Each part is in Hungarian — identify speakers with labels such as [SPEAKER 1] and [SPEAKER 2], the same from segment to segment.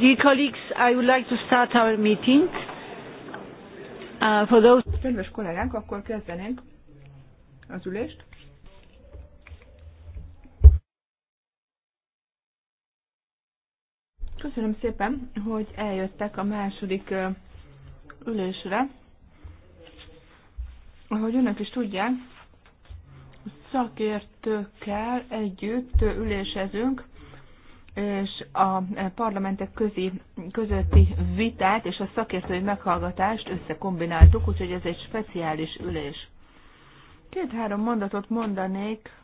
[SPEAKER 1] Dear
[SPEAKER 2] colleagues,
[SPEAKER 3] I would like to start our meeting. Uh, for those...
[SPEAKER 2] Kedves kollégák, akkor kezdenénk az ülést. Köszönöm szépen, hogy eljöttek a második ülésre. Ahogy önök is tudják, szakértőkkel együtt ülésezünk, és a parlamentek közi, közötti vitát és a szakértői meghallgatást összekombináltuk, úgyhogy ez egy speciális ülés. Két-három mondatot mondanék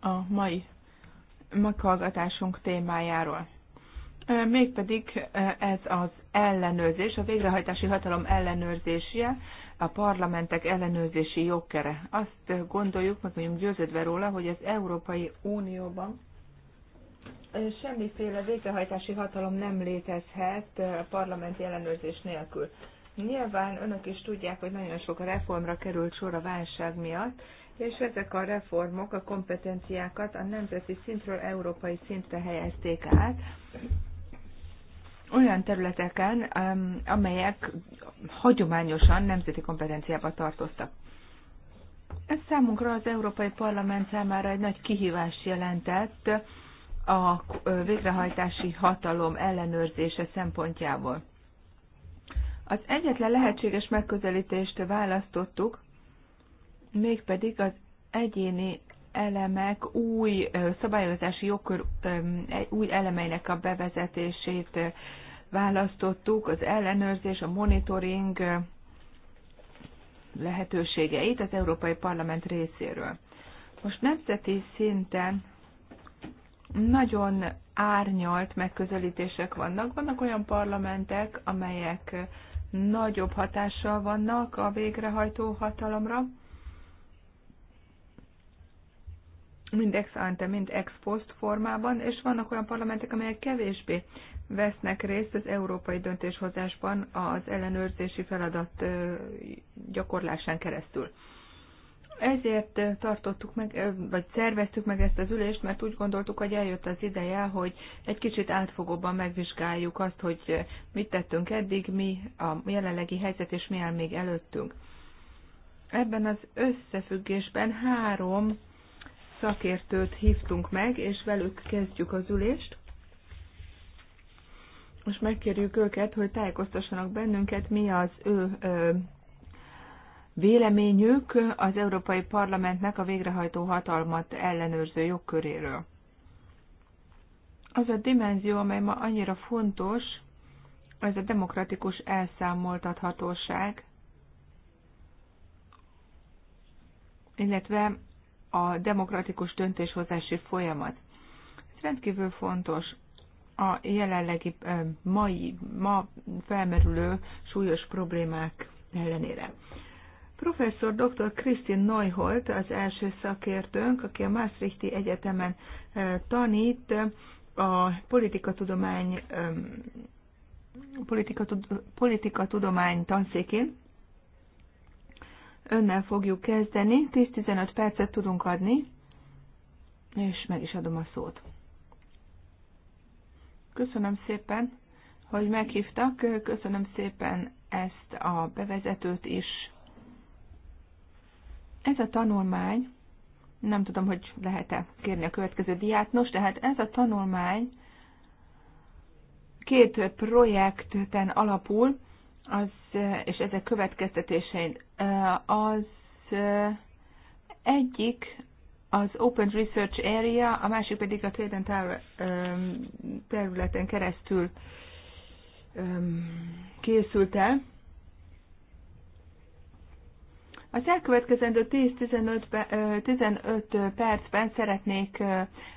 [SPEAKER 2] a mai meghallgatásunk témájáról. Mégpedig ez az ellenőrzés, a végrehajtási hatalom ellenőrzésje, a parlamentek ellenőrzési jogkere. Azt gondoljuk, meg vagyunk győződve róla, hogy az Európai Unióban semmiféle végrehajtási hatalom nem létezhet a parlamenti ellenőrzés nélkül. Nyilván önök is tudják, hogy nagyon sok a reformra került sor a válság miatt, és ezek a reformok a kompetenciákat a nemzeti szintről európai szintre helyezték át, olyan területeken, amelyek hagyományosan nemzeti kompetenciába tartoztak. Ez számunkra az Európai Parlament számára egy nagy kihívás jelentett a végrehajtási hatalom ellenőrzése szempontjából. Az egyetlen lehetséges megközelítést választottuk, mégpedig az egyéni elemek új szabályozási jogkör új elemeinek a bevezetését választottuk, az ellenőrzés, a monitoring lehetőségeit az Európai Parlament részéről. Most nemzeti szinten nagyon árnyalt megközelítések vannak. Vannak olyan parlamentek, amelyek nagyobb hatással vannak a végrehajtó hatalomra, mind ex ante, mind ex post formában, és vannak olyan parlamentek, amelyek kevésbé vesznek részt az európai döntéshozásban az ellenőrzési feladat gyakorlásán keresztül. Ezért tartottuk meg, vagy szerveztük meg ezt az ülést, mert úgy gondoltuk, hogy eljött az ideje, hogy egy kicsit átfogóban megvizsgáljuk azt, hogy mit tettünk eddig, mi a jelenlegi helyzet, és mi áll még előttünk. Ebben az összefüggésben három szakértőt hívtunk meg, és velük kezdjük az ülést. Most megkérjük őket, hogy tájékoztassanak bennünket, mi az ő ö, véleményük az Európai Parlamentnek a végrehajtó hatalmat ellenőrző jogköréről. Az a dimenzió, amely ma annyira fontos, ez a demokratikus elszámoltathatóság, illetve a demokratikus döntéshozási folyamat. Ez rendkívül fontos a jelenlegi mai, ma felmerülő súlyos problémák ellenére. Professzor dr. Kristin Neuholt az első szakértőnk, aki a Maastrichti Egyetemen tanít a politikatudomány politika, politika tudomány tanszékén önnel fogjuk kezdeni. 10-15 percet tudunk adni, és meg is adom a szót. Köszönöm szépen, hogy meghívtak. Köszönöm szépen ezt a bevezetőt is. Ez a tanulmány, nem tudom, hogy lehet-e kérni a következő diát. Nos, tehát ez a tanulmány két projekten alapul, az, és ezek következtetésein Az egyik az Open Research Area, a másik pedig a Clayton területen keresztül készült el. Az elkövetkezendő 10-15 percben szeretnék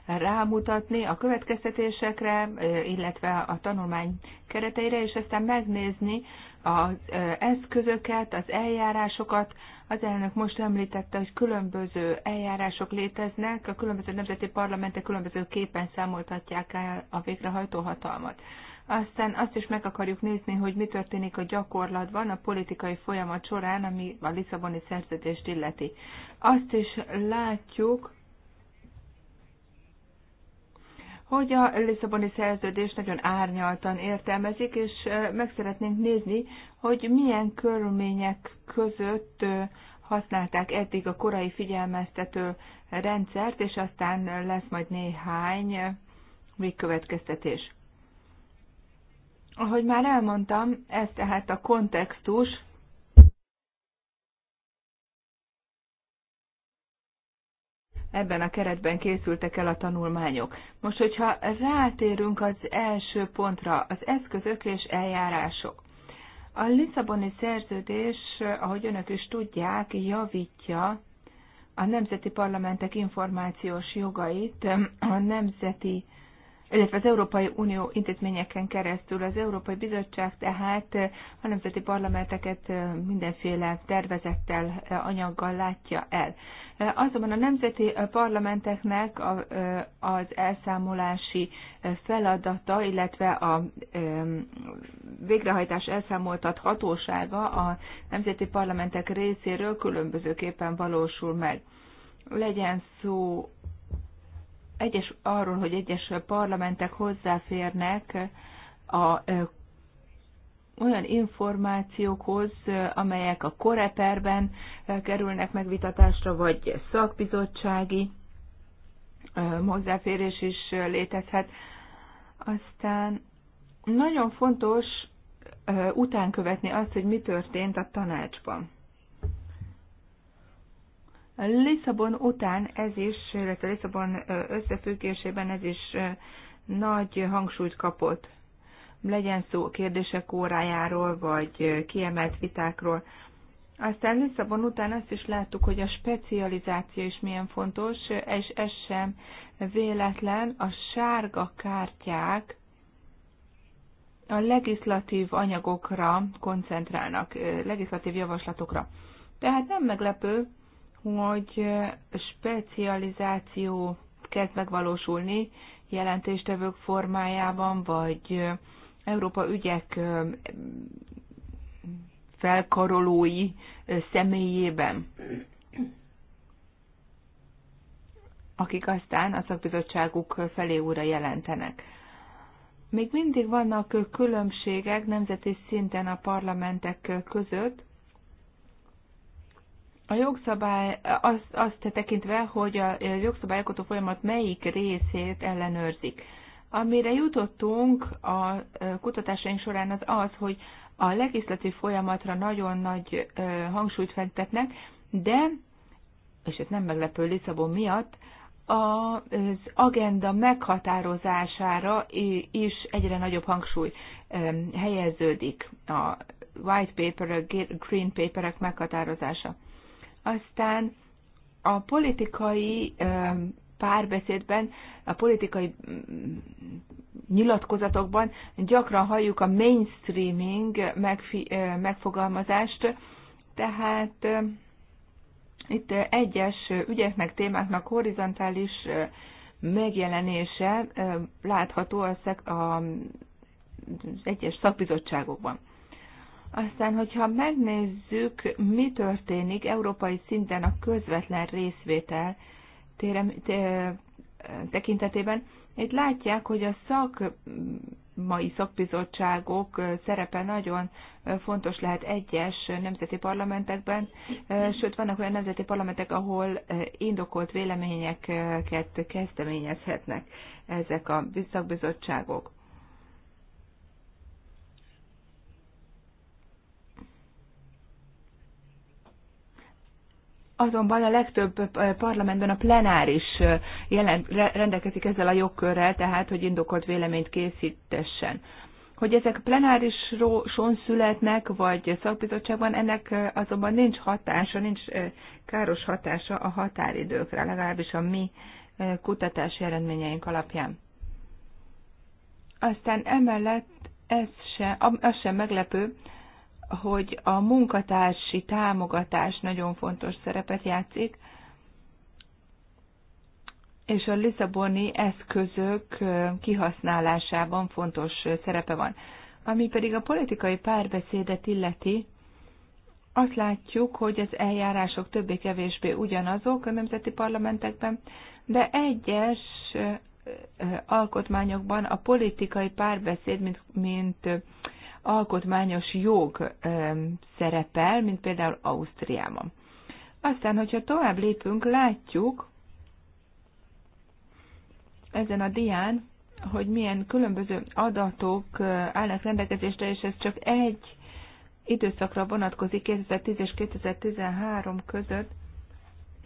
[SPEAKER 2] rámutatni a következtetésekre, illetve a tanulmány kereteire, és aztán megnézni az eszközöket, az eljárásokat. Az elnök most említette, hogy különböző eljárások léteznek, a különböző nemzeti parlamentek különböző képen számoltatják el a végrehajtó hatalmat aztán azt is meg akarjuk nézni, hogy mi történik a gyakorlatban a politikai folyamat során, ami a Lisszaboni szerződést illeti. Azt is látjuk, hogy a Lisszaboni szerződést nagyon árnyaltan értelmezik, és meg szeretnénk nézni, hogy milyen körülmények között használták eddig a korai figyelmeztető rendszert, és aztán lesz majd néhány végkövetkeztetés. Ahogy már elmondtam, ez tehát a kontextus, ebben a keretben készültek el a tanulmányok. Most, hogyha rátérünk az első pontra, az eszközök és eljárások. A Lisszaboni szerződés, ahogy önök is tudják, javítja a nemzeti parlamentek információs jogait a nemzeti illetve az Európai Unió intézményeken keresztül. Az Európai Bizottság tehát a nemzeti parlamenteket mindenféle tervezettel, anyaggal látja el. Azonban a nemzeti parlamenteknek az elszámolási feladata, illetve a végrehajtás elszámoltat hatósága a nemzeti parlamentek részéről különbözőképpen valósul meg. Legyen szó egyes, arról, hogy egyes parlamentek hozzáférnek a olyan információkhoz, amelyek a koreperben kerülnek megvitatásra, vagy szakbizottsági hozzáférés is létezhet. Aztán nagyon fontos utánkövetni azt, hogy mi történt a tanácsban. Lisszabon után ez is, illetve Lisszabon összefüggésében ez is nagy hangsúlyt kapott. Legyen szó kérdések órájáról, vagy kiemelt vitákról. Aztán Lisszabon után azt is láttuk, hogy a specializáció is milyen fontos, és ez sem véletlen. A sárga kártyák a legislatív anyagokra koncentrálnak, legislatív javaslatokra. Tehát nem meglepő, hogy specializáció kezd megvalósulni jelentéstevők formájában, vagy Európa ügyek felkarolói személyében, akik aztán a szakbizottságuk felé újra jelentenek. Még mindig vannak különbségek nemzeti szinten a parlamentek között, a jogszabály, az, azt tekintve, hogy a jogszabályalkotó folyamat melyik részét ellenőrzik. Amire jutottunk a e, kutatásaink során az az, hogy a legislatív folyamatra nagyon nagy e, hangsúlyt fektetnek, de, és ez nem meglepő Lisszabon miatt, az agenda meghatározására is egyre nagyobb hangsúly e, helyeződik a white paper, green paperek meghatározása. Aztán a politikai párbeszédben, a politikai mm, nyilatkozatokban gyakran halljuk a mainstreaming megfogalmazást, tehát itt egyes ügyeknek, témáknak horizontális megjelenése látható az egyes szakbizottságokban. Aztán, hogyha megnézzük, mi történik európai szinten a közvetlen részvétel térem, té, tekintetében, itt látják, hogy a szak mai szakbizottságok szerepe nagyon fontos lehet egyes nemzeti parlamentekben, sőt vannak olyan nemzeti parlamentek, ahol indokolt véleményeket kezdeményezhetnek ezek a szakbizottságok. azonban a legtöbb parlamentben a plenáris jelen, rendelkezik ezzel a jogkörrel, tehát hogy indokolt véleményt készítessen. Hogy ezek plenárison születnek, vagy szakbizottságban, ennek azonban nincs hatása, nincs káros hatása a határidőkre, legalábbis a mi kutatási eredményeink alapján. Aztán emellett ez se, az sem meglepő, hogy a munkatársi támogatás nagyon fontos szerepet játszik, és a Lisszaboni eszközök kihasználásában fontos szerepe van. Ami pedig a politikai párbeszédet illeti, azt látjuk, hogy az eljárások többé-kevésbé ugyanazok a nemzeti parlamentekben, de egyes alkotmányokban a politikai párbeszéd, mint, mint alkotmányos jog szerepel, mint például Ausztriában. Aztán, hogyha tovább lépünk, látjuk ezen a dián, hogy milyen különböző adatok eh, állnak rendelkezésre, és ez csak egy időszakra vonatkozik 2010 és 2013 között,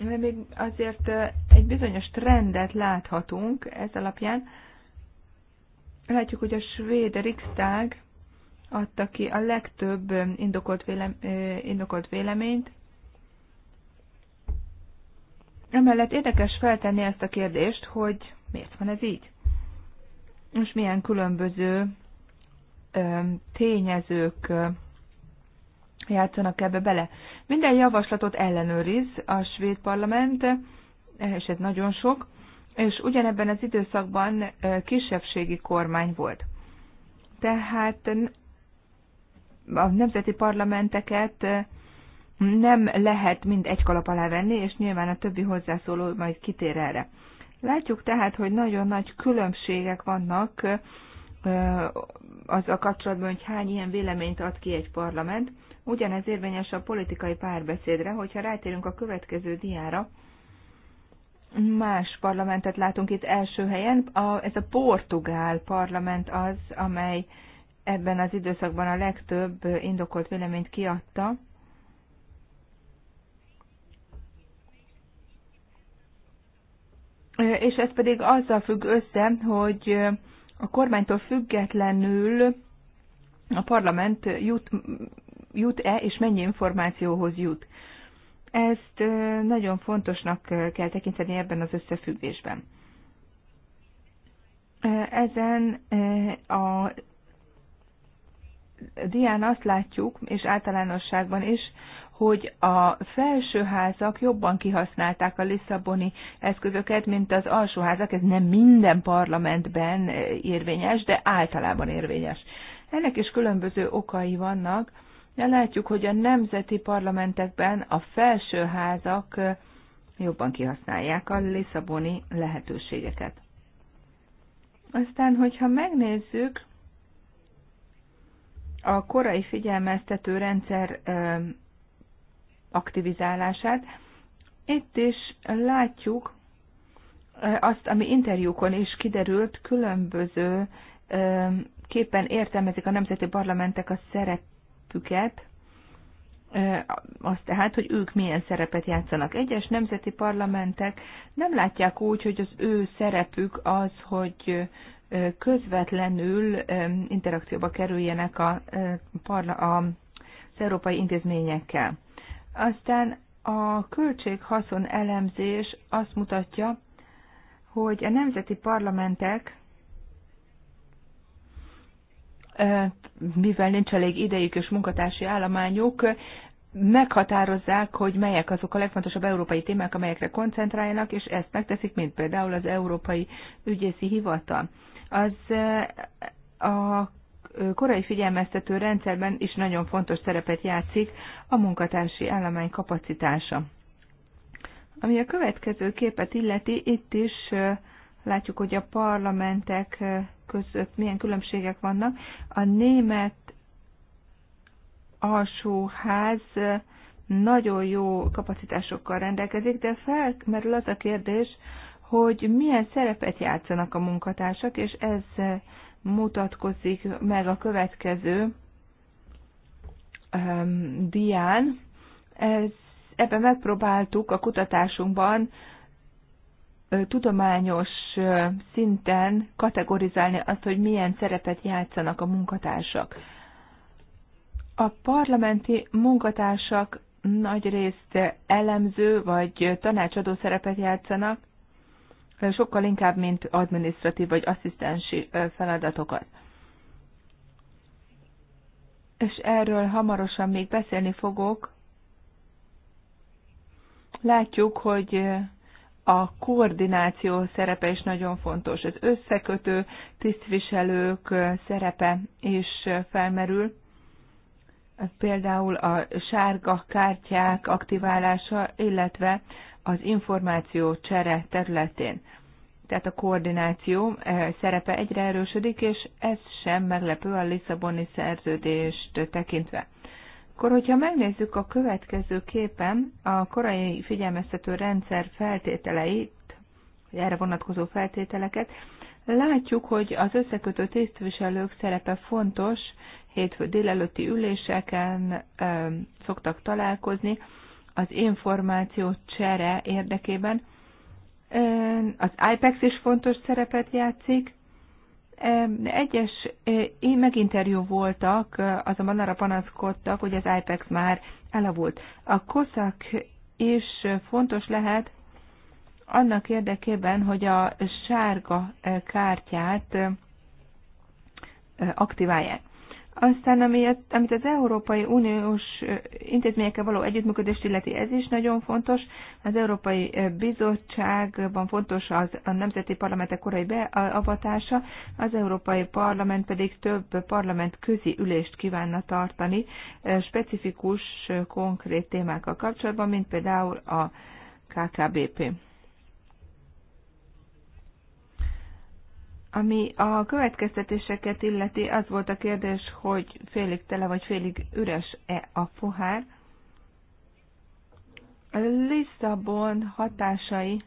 [SPEAKER 2] mert még azért eh, egy bizonyos trendet láthatunk ez alapján. Látjuk, hogy a svéd Riksdag adta ki a legtöbb indokolt, vélem, indokolt véleményt. Emellett érdekes feltenni ezt a kérdést, hogy miért van ez így? És milyen különböző tényezők játszanak ebbe bele. Minden javaslatot ellenőriz a svéd parlament, és ez nagyon sok, és ugyanebben az időszakban kisebbségi kormány volt. Tehát a nemzeti parlamenteket nem lehet mind egy kalap alá venni, és nyilván a többi hozzászóló majd kitér erre. Látjuk tehát, hogy nagyon nagy különbségek vannak a kapcsolatban, hogy hány ilyen véleményt ad ki egy parlament. Ugyanez érvényes a politikai párbeszédre, hogyha rátérünk a következő diára, más parlamentet látunk itt első helyen. A, ez a portugál parlament az, amely ebben az időszakban a legtöbb indokolt véleményt kiadta. És ez pedig azzal függ össze, hogy a kormánytól függetlenül a parlament jut, jut-e és mennyi információhoz jut. Ezt nagyon fontosnak kell tekinteni ebben az összefüggésben. Ezen a dián azt látjuk, és általánosságban is, hogy a felsőházak jobban kihasználták a Lisszaboni eszközöket, mint az alsóházak. Ez nem minden parlamentben eh, érvényes, de általában érvényes. Ennek is különböző okai vannak. De látjuk, hogy a nemzeti parlamentekben a felsőházak eh, jobban kihasználják a Lisszaboni lehetőségeket. Aztán, hogyha megnézzük a korai figyelmeztető rendszer aktivizálását. Itt is látjuk azt, ami interjúkon is kiderült, különböző képen értelmezik a nemzeti parlamentek a szerepüket, az tehát, hogy ők milyen szerepet játszanak. Egyes nemzeti parlamentek nem látják úgy, hogy az ő szerepük az, hogy közvetlenül interakcióba kerüljenek a, a, az európai intézményekkel. Aztán a költséghaszon elemzés azt mutatja, hogy a nemzeti parlamentek, mivel nincs elég idejük és munkatársi állományuk, meghatározzák, hogy melyek azok a legfontosabb európai témák, amelyekre koncentráljanak, és ezt megteszik, mint például az Európai Ügyészi Hivatal az eh, a korai figyelmeztető rendszerben is nagyon fontos szerepet játszik a munkatársi állomány kapacitása. Ami a következő képet illeti, itt is eh, látjuk, hogy a parlamentek eh, között milyen különbségek vannak. A német alsóház nagyon jó kapacitásokkal rendelkezik, de felmerül az a kérdés, hogy milyen szerepet játszanak a munkatársak, és ez mutatkozik meg a következő um, dián. Ez, ebben megpróbáltuk a kutatásunkban tudományos szinten kategorizálni azt, hogy milyen szerepet játszanak a munkatársak. A parlamenti munkatársak nagy részt elemző vagy tanácsadó szerepet játszanak, sokkal inkább, mint administratív vagy asszisztensi feladatokat. És erről hamarosan még beszélni fogok. Látjuk, hogy a koordináció szerepe is nagyon fontos. Az összekötő tisztviselők szerepe is felmerül. Például a sárga kártyák aktiválása, illetve az információ csere területén. Tehát a koordináció eh, szerepe egyre erősödik, és ez sem meglepő a Lisszaboni szerződést tekintve. Akkor, hogyha megnézzük a következő képen a korai figyelmeztető rendszer feltételeit, erre vonatkozó feltételeket, látjuk, hogy az összekötő tisztviselők szerepe fontos, hétfő délelőtti üléseken ö, eh, szoktak találkozni, az információ csere érdekében. Az IPEX is fontos szerepet játszik. Egyes meginterjú voltak, azonban arra panaszkodtak, hogy az IPEX már elavult. A koszak is fontos lehet annak érdekében, hogy a sárga kártyát aktiválják. Aztán, amit az Európai Uniós intézményekkel való együttműködést illeti, ez is nagyon fontos. Az Európai Bizottságban fontos az a nemzeti parlamentek korai beavatása, az Európai Parlament pedig több parlament közi ülést kívánna tartani specifikus, konkrét témákkal kapcsolatban, mint például a KKBP. Ami a következtetéseket illeti, az volt a kérdés, hogy félig tele vagy félig üres-e a pohár. Lisszabon hatásai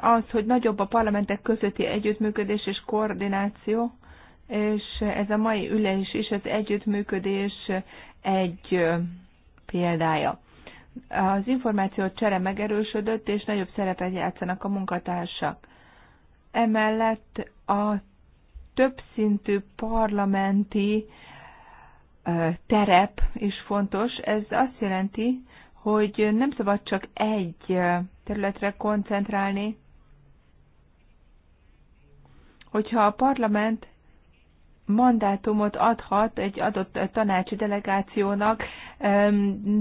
[SPEAKER 2] az, hogy nagyobb a parlamentek közötti együttműködés és koordináció, és ez a mai ülés is az együttműködés egy példája. Az információ csere megerősödött, és nagyobb szerepet játszanak a munkatársak. Emellett a többszintű parlamenti terep is fontos. Ez azt jelenti, hogy nem szabad csak egy területre koncentrálni. Hogyha a parlament mandátumot adhat egy adott tanácsi delegációnak,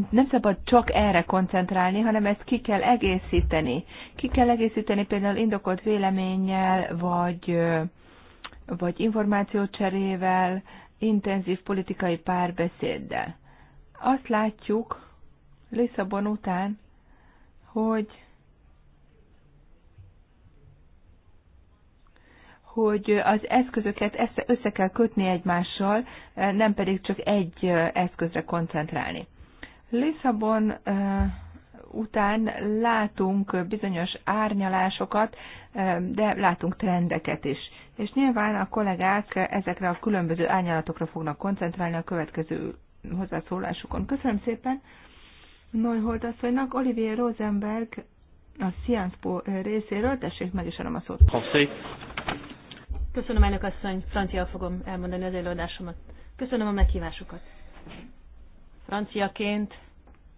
[SPEAKER 2] nem szabad csak erre koncentrálni, hanem ezt ki kell egészíteni. Ki kell egészíteni például indokolt véleménnyel, vagy, vagy információcserével, intenzív politikai párbeszéddel. Azt látjuk Lisszabon után, hogy hogy az eszközöket össze kell kötni egymással, eh, nem pedig csak egy eh, eszközre koncentrálni. Lisszabon eh, után látunk bizonyos árnyalásokat, de látunk trendeket is. És nyilván a kollégák ezekre a különböző árnyalatokra fognak koncentrálni a következő hozzászólásukon. Köszönöm szépen Neuhold asszonynak, Olivier Rosenberg a Sciences Po részéről, tessék meg is adom a szót.
[SPEAKER 3] Köszönöm, elnök asszony, francia fogom elmondani az előadásomat. Köszönöm a meghívásukat. Franciaként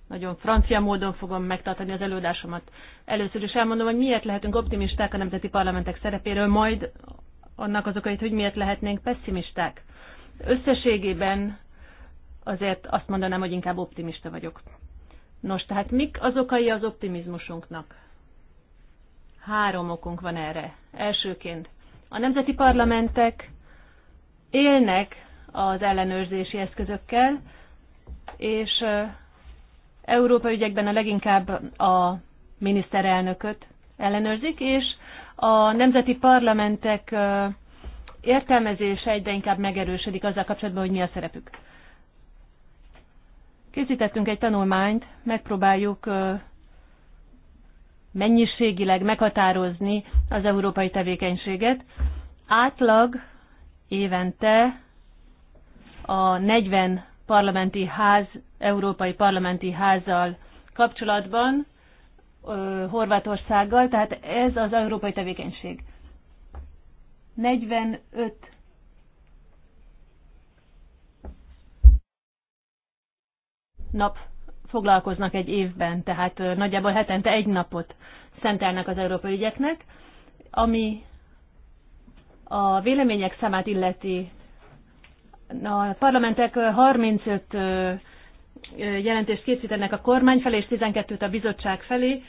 [SPEAKER 3] nagyon francia módon fogom megtartani az előadásomat. Először is elmondom, hogy miért lehetünk optimisták a nemzeti parlamentek szerepéről, majd annak az okait, hogy miért lehetnénk pessimisták. Összességében azért azt mondanám, hogy inkább optimista vagyok. Nos, tehát mik az okai az optimizmusunknak? Három okunk van erre. Elsőként a nemzeti parlamentek élnek az ellenőrzési eszközökkel, és Európa ügyekben a leginkább a miniszterelnököt ellenőrzik, és a nemzeti parlamentek értelmezése egyre inkább megerősödik azzal kapcsolatban, hogy mi a szerepük. Készítettünk egy tanulmányt, megpróbáljuk mennyiségileg meghatározni az európai tevékenységet. Átlag évente a 40 parlamenti ház, európai parlamenti házzal kapcsolatban Horvátországgal, tehát ez az európai tevékenység. 45 nap foglalkoznak egy évben, tehát nagyjából hetente egy napot szentelnek az európai ügyeknek, ami a vélemények számát illeti. A parlamentek 35 jelentést készítenek a kormány felé, és 12-t a bizottság felé,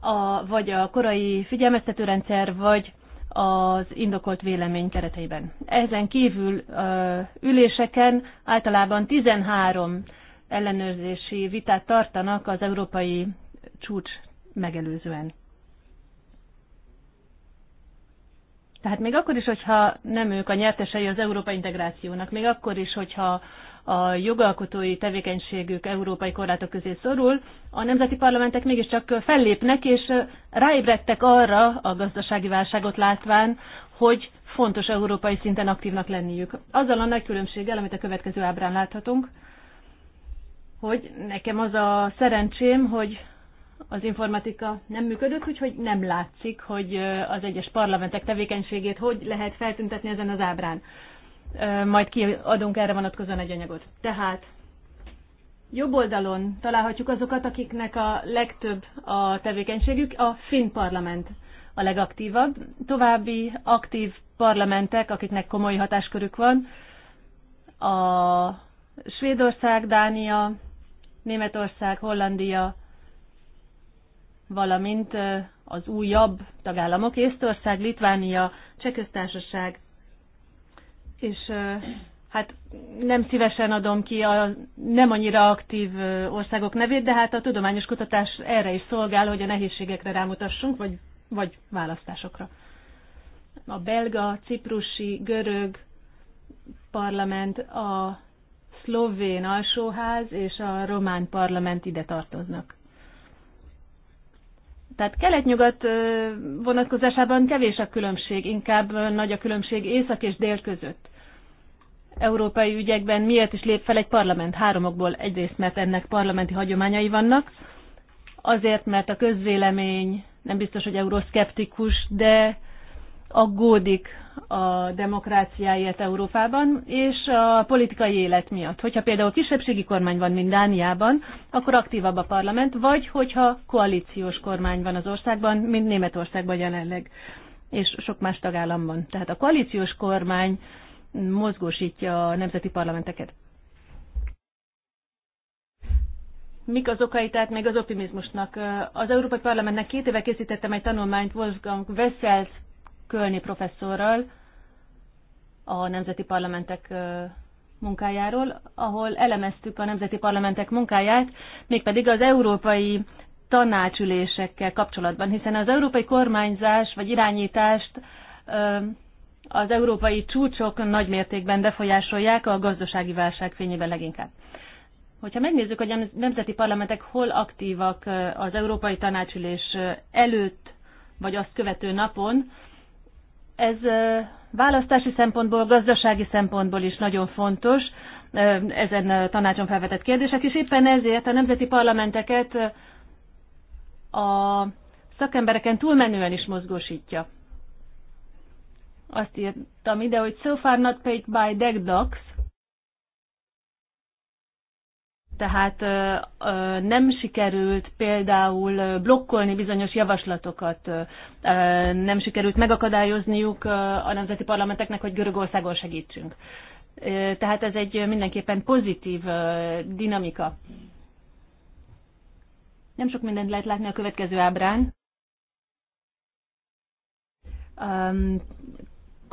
[SPEAKER 3] a, vagy a korai figyelmeztetőrendszer, vagy az indokolt vélemény kereteiben. Ezen kívül ö, üléseken általában 13 ellenőrzési vitát tartanak az európai csúcs megelőzően. Tehát még akkor is, hogyha nem ők a nyertesei az európai integrációnak, még akkor is, hogyha a jogalkotói tevékenységük európai korlátok közé szorul, a nemzeti parlamentek mégiscsak fellépnek, és ráébredtek arra a gazdasági válságot látván, hogy fontos európai szinten aktívnak lenniük. Azzal a nagy különbséggel, amit a következő ábrán láthatunk, hogy nekem az a szerencsém, hogy az informatika nem működött, úgyhogy nem látszik, hogy az egyes parlamentek tevékenységét hogy lehet feltüntetni ezen az ábrán. Majd kiadunk erre vonatkozóan egy anyagot. Tehát jobb oldalon találhatjuk azokat, akiknek a legtöbb a tevékenységük, a finn parlament a legaktívabb. További aktív parlamentek, akiknek komoly hatáskörük van, a Svédország, Dánia, Németország, Hollandia, valamint az újabb tagállamok, Észtország, Litvánia, Csehköztársaság, és hát nem szívesen adom ki a nem annyira aktív országok nevét, de hát a tudományos kutatás erre is szolgál, hogy a nehézségekre rámutassunk, vagy, vagy választásokra. A belga, ciprusi, görög parlament a szlovén alsóház és a román parlament ide tartoznak. Tehát kelet-nyugat vonatkozásában kevés a különbség, inkább nagy a különbség észak és dél között. Európai ügyekben miért is lép fel egy parlament? Háromokból egyrészt, mert ennek parlamenti hagyományai vannak, azért, mert a közvélemény nem biztos, hogy euroszkeptikus, de aggódik a demokráciáért Európában, és a politikai élet miatt. Hogyha például kisebbségi kormány van, mint Dániában, akkor aktívabb a parlament, vagy hogyha koalíciós kormány van az országban, mint Németországban jelenleg, és sok más tagállamban. Tehát a koalíciós kormány mozgósítja a nemzeti parlamenteket. Mik az okai, tehát még az optimizmusnak? Az Európai Parlamentnek két éve készítettem egy tanulmányt Wolfgang Wessels Kölni professzorral a Nemzeti Parlamentek munkájáról, ahol elemeztük a Nemzeti Parlamentek munkáját, mégpedig az európai tanácsülésekkel kapcsolatban, hiszen az európai kormányzás vagy irányítást az európai csúcsok nagymértékben befolyásolják a gazdasági válság fényében leginkább. Hogyha megnézzük, hogy a nemzeti parlamentek hol aktívak az Európai Tanácsülés előtt vagy azt követő napon, ez választási szempontból, gazdasági szempontból is nagyon fontos, ezen tanácson felvetett kérdések, és éppen ezért a nemzeti parlamenteket a szakembereken túlmenően is mozgósítja. Azt írtam ide, hogy so far not paid by DECDOCS, Tehát nem sikerült például blokkolni bizonyos javaslatokat, nem sikerült megakadályozniuk a nemzeti parlamenteknek, hogy Görögországon segítsünk. Tehát ez egy mindenképpen pozitív dinamika. Nem sok mindent lehet látni a következő ábrán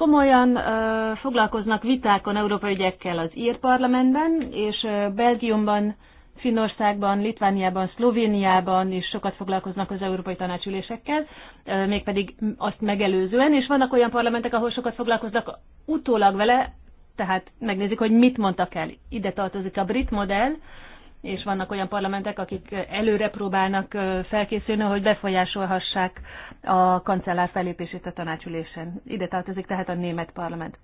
[SPEAKER 3] komolyan uh, foglalkoznak vitákon európai ügyekkel az ír parlamentben, és uh, Belgiumban, Finnországban, Litvániában, Szlovéniában is sokat foglalkoznak az európai tanácsülésekkel, uh, mégpedig azt megelőzően, és vannak olyan parlamentek, ahol sokat foglalkoznak utólag vele, tehát megnézik, hogy mit mondtak el. Ide tartozik a brit modell, és vannak olyan parlamentek, akik előre próbálnak felkészülni, hogy befolyásolhassák a kancellár felépését a tanácsülésen. Ide tartozik tehát a német parlament.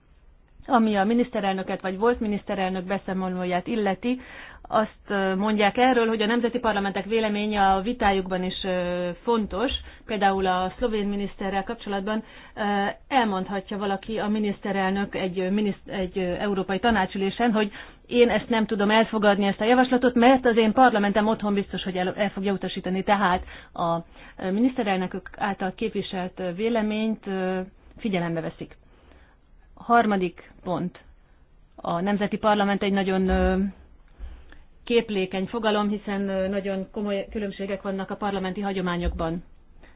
[SPEAKER 3] Ami a miniszterelnöket vagy volt miniszterelnök beszámolóját illeti, azt mondják erről, hogy a nemzeti parlamentek véleménye a vitájukban is fontos. Például a szlovén miniszterrel kapcsolatban elmondhatja valaki a miniszterelnök egy, egy európai tanácsülésen, hogy én ezt nem tudom elfogadni, ezt a javaslatot, mert az én parlamentem otthon biztos, hogy el, el fogja utasítani. Tehát a miniszterelnökök által képviselt véleményt figyelembe veszik. A harmadik pont. A nemzeti parlament egy nagyon képlékeny fogalom, hiszen nagyon komoly különbségek vannak a parlamenti hagyományokban.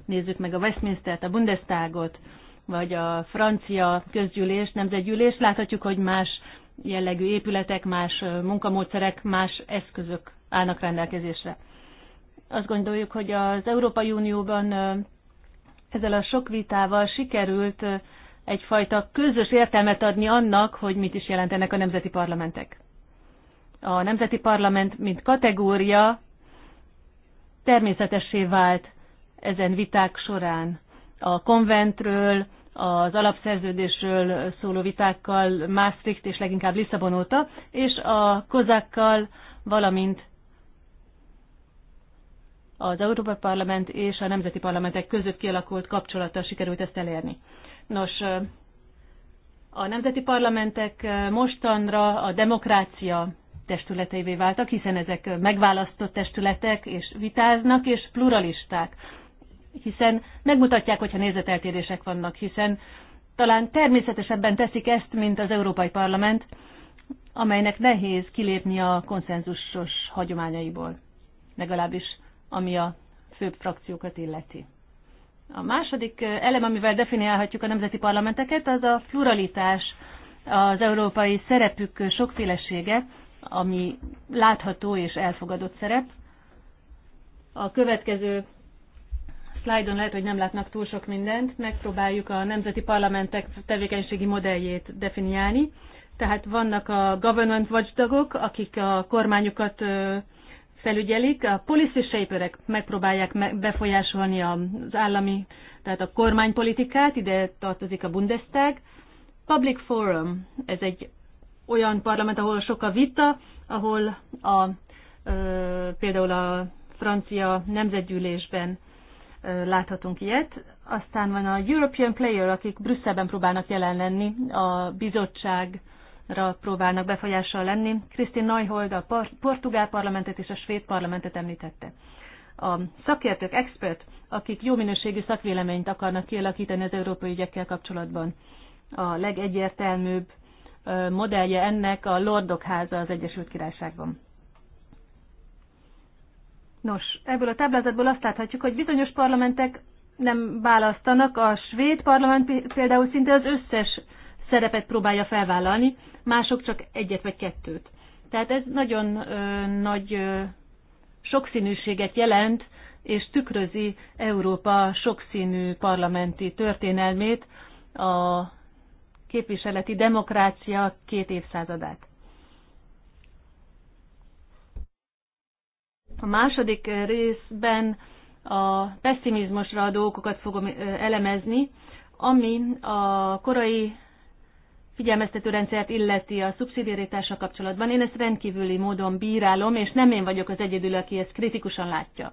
[SPEAKER 3] Nézzük meg a Westminstert, a Bundestagot, vagy a francia közgyűlés, nemzetgyűlés, láthatjuk, hogy más jellegű épületek, más munkamódszerek, más eszközök állnak rendelkezésre. Azt gondoljuk, hogy az Európai Unióban ezzel a sok vitával sikerült egyfajta közös értelmet adni annak, hogy mit is jelentenek a nemzeti parlamentek. A nemzeti parlament, mint kategória természetessé vált ezen viták során. A konventről, az alapszerződésről szóló vitákkal Maastricht és leginkább Lisszabon óta, és a kozákkal, valamint az Európai Parlament és a Nemzeti Parlamentek között kialakult kapcsolattal sikerült ezt elérni. Nos, a Nemzeti Parlamentek mostanra a demokrácia testületeivé váltak, hiszen ezek megválasztott testületek és vitáznak, és pluralisták hiszen megmutatják, hogyha nézeteltérések vannak, hiszen talán természetesebben teszik ezt, mint az Európai Parlament, amelynek nehéz kilépni a konszenzusos hagyományaiból, legalábbis ami a főbb frakciókat illeti. A második elem, amivel definiálhatjuk a nemzeti parlamenteket, az a pluralitás, az európai szerepük sokfélesége, ami látható és elfogadott szerep. A következő szlájdon lehet, hogy nem látnak túl sok mindent, megpróbáljuk a nemzeti parlamentek tevékenységi modelljét definiálni. Tehát vannak a government watchdogok, akik a kormányokat felügyelik, a policy shaperek megpróbálják befolyásolni az állami, tehát a kormánypolitikát, ide tartozik a Bundestag. Public Forum, ez egy olyan parlament, ahol sok a vita, ahol a, ö, például a francia nemzetgyűlésben láthatunk ilyet. Aztán van a European Player, akik Brüsszelben próbálnak jelen lenni, a bizottságra próbálnak befolyással lenni. Krisztin Neuhold a portugál parlamentet és a svéd parlamentet említette. A szakértők, expert, akik jó minőségű szakvéleményt akarnak kialakítani az európai ügyekkel kapcsolatban. A legegyértelműbb modellje ennek a Lordok háza az Egyesült Királyságban. Nos, ebből a táblázatból azt láthatjuk, hogy bizonyos parlamentek nem választanak, a svéd parlament például szinte az összes szerepet próbálja felvállalni, mások csak egyet vagy kettőt. Tehát ez nagyon ö, nagy ö, sokszínűséget jelent, és tükrözi Európa sokszínű parlamenti történelmét, a képviseleti demokrácia két évszázadát. A második részben a pessimizmusra a dolgokat fogom elemezni, ami a korai figyelmeztető rendszert illeti a szubszidiaritással kapcsolatban. Én ezt rendkívüli módon bírálom, és nem én vagyok az egyedül, aki ezt kritikusan látja.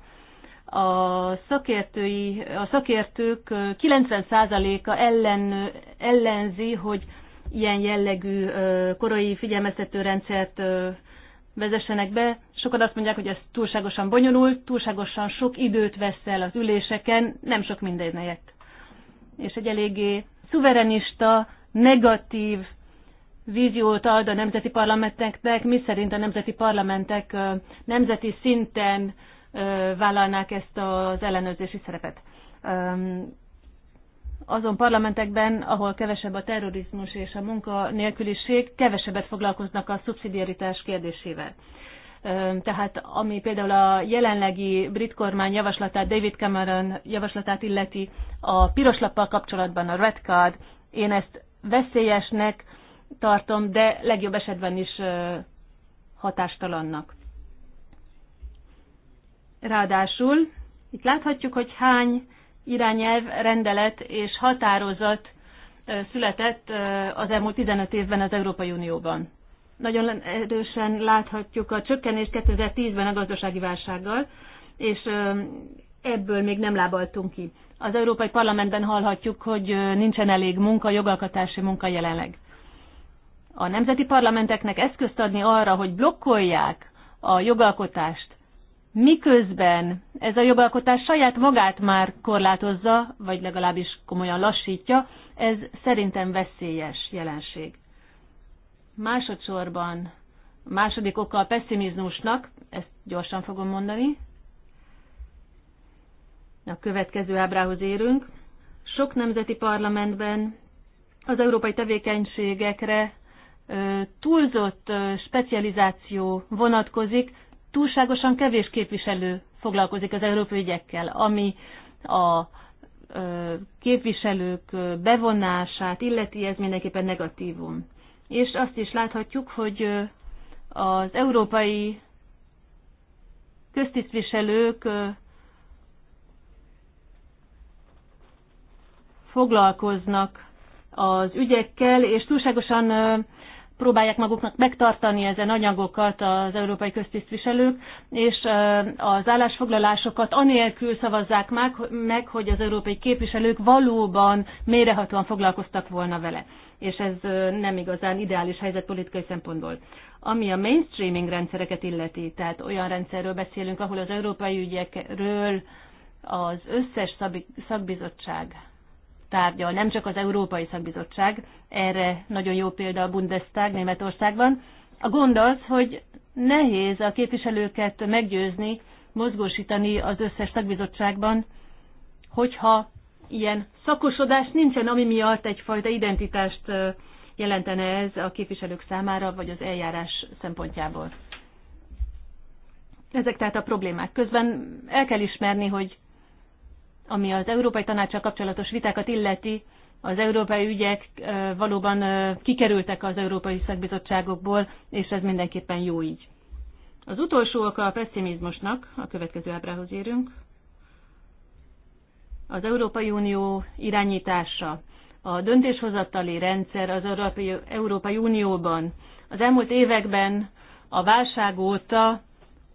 [SPEAKER 3] A, szakértői, a szakértők 90%-a ellen, ellenzi, hogy ilyen jellegű korai figyelmeztető rendszert vezessenek be. Sokan azt mondják, hogy ez túlságosan bonyolult, túlságosan sok időt vesz el az üléseken, nem sok mindennek. És egy eléggé szuverenista, negatív víziót ad a nemzeti parlamenteknek, mi szerint a nemzeti parlamentek nemzeti szinten vállalnák ezt az ellenőrzési szerepet azon parlamentekben, ahol kevesebb a terrorizmus és a munkanélküliség, kevesebbet foglalkoznak a szubszidiaritás kérdésével. Tehát ami például a jelenlegi brit kormány javaslatát, David Cameron javaslatát illeti a piros lappal kapcsolatban, a red card, én ezt veszélyesnek tartom, de legjobb esetben is hatástalannak. Ráadásul itt láthatjuk, hogy hány irányelv, rendelet és határozat született az elmúlt 15 évben az Európai Unióban. Nagyon erősen láthatjuk a csökkenést 2010-ben a gazdasági válsággal, és ebből még nem lábaltunk ki. Az Európai Parlamentben hallhatjuk, hogy nincsen elég munka, jogalkotási munka jelenleg. A nemzeti parlamenteknek eszközt adni arra, hogy blokkolják a jogalkotást, miközben ez a jogalkotás saját magát már korlátozza, vagy legalábbis komolyan lassítja, ez szerintem veszélyes jelenség. Másodszorban, második oka a pessimizmusnak, ezt gyorsan fogom mondani, a következő ábrához érünk. Sok nemzeti parlamentben az európai tevékenységekre túlzott specializáció vonatkozik, túlságosan kevés képviselő foglalkozik az európai ügyekkel, ami a képviselők bevonását illeti, ez mindenképpen negatívum. És azt is láthatjuk, hogy az európai köztisztviselők foglalkoznak az ügyekkel, és túlságosan próbálják maguknak megtartani ezen anyagokat az európai köztisztviselők, és az állásfoglalásokat anélkül szavazzák meg, hogy az európai képviselők valóban mérehatóan foglalkoztak volna vele. És ez nem igazán ideális helyzet politikai szempontból. Ami a mainstreaming rendszereket illeti, tehát olyan rendszerről beszélünk, ahol az európai ügyekről az összes szakbizottság tárgyal, nem csak az Európai Szakbizottság, erre nagyon jó példa a Bundestag Németországban. A gond az, hogy nehéz a képviselőket meggyőzni, mozgósítani az összes szakbizottságban, hogyha ilyen szakosodás nincsen, ami miatt egyfajta identitást jelentene ez a képviselők számára, vagy az eljárás szempontjából. Ezek tehát a problémák. Közben el kell ismerni, hogy ami az Európai Tanácssal kapcsolatos vitákat illeti, az európai ügyek valóban kikerültek az európai szakbizottságokból, és ez mindenképpen jó így. Az utolsó oka a pessimizmusnak, a következő ábrához érünk, az Európai Unió irányítása, a döntéshozatali rendszer az Európai Unióban az elmúlt években a válság óta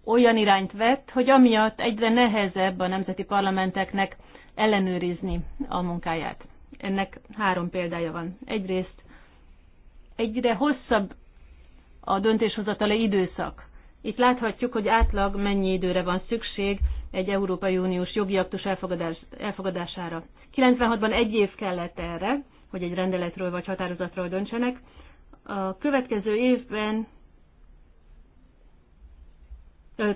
[SPEAKER 3] olyan irányt vett, hogy amiatt egyre nehezebb a nemzeti parlamenteknek ellenőrizni a munkáját. Ennek három példája van. Egyrészt egyre hosszabb a döntéshozatali időszak. Itt láthatjuk, hogy átlag mennyi időre van szükség egy Európai Uniós jogi aktus elfogadás, elfogadására. 96-ban egy év kellett erre, hogy egy rendeletről vagy határozatról döntsenek. A következő évben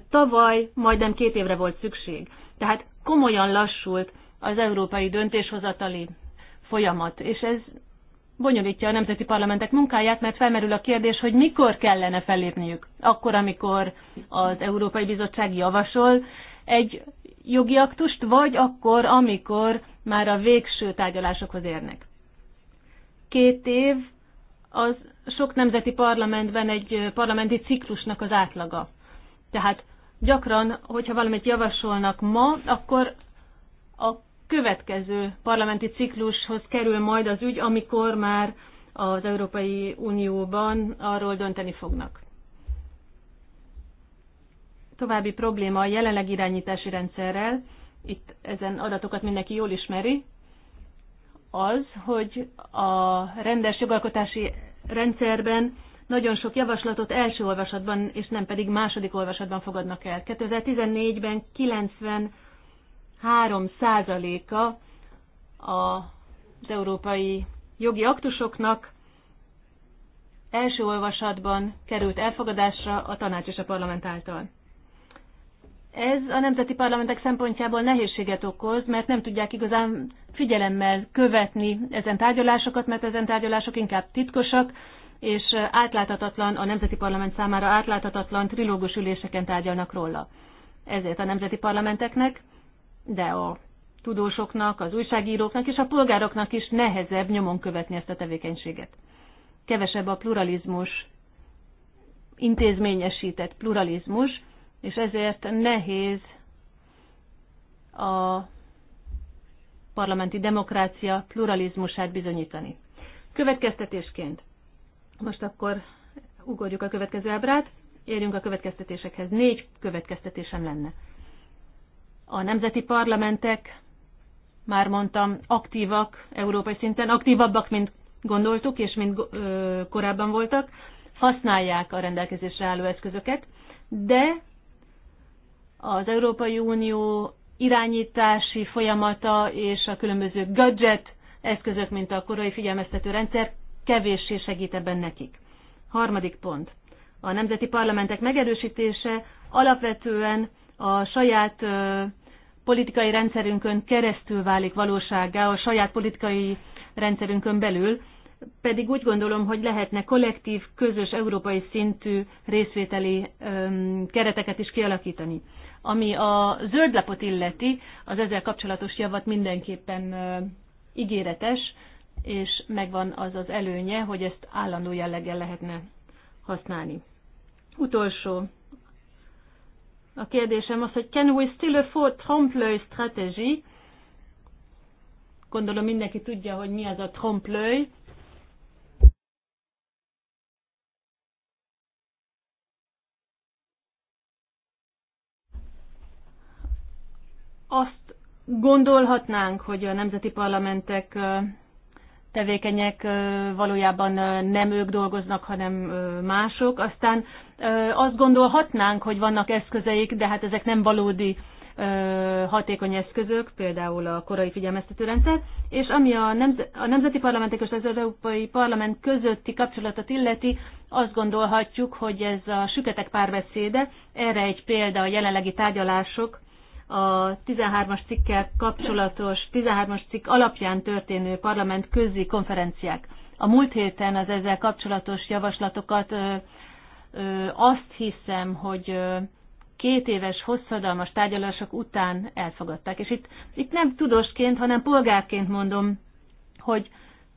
[SPEAKER 3] Tavaly majdnem két évre volt szükség. Tehát komolyan lassult az európai döntéshozatali folyamat, és ez bonyolítja a nemzeti parlamentek munkáját, mert felmerül a kérdés, hogy mikor kellene fellépniük. Akkor, amikor az Európai Bizottság javasol egy jogi aktust, vagy akkor, amikor már a végső tárgyalásokhoz érnek. Két év az sok nemzeti parlamentben egy parlamenti ciklusnak az átlaga. Tehát gyakran, hogyha valamit javasolnak ma, akkor a következő parlamenti ciklushoz kerül majd az ügy, amikor már az Európai Unióban arról dönteni fognak. További probléma a jelenleg irányítási rendszerrel, itt ezen adatokat mindenki jól ismeri, az, hogy a rendes jogalkotási rendszerben nagyon sok javaslatot első olvasatban, és nem pedig második olvasatban fogadnak el. 2014-ben 93 százaléka az európai jogi aktusoknak első olvasatban került elfogadásra a tanács és a parlament által. Ez a nemzeti parlamentek szempontjából nehézséget okoz, mert nem tudják igazán figyelemmel követni ezen tárgyalásokat, mert ezen tárgyalások inkább titkosak, és átláthatatlan, a Nemzeti Parlament számára átláthatatlan trilógus üléseken tárgyalnak róla. Ezért a nemzeti parlamenteknek, de a tudósoknak, az újságíróknak és a polgároknak is nehezebb nyomon követni ezt a tevékenységet. Kevesebb a pluralizmus, intézményesített pluralizmus, és ezért nehéz a parlamenti demokrácia pluralizmusát bizonyítani. Következtetésként most akkor ugorjuk a következő ábrát, érjünk a következtetésekhez. Négy következtetésem lenne. A nemzeti parlamentek, már mondtam, aktívak, európai szinten aktívabbak, mint gondoltuk, és mint ö, korábban voltak, használják a rendelkezésre álló eszközöket, de az Európai Unió irányítási folyamata és a különböző gadget eszközök, mint a korai figyelmeztető rendszer kevéssé segít ebben nekik. Harmadik pont. A nemzeti parlamentek megerősítése alapvetően a saját ö, politikai rendszerünkön keresztül válik valósággá, a saját politikai rendszerünkön belül, pedig úgy gondolom, hogy lehetne kollektív, közös, európai szintű részvételi ö, kereteket is kialakítani. Ami a zöldlapot illeti, az ezzel kapcsolatos javat mindenképpen ö, ígéretes, és megvan az az előnye, hogy ezt állandó jelleggel lehetne használni. Utolsó. A kérdésem az, hogy can we still afford trompe-l'œil strategy? Gondolom mindenki tudja, hogy mi az a trompe-l'œil. Azt gondolhatnánk, hogy a nemzeti parlamentek tevékenyek valójában nem ők dolgoznak, hanem mások. Aztán azt gondolhatnánk, hogy vannak eszközeik, de hát ezek nem valódi hatékony eszközök, például a korai figyelmeztető rendszer, és ami a, nemz- a nemzeti parlamentek és az Európai Parlament közötti kapcsolatot illeti, azt gondolhatjuk, hogy ez a süketek párbeszéde, erre egy példa a jelenlegi tárgyalások a 13-as cikkel kapcsolatos, 13-as cikk alapján történő parlament közi konferenciák. A múlt héten az ezzel kapcsolatos javaslatokat ö, ö, azt hiszem, hogy ö, két éves hosszadalmas tárgyalások után elfogadták. És itt, itt nem tudósként, hanem polgárként mondom, hogy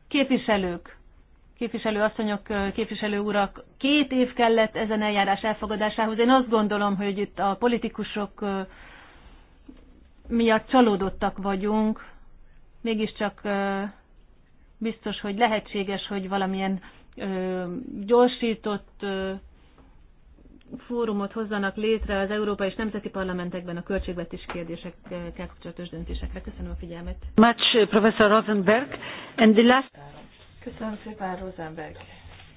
[SPEAKER 3] képviselők, képviselő asszonyok, képviselő urak, két év kellett ezen eljárás elfogadásához. Én azt gondolom, hogy itt a politikusok miatt csalódottak vagyunk, mégiscsak biztos, hogy lehetséges, hogy valamilyen gyorsított fórumot hozzanak létre az Európai és Nemzeti Parlamentekben a költségvetés kérdésekkel kapcsolatos döntésekre. Köszönöm a figyelmet. Much, eh, Professor Rosenberg. And the last...
[SPEAKER 1] Köszönöm szépen, Rosenberg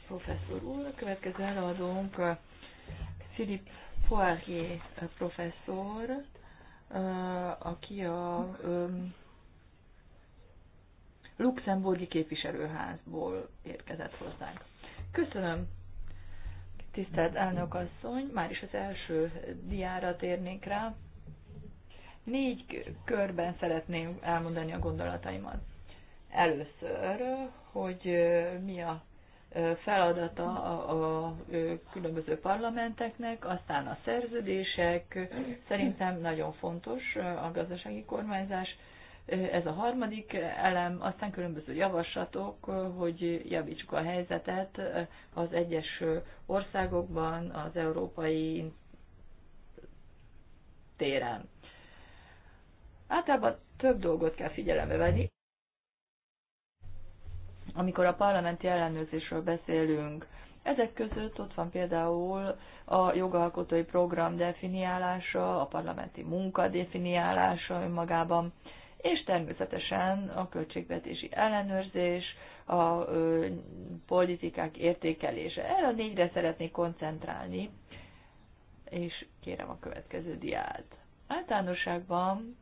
[SPEAKER 1] professzor úr. A következő előadónk Philip Poirier eh, professzor aki a luxemburgi képviselőházból érkezett hozzánk. Köszönöm, tisztelt elnök asszony, már is az első diára térnék rá. Négy körben szeretném elmondani a gondolataimat. Először, hogy mi a feladata a, különböző parlamenteknek, aztán a szerződések, szerintem nagyon fontos a gazdasági kormányzás, ez a harmadik elem, aztán különböző javaslatok, hogy javítsuk a helyzetet az egyes országokban, az európai téren. Általában több dolgot kell figyelembe venni amikor a parlamenti ellenőrzésről beszélünk. Ezek között ott van például a jogalkotói program definiálása, a parlamenti munka definiálása önmagában, és természetesen a költségvetési ellenőrzés, a ö, politikák értékelése. Erre a négyre szeretnék koncentrálni, és kérem a következő diát. Általánosságban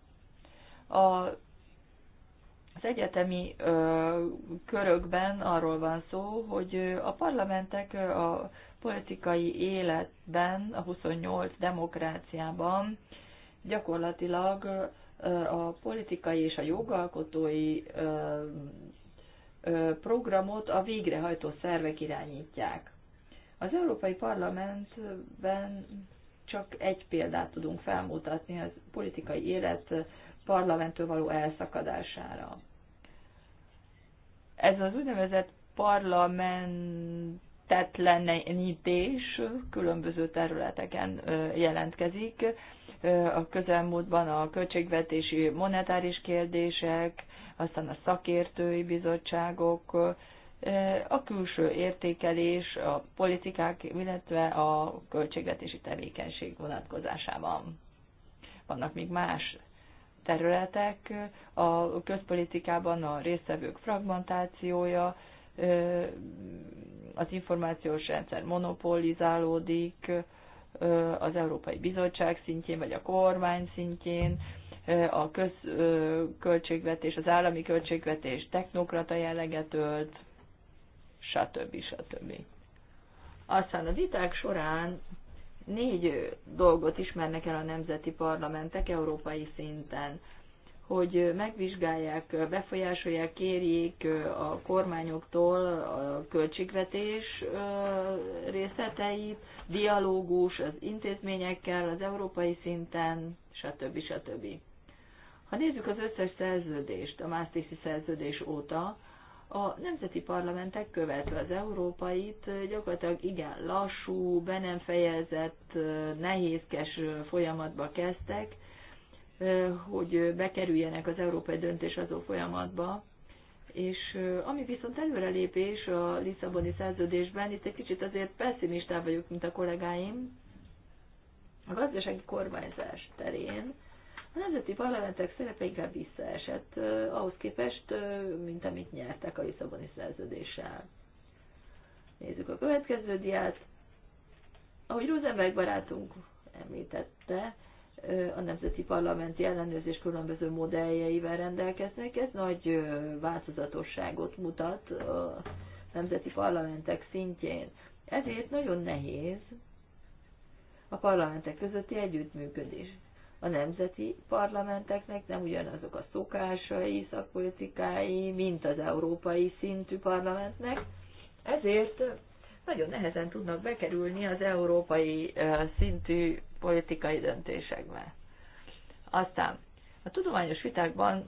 [SPEAKER 1] a az egyetemi ö, körökben arról van szó, hogy a parlamentek a politikai életben, a 28 demokráciában gyakorlatilag a politikai és a jogalkotói programot a végrehajtó szervek irányítják. Az Európai Parlamentben csak egy példát tudunk felmutatni az politikai élet parlamenttől való elszakadására. Ez az úgynevezett parlamentetlenítés különböző területeken jelentkezik. A közelmúltban a költségvetési monetáris kérdések, aztán a szakértői bizottságok, a külső értékelés, a politikák, illetve a költségvetési tevékenység vonatkozásában. Vannak még más területek, a közpolitikában a résztvevők fragmentációja, az információs rendszer monopolizálódik, az Európai Bizottság szintjén, vagy a kormány szintjén, a közköltségvetés, az állami költségvetés technokrata jelleget ölt, stb. stb. Aztán a viták során négy dolgot ismernek el a nemzeti parlamentek európai szinten, hogy megvizsgálják, befolyásolják, kérjék a kormányoktól a költségvetés részleteit, dialógus az intézményekkel, az európai szinten, stb. stb. Ha nézzük az összes szerződést, a Maastrichti szerződés óta, a nemzeti parlamentek követve az európait gyakorlatilag igen lassú, be nem fejezett, nehézkes folyamatba kezdtek, hogy bekerüljenek az európai döntéshozó folyamatba. És ami viszont előrelépés a Lisszaboni szerződésben, itt egy kicsit azért pessimistább vagyok, mint a kollégáim, a gazdasági kormányzás terén, a nemzeti parlamentek szerepe inkább visszaesett ahhoz képest, mint amit nyertek a Lisszaboni szerződéssel. Nézzük a következő diát. Ahogy Rosenberg barátunk említette, a nemzeti parlamenti ellenőrzés különböző modelljeivel rendelkeznek. Ez nagy változatosságot mutat a nemzeti parlamentek szintjén. Ezért nagyon nehéz a parlamentek közötti együttműködés a nemzeti parlamenteknek nem ugyanazok a szokásai, szakpolitikái, mint az európai szintű parlamentnek, ezért nagyon nehezen tudnak bekerülni az európai szintű politikai döntésekbe. Aztán a tudományos vitákban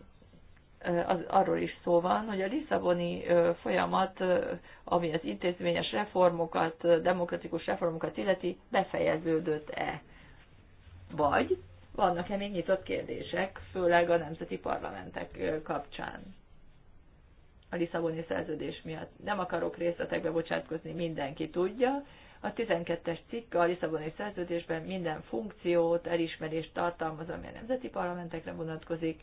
[SPEAKER 1] az, arról is szó van, hogy a Lisszaboni folyamat, ami az intézményes reformokat, demokratikus reformokat illeti, befejeződött-e. Vagy vannak-e még nyitott kérdések, főleg a nemzeti parlamentek kapcsán a Lisszaboni szerződés miatt. Nem akarok részletekbe bocsátkozni, mindenki tudja. A 12-es cikk a Lisszaboni szerződésben minden funkciót, elismerést tartalmaz, ami a nemzeti parlamentekre vonatkozik,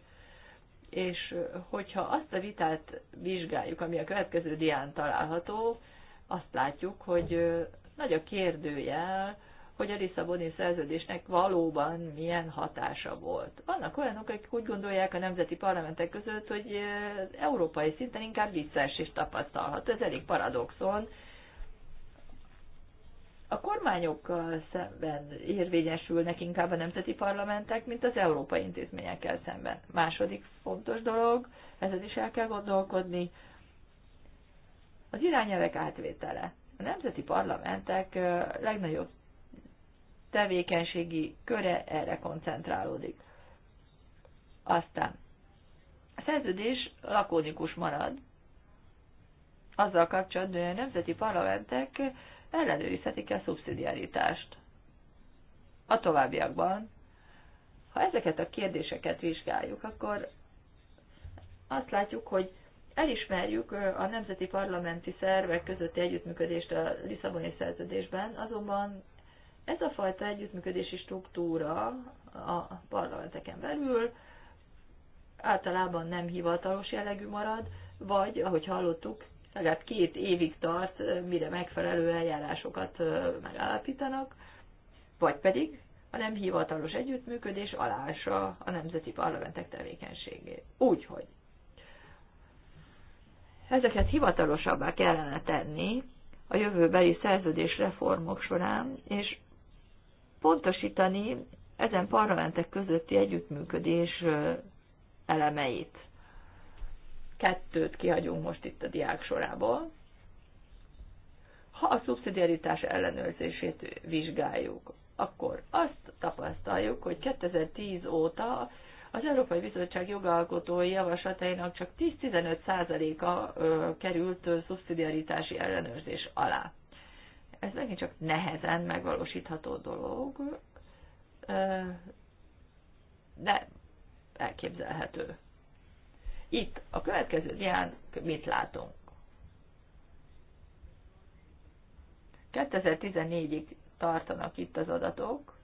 [SPEAKER 1] és hogyha azt a vitát vizsgáljuk, ami a következő dián található, azt látjuk, hogy nagy a kérdőjel hogy a Lisszaboni szerződésnek valóban milyen hatása volt. Vannak olyanok, akik úgy gondolják a nemzeti parlamentek között, hogy európai szinten inkább visszaesést tapasztalhat. Ez elég paradoxon. A kormányokkal szemben érvényesülnek inkább a nemzeti parlamentek, mint az európai intézményekkel szemben. Második fontos dolog, ezen is el kell gondolkodni, az irányelvek átvétele. A nemzeti parlamentek legnagyobb tevékenységi köre erre koncentrálódik. Aztán a szerződés lakónikus marad. Azzal kapcsolatban a nemzeti parlamentek ellenőrizhetik a szubszidiaritást. A továbbiakban, ha ezeket a kérdéseket vizsgáljuk, akkor azt látjuk, hogy elismerjük a nemzeti parlamenti szervek közötti együttműködést a Lisszaboni szerződésben, azonban ez a fajta együttműködési struktúra a parlamenteken belül általában nem hivatalos jellegű marad, vagy, ahogy hallottuk, legalább két évig tart, mire megfelelő eljárásokat megállapítanak, vagy pedig a nem hivatalos együttműködés alása a nemzeti parlamentek tevékenységét. Úgyhogy ezeket hivatalosabbá kellene tenni a jövőbeli szerződés reformok során, és pontosítani ezen parlamentek közötti együttműködés elemeit. Kettőt kihagyunk most itt a diák sorából. Ha a szubszidiaritás ellenőrzését vizsgáljuk, akkor azt tapasztaljuk, hogy 2010 óta az Európai Bizottság jogalkotói javaslatainak csak 10-15%-a került szubszidiaritási ellenőrzés alá ez megint csak nehezen megvalósítható dolog, de elképzelhető. Itt a következő dián mit látunk? 2014-ig tartanak itt az adatok,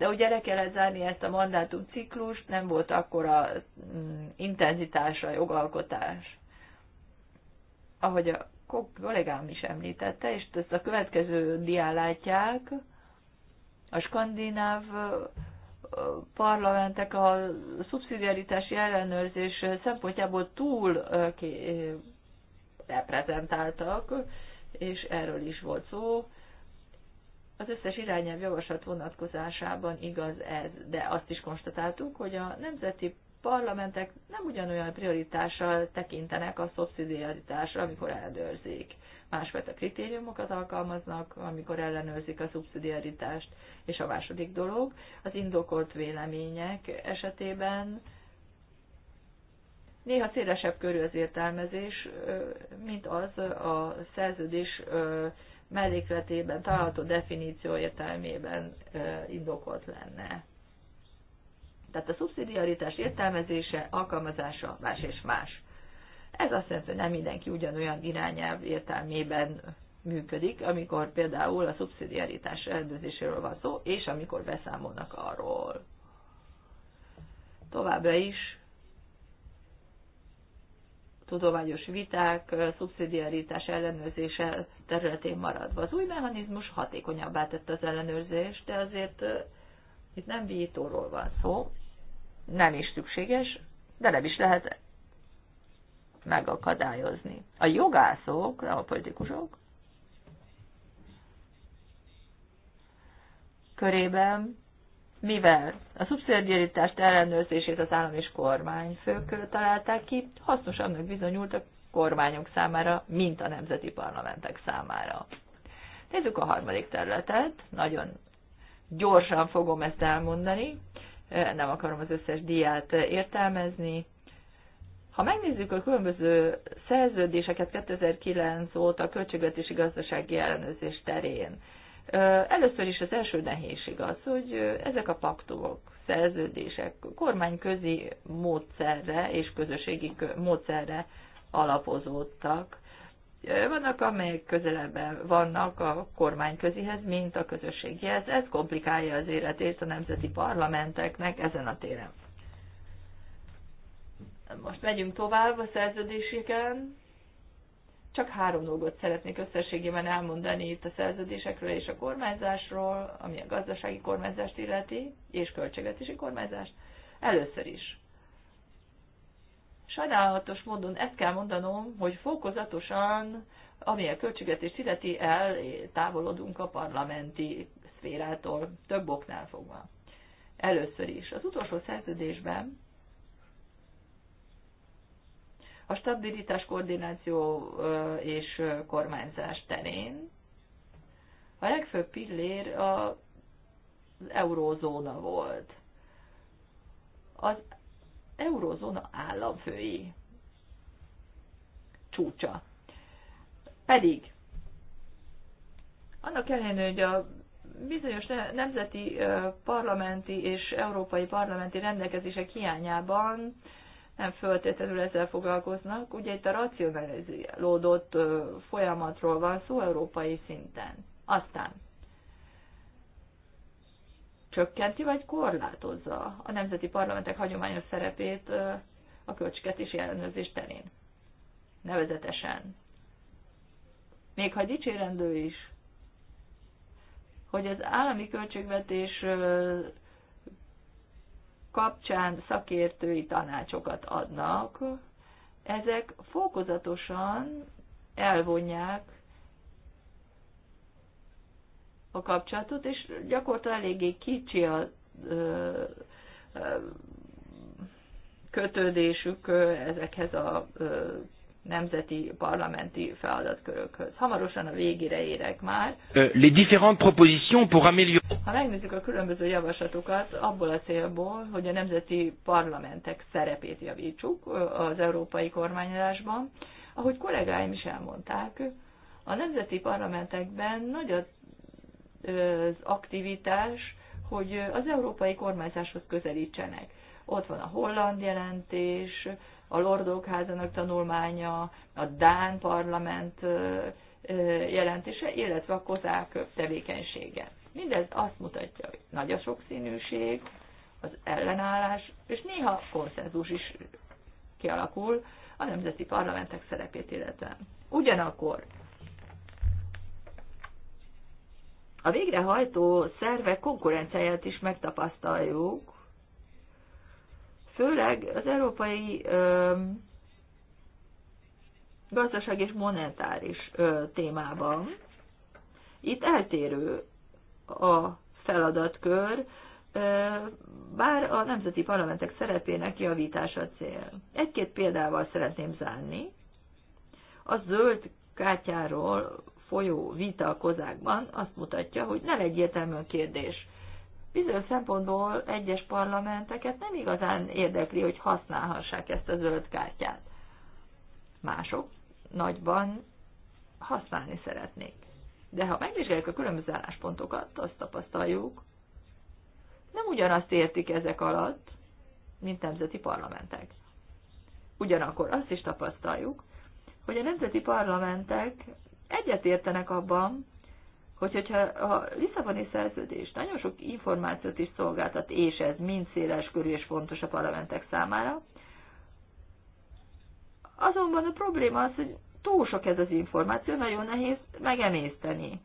[SPEAKER 1] de ugye le kellett zárni ezt a mandátum ciklust, nem volt akkora mm, intenzitása jogalkotás, ahogy a kollégám is említette, és ezt a következő dián látják, a skandináv parlamentek a szubszidiaritási ellenőrzés szempontjából túl reprezentáltak, és erről is volt szó, az összes irányelv javaslat vonatkozásában igaz ez, de azt is konstatáltuk, hogy a nemzeti parlamentek nem ugyanolyan prioritással tekintenek a szubszidiaritásra, amikor eldőrzik. Másfajta kritériumokat alkalmaznak, amikor ellenőrzik a szubszidiaritást. És a második dolog, az indokolt vélemények esetében néha szélesebb körű az értelmezés, mint az a szerződés mellékletében található definíció értelmében indokolt lenne. Tehát a szubszidiaritás értelmezése, alkalmazása más és más. Ez azt jelenti, hogy nem mindenki ugyanolyan irányelv értelmében működik, amikor például a szubszidiaritás rendezéséről van szó, és amikor beszámolnak arról. Továbbra is tudományos viták, szubszidiaritás ellenőrzése területén maradva. Az új mechanizmus hatékonyabbá tette az ellenőrzést, de azért itt nem vitóról van szó, nem is szükséges, de nem is lehet megakadályozni. A jogászok, nem a politikusok, körében mivel a szubszidiaritást ellenőrzését az állam és kormányfők találták ki, hasznosabbnak bizonyult a kormányok számára, mint a nemzeti parlamentek számára. Nézzük a harmadik területet, nagyon gyorsan fogom ezt elmondani, nem akarom az összes diát értelmezni. Ha megnézzük a különböző szerződéseket 2009 óta a költségvetési gazdasági ellenőrzés terén, Először is az első nehézség az, hogy ezek a paktumok, szerződések kormányközi módszerre és közösségi módszerre alapozódtak. Vannak, amelyek közelebben vannak a kormányközihez, mint a közösségihez. Ez komplikálja az életét a nemzeti parlamenteknek ezen a téren. Most megyünk tovább a szerződéseken. Csak három dolgot szeretnék összességében elmondani itt a szerződésekről és a kormányzásról, ami a gazdasági kormányzást illeti, és költségvetési kormányzást. Először is. Sajnálatos módon ezt kell mondanom, hogy fokozatosan, ami a költségvetést illeti, távolodunk a parlamenti szférától, több oknál fogva. Először is. Az utolsó szerződésben a stabilitás, koordináció és kormányzás terén. A legfőbb pillér az eurózóna volt. Az eurózóna államfői csúcsa. Pedig annak ellenére, hogy a bizonyos nemzeti parlamenti és európai parlamenti rendelkezések hiányában nem föltétlenül ezzel foglalkoznak. Ugye itt a racionalizálódott folyamatról van szó európai szinten. Aztán csökkenti vagy korlátozza a nemzeti parlamentek hagyományos szerepét a költségvetési ellenőrzés terén. Nevezetesen. Még ha dicsérendő is, hogy az állami költségvetés kapcsán szakértői tanácsokat adnak, ezek fokozatosan elvonják a kapcsolatot, és gyakorlatilag eléggé kicsi a ö, ö, kötődésük ezekhez a ö, nemzeti parlamenti feladatkörökhöz. Hamarosan a végére érek már.
[SPEAKER 3] Euh, les différentes
[SPEAKER 2] propositions pour améliorer.
[SPEAKER 1] Ha megnézzük a különböző javaslatokat, abból a célból, hogy a nemzeti parlamentek szerepét javítsuk az európai kormányzásban, ahogy kollégáim is elmondták, a nemzeti parlamentekben nagy az aktivitás, hogy az európai kormányzáshoz közelítsenek. Ott van a holland jelentés, a Lordok házának tanulmánya, a Dán parlament jelentése, illetve a kozák tevékenysége. Mindez azt mutatja, hogy nagy a sokszínűség, az ellenállás, és néha konszenzus is kialakul a nemzeti parlamentek szerepét illetve. Ugyanakkor a végrehajtó szervek konkurenciáját is megtapasztaljuk, főleg az európai gazdaság és monetáris témában. Itt eltérő a feladatkör, bár a nemzeti parlamentek szerepének javítása cél. Egy-két példával szeretném zárni. A zöld kártyáról folyó vita a kozákban azt mutatja, hogy nem egyértelmű a kérdés – bizonyos szempontból egyes parlamenteket nem igazán érdekli, hogy használhassák ezt a zöld kártyát. Mások nagyban használni szeretnék. De ha megvizsgáljuk a különböző álláspontokat, azt tapasztaljuk, nem ugyanazt értik ezek alatt, mint nemzeti parlamentek. Ugyanakkor azt is tapasztaljuk, hogy a nemzeti parlamentek egyetértenek abban, hogy hogyha a Lisszaboni szerződés nagyon sok információt is szolgáltat, és ez mind széles körű és fontos a parlamentek számára, azonban a probléma az, hogy túl sok ez az információ, nagyon nehéz megemészteni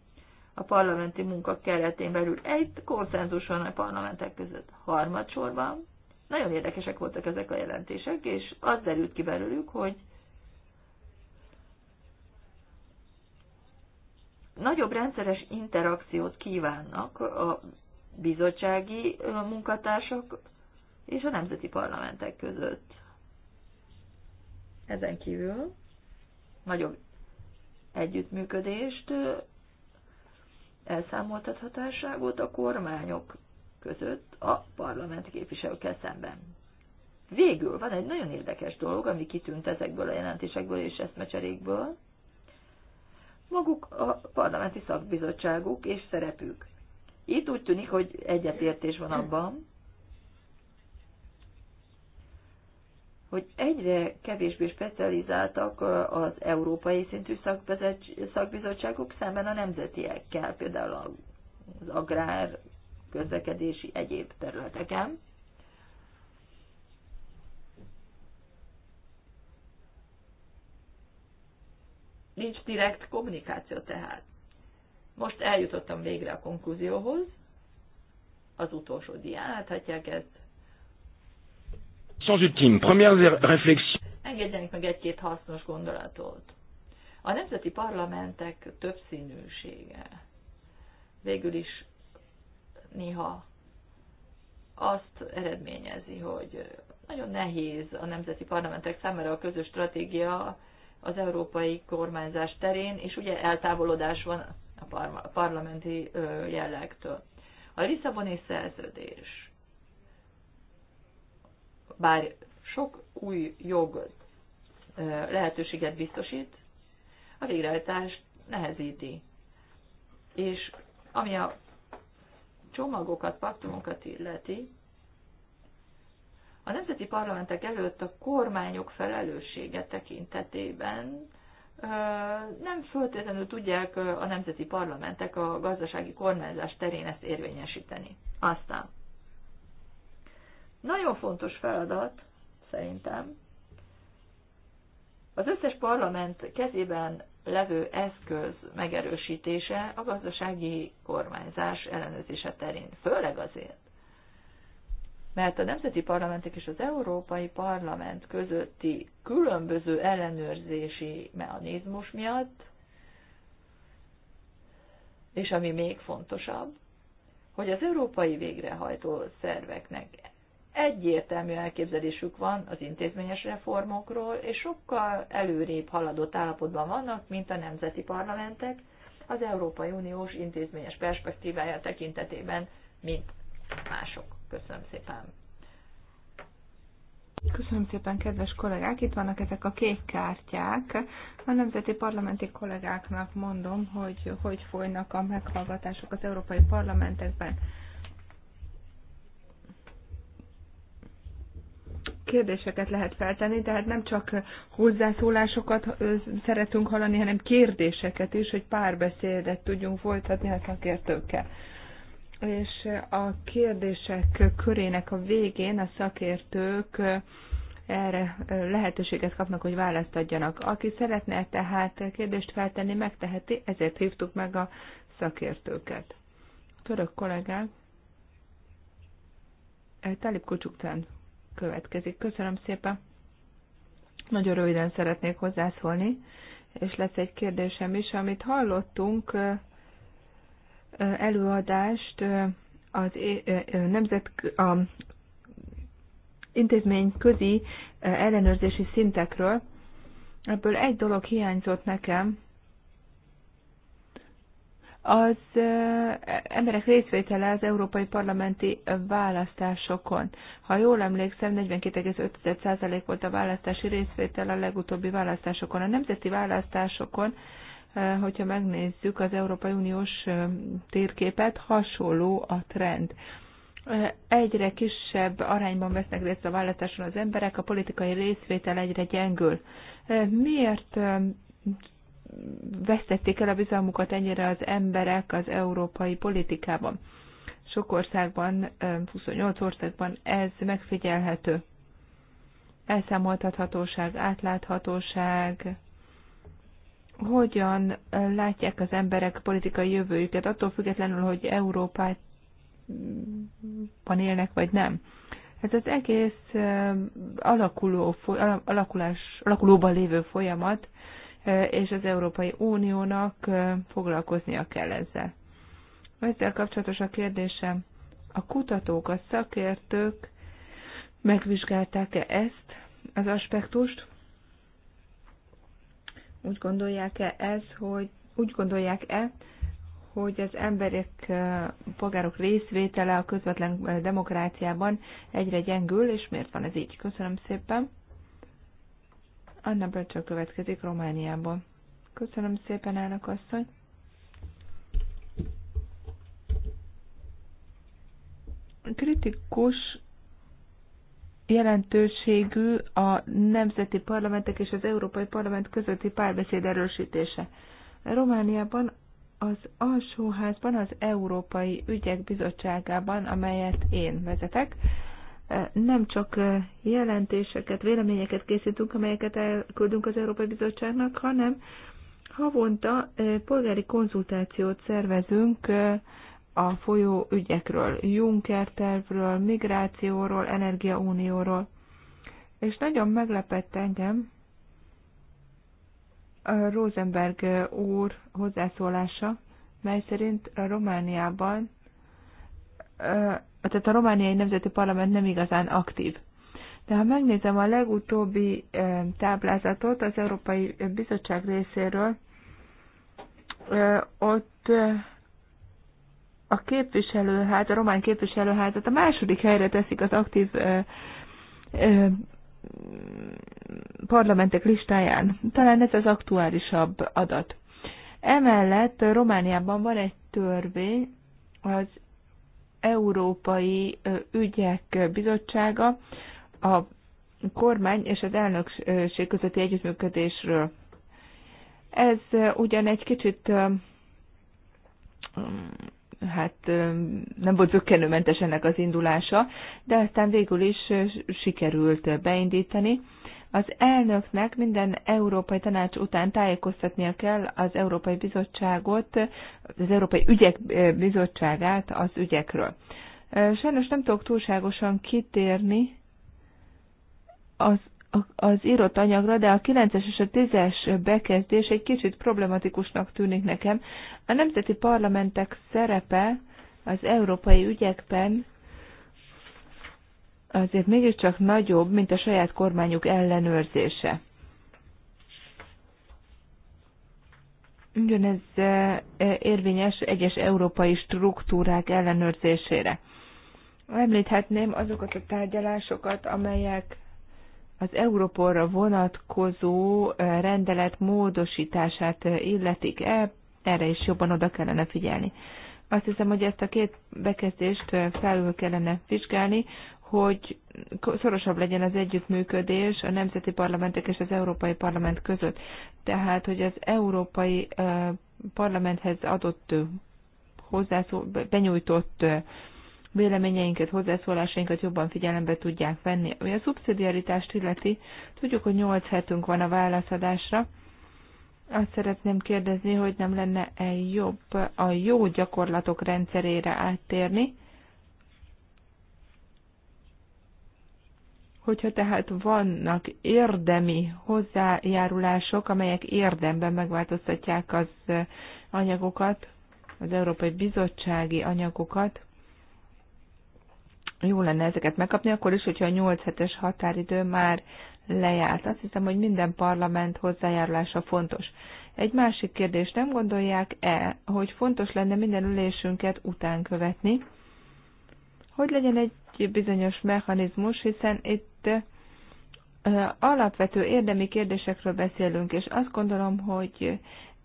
[SPEAKER 1] a parlamenti munka keretén belül egy konszenzus van a parlamentek között harmadsorban. Nagyon érdekesek voltak ezek a jelentések, és az derült ki belőlük, hogy nagyobb rendszeres interakciót kívánnak a bizottsági munkatársak és a nemzeti parlamentek között. Ezen kívül nagyobb együttműködést, elszámoltathatásságot a kormányok között a parlamenti képviselőkkel szemben. Végül van egy nagyon érdekes dolog, ami kitűnt ezekből a jelentésekből és eszmecserékből, maguk a parlamenti szakbizottságuk és szerepük. Itt úgy tűnik, hogy egyetértés van abban, hogy egyre kevésbé specializáltak az európai szintű szakbizottságok szemben a nemzetiekkel, például az agrár, közlekedési, egyéb területeken. nincs direkt kommunikáció tehát. Most eljutottam végre a konklúzióhoz, az utolsó dián, láthatják ezt. Sans ultime, première réflexion. Engedjenek meg egy-két hasznos gondolatot. A nemzeti parlamentek többszínűsége végül is néha azt eredményezi, hogy nagyon nehéz a nemzeti parlamentek számára a közös stratégia az európai kormányzás terén, és ugye eltávolodás van a parlamenti jellegtől. A Lisszaboni szerződés, bár sok új jog lehetőséget biztosít, a végrehajtást nehezíti. És ami a csomagokat, paktumokat illeti, a nemzeti parlamentek előtt a kormányok felelőssége tekintetében nem föltétlenül tudják a nemzeti parlamentek a gazdasági kormányzás terén ezt érvényesíteni. Aztán nagyon fontos feladat, szerintem, az összes parlament kezében levő eszköz megerősítése a gazdasági kormányzás ellenőrzése terén, főleg azért, mert a nemzeti parlamentek és az Európai Parlament közötti különböző ellenőrzési mechanizmus miatt, és ami még fontosabb, hogy az európai végrehajtó szerveknek egyértelmű elképzelésük van az intézményes reformokról, és sokkal előrébb haladott állapotban vannak, mint a nemzeti parlamentek az Európai Uniós intézményes perspektívája tekintetében, mint mások. Köszönöm szépen.
[SPEAKER 2] Köszönöm szépen, kedves kollégák! Itt vannak ezek a kék kártyák. A nemzeti parlamenti kollégáknak mondom, hogy hogy folynak a meghallgatások az európai parlamentekben. Kérdéseket lehet feltenni, tehát nem csak hozzászólásokat szeretünk hallani, hanem kérdéseket is, hogy párbeszédet tudjunk folytatni a szakértőkkel és a kérdések körének a végén a szakértők erre lehetőséget kapnak, hogy választ adjanak. Aki szeretne tehát kérdést feltenni, megteheti, ezért hívtuk meg a szakértőket. Török kollégák, Talib Kucsuktán következik. Köszönöm szépen. Nagyon röviden szeretnék hozzászólni, és lesz egy kérdésem is, amit hallottunk előadást az nemzet, a intézmény közi ellenőrzési szintekről. Ebből egy dolog hiányzott nekem, az emberek részvétele az európai parlamenti választásokon. Ha jól emlékszem, 42,5% volt a választási részvétel a legutóbbi választásokon. A nemzeti választásokon Eh, hogyha megnézzük az Európai Uniós eh, térképet, hasonló a trend. Eh, egyre kisebb arányban vesznek részt a választáson az emberek, a politikai részvétel egyre gyengül. Miért vesztették el a bizalmukat ennyire az emberek az európai politikában? Sok országban, 28 országban ez megfigyelhető. Elszámoltathatóság, átláthatóság, hogyan látják az emberek politikai jövőjüket, attól függetlenül, hogy Európában élnek, vagy nem. Hát az egész alakuló, alakulás, alakulóban lévő folyamat, és az Európai Uniónak foglalkoznia kell ezzel. Ezzel kapcsolatos a kérdésem, a kutatók, a szakértők megvizsgálták-e ezt az aspektust, úgy gondolják-e ez, hogy úgy gondolják-e, hogy az emberek, polgárok részvétele a közvetlen demokráciában egyre gyengül, és miért van ez így? Köszönöm szépen. Anna Bölcső következik Romániából. Köszönöm szépen, elnök asszony. Kritikus jelentőségű a nemzeti parlamentek és az Európai Parlament közötti párbeszéd erősítése. Romániában az Alsóházban, az Európai Ügyek Bizottságában, amelyet én vezetek, eh, nem csak eh, jelentéseket, véleményeket készítünk, amelyeket elküldünk az Európai Bizottságnak, hanem havonta eh, polgári konzultációt szervezünk a folyó ügyekről, Juncker tervről, migrációról, energiaunióról. És nagyon meglepett engem a Rosenberg úr hozzászólása, mely szerint a Romániában, tehát a romániai nemzeti parlament nem igazán aktív. De ha megnézem a legutóbbi táblázatot az Európai Bizottság részéről, ott a képviselőház, a román képviselőházat a második helyre teszik az aktív ö, ö, parlamentek listáján. Talán ez az aktuálisabb adat. Emellett Romániában van egy törvény, az Európai Ügyek Bizottsága a kormány és az elnökség közötti együttműködésről. Ez ugyan egy kicsit hát nem volt zökkenőmentes ennek az indulása, de aztán végül is sikerült beindítani. Az elnöknek minden európai tanács után tájékoztatnia kell az Európai Bizottságot, az Európai Ügyek Bizottságát az ügyekről. Sajnos nem tudok túlságosan kitérni az az írott anyagra, de a 9-es és a 10-es bekezdés egy kicsit problematikusnak tűnik nekem. A nemzeti parlamentek szerepe az európai ügyekben azért mégiscsak nagyobb, mint a saját kormányuk ellenőrzése. Ugyanez e, e, érvényes egyes európai struktúrák ellenőrzésére. Említhetném azokat a tárgyalásokat, amelyek az Európorra vonatkozó eh, rendelet módosítását eh, illetik el, erre is jobban oda kellene figyelni. Azt hiszem, hogy ezt a két bekezdést eh, felül kellene vizsgálni, hogy szorosabb legyen az együttműködés a nemzeti parlamentek és az Európai Parlament között. Tehát, hogy az Európai Parlamenthez adott hozzászó, benyújtott véleményeinket, hozzászólásainkat jobban figyelembe tudják venni. Ami a szubszidiaritást illeti, tudjuk, hogy 8 hetünk van a válaszadásra. Azt szeretném kérdezni, hogy nem lenne-e jobb a jó gyakorlatok rendszerére áttérni, Hogyha tehát vannak érdemi hozzájárulások, amelyek érdemben megváltoztatják az anyagokat, az Európai Bizottsági anyagokat, jó lenne ezeket megkapni, akkor is, hogyha a 8 hetes határidő már lejárt. Azt hiszem, hogy minden parlament hozzájárulása fontos. Egy másik kérdés, nem gondolják-e, hogy fontos lenne minden ülésünket után követni? Hogy legyen egy bizonyos mechanizmus, hiszen itt alapvető érdemi kérdésekről beszélünk, és azt gondolom, hogy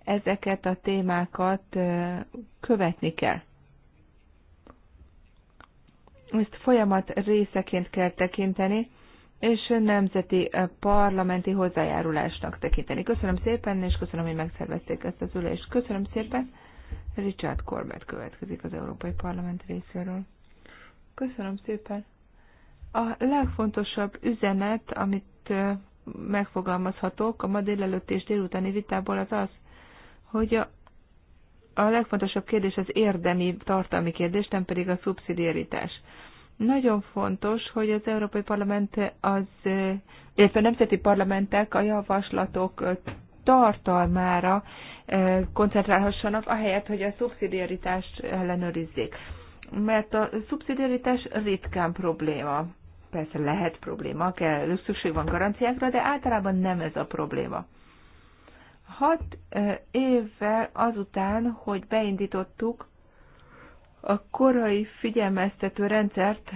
[SPEAKER 2] ezeket a témákat követni kell ezt folyamat részeként kell tekinteni, és nemzeti eh, parlamenti hozzájárulásnak tekinteni. Köszönöm szépen, és köszönöm, hogy megszervezték ezt az ülést. Köszönöm szépen. Richard Corbett következik az Európai Parlament részéről. Köszönöm szépen. A legfontosabb üzenet, amit eh, megfogalmazhatok a ma délelőtt és délutáni vitából az az, hogy a, a legfontosabb kérdés az érdemi, tartalmi kérdés, nem pedig a szubszidiaritás. Nagyon fontos, hogy az Európai Parlament az, illetve a nemzeti parlamentek a javaslatok tartalmára koncentrálhassanak, ahelyett, hogy a szubszidiaritást ellenőrizzék. Mert a szubszidiaritás ritkán probléma. Persze lehet probléma, kell, szükség van garanciákra, de általában nem ez a probléma. Hat évvel azután, hogy beindítottuk a korai figyelmeztető rendszert,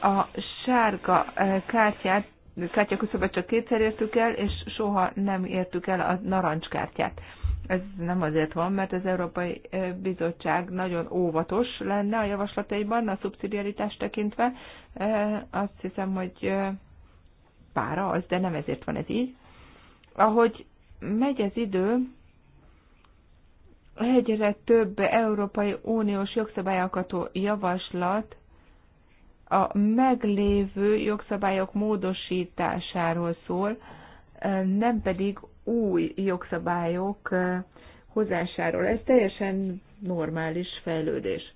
[SPEAKER 2] a sárga eh, kártyát, kártyaküszöbet csak kétszer értük el, és soha nem értük el a narancskártyát. Ez nem azért van, mert az Európai eh, Bizottság nagyon óvatos lenne a javaslataiban, a szubszidiaritást tekintve. Eh, azt hiszem, hogy pára az, de nem ezért van ez így. Ahogy megy az idő, egyre több Európai Uniós jogszabályalkotó javaslat a meglévő jogszabályok módosításáról szól, nem pedig új jogszabályok hozásáról. Ez teljesen normális fejlődés.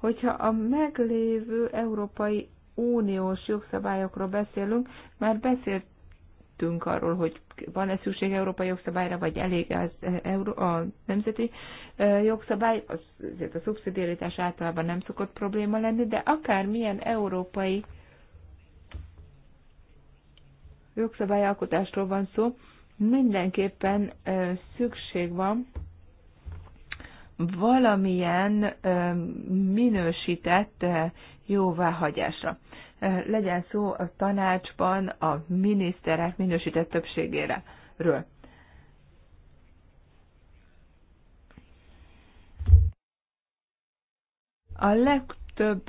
[SPEAKER 2] Hogyha a meglévő Európai Uniós jogszabályokról beszélünk, már beszélt döntöttünk arról, hogy van-e szükség európai jogszabályra, vagy elég az e, Euró- a nemzeti e, jogszabály, azért a szubszidiaritás általában nem szokott probléma lenni, de akármilyen európai jogszabályalkotásról van szó, mindenképpen e, szükség van valamilyen minősített jóváhagyásra. Eh, legyen szó a tanácsban a miniszterek minősített többségére. Ről. A legtöbb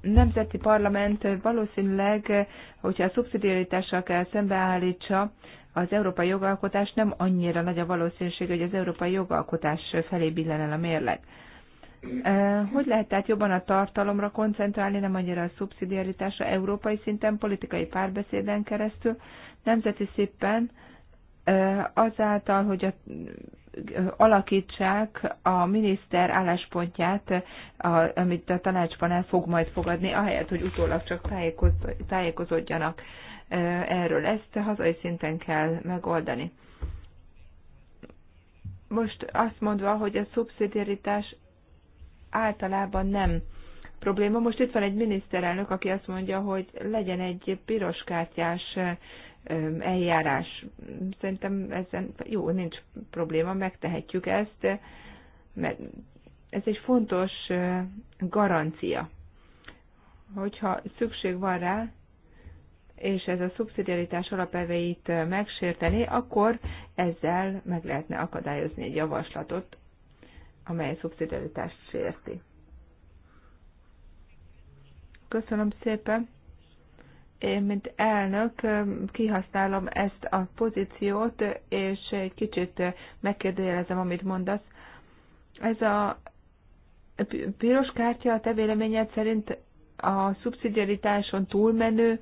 [SPEAKER 2] nemzeti parlament valószínűleg, hogyha a szubszidiaritással kell szembeállítsa az európai jogalkotás, nem annyira nagy a valószínűség, hogy az európai jogalkotás felé billen el a mérleg. Hogy lehet tehát jobban a tartalomra koncentrálni, nem annyira a szubszidiaritásra európai szinten, politikai párbeszéden keresztül, nemzeti szépen azáltal, hogy a, alakítsák a miniszter álláspontját, a, amit a tanácsban el fog majd fogadni, ahelyett, hogy utólag csak tájékoz, tájékozódjanak erről. Ezt hazai szinten kell megoldani. Most azt mondva, hogy a szubszidiaritás általában nem probléma. Most itt van egy miniszterelnök, aki azt mondja, hogy legyen egy piroskártyás eljárás. Szerintem ezen jó, nincs probléma, megtehetjük ezt, mert ez egy fontos garancia. Hogyha szükség van rá, és ez a szubszidiaritás alapelveit megsérteni, akkor ezzel meg lehetne akadályozni egy javaslatot, amely szubszidiaritást sérti. Köszönöm szépen. Én, mint elnök, kihasználom ezt a pozíciót, és egy kicsit megkérdőjelezem, amit mondasz. Ez a piros kártya a te véleményed szerint a szubszidiaritáson túlmenő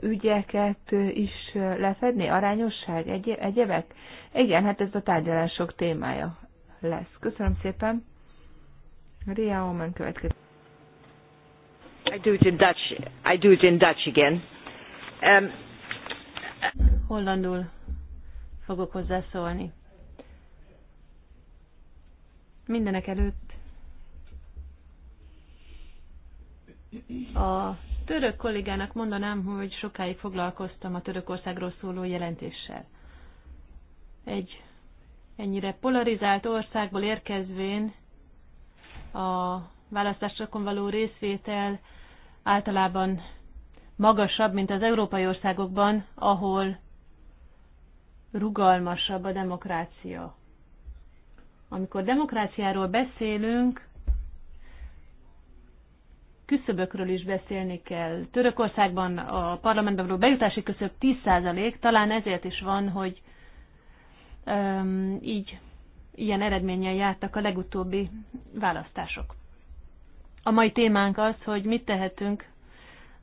[SPEAKER 2] ügyeket is lefedni? Arányosság? Egy, egyebek? Igen, hát ez a tárgyalások témája lesz. Köszönöm szépen. Ria Oman
[SPEAKER 3] következik. I do it in Dutch. I do it in Dutch again. Um, Hollandul fogok hozzászólni. Mindenek előtt a török kollégának mondanám, hogy sokáig foglalkoztam a Törökországról szóló jelentéssel. Egy ennyire polarizált országból érkezvén a választásokon való részvétel általában magasabb, mint az európai országokban, ahol rugalmasabb a demokrácia. Amikor demokráciáról beszélünk, küszöbökről is beszélni kell. Törökországban a parlamentbe való bejutási küszöb 10%, talán ezért is van, hogy így ilyen eredménnyel jártak a legutóbbi választások. A mai témánk az, hogy mit tehetünk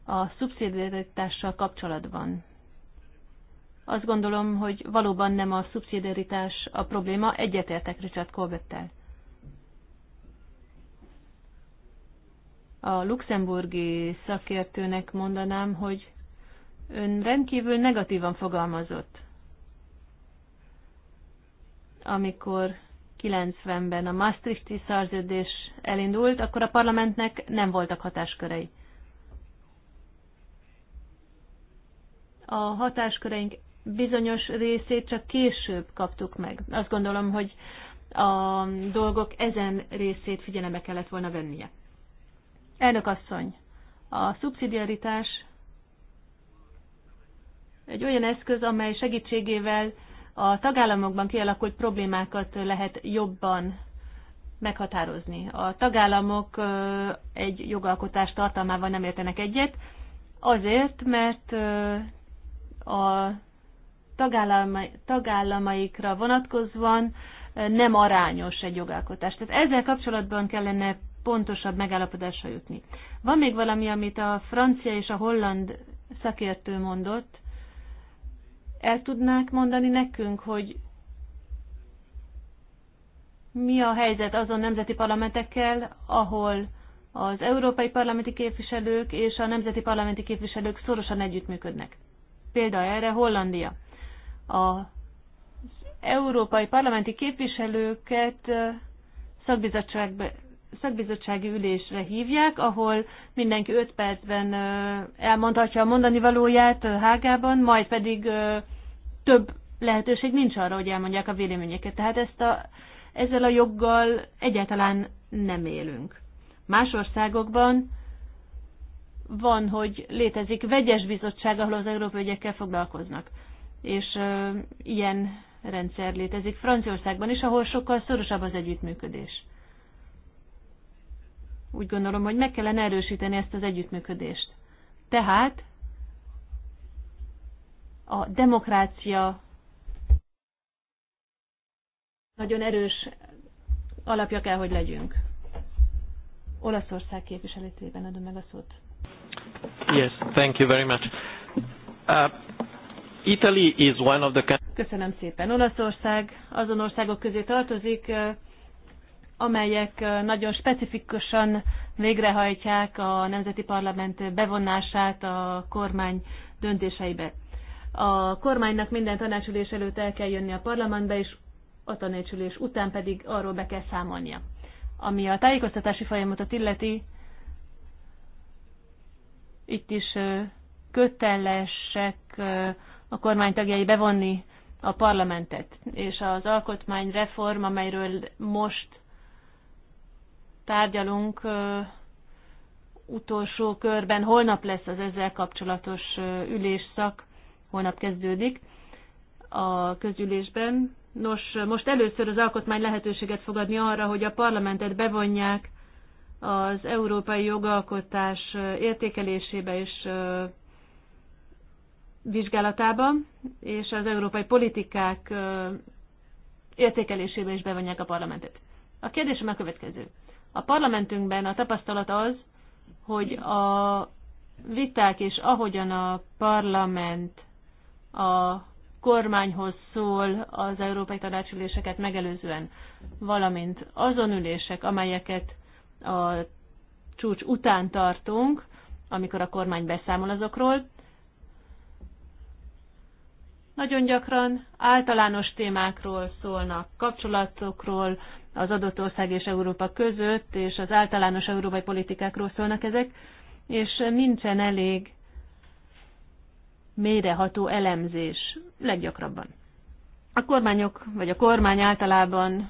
[SPEAKER 3] a szubszidiaritással kapcsolatban. Azt gondolom, hogy valóban nem a szubszidiaritás a probléma, egyetértek Richard Corbettel. A luxemburgi szakértőnek mondanám, hogy ön rendkívül negatívan fogalmazott amikor 90-ben a Maastrichti szerződés elindult, akkor a parlamentnek nem voltak hatáskörei. A hatásköreink bizonyos részét csak később kaptuk meg. Azt gondolom, hogy a dolgok ezen részét figyelembe kellett volna vennie. Elnök asszony, a szubszidiaritás egy olyan eszköz, amely segítségével a tagállamokban kialakult problémákat lehet jobban meghatározni. A tagállamok egy jogalkotás tartalmával nem értenek egyet, azért, mert a tagállamaikra vonatkozóan nem arányos egy jogalkotás. Tehát ezzel kapcsolatban kellene pontosabb megállapodásra jutni. Van még valami, amit a francia és a holland szakértő mondott, el tudnák mondani nekünk, hogy mi a helyzet azon nemzeti parlamentekkel, ahol az európai parlamenti képviselők és a nemzeti parlamenti képviselők szorosan együttműködnek. Példa erre Hollandia. Az európai parlamenti képviselőket szakbizottságbe szakbizottsági ülésre hívják, ahol mindenki 5 percben elmondhatja a mondani valóját Hágában, majd pedig több lehetőség nincs arra, hogy elmondják a véleményeket. Tehát ezt a, ezzel a joggal egyáltalán nem élünk. Más országokban van, hogy létezik vegyes bizottság, ahol az európai ügyekkel foglalkoznak. És ö, ilyen rendszer létezik Franciaországban is, ahol sokkal szorosabb az együttműködés úgy gondolom, hogy meg kellene erősíteni ezt az együttműködést. Tehát a demokrácia nagyon erős alapja kell, hogy legyünk. Olaszország képviseletében adom meg a szót.
[SPEAKER 1] Yes, thank you very much. Uh, Italy is one of the...
[SPEAKER 3] Köszönöm szépen. Olaszország azon országok közé tartozik, uh, amelyek nagyon specifikusan végrehajtják a Nemzeti Parlament bevonását a kormány döntéseibe. A kormánynak minden tanácsülés előtt el kell jönni a parlamentbe, és a tanácsülés után pedig arról be kell számolnia. Ami a tájékoztatási folyamatot illeti, itt is kötelesek a kormány tagjai bevonni a parlamentet, és az alkotmányreform, amelyről most tárgyalunk utolsó körben. Holnap lesz az ezzel kapcsolatos ülésszak, holnap kezdődik a közülésben. Nos, most először az alkotmány lehetőséget fogadni arra, hogy a parlamentet bevonják az európai jogalkotás értékelésébe és vizsgálatába, és az európai politikák értékelésébe is bevonják a parlamentet. A kérdésem a következő. A parlamentünkben a tapasztalat az, hogy a viták és ahogyan a parlament a kormányhoz szól az európai tanácsüléseket megelőzően, valamint azon ülések, amelyeket a csúcs után tartunk, amikor a kormány beszámol azokról, nagyon gyakran általános témákról szólnak, kapcsolatokról, az adott ország és Európa között, és az általános európai politikákról szólnak ezek, és nincsen elég méreható elemzés leggyakrabban. A kormányok, vagy a kormány általában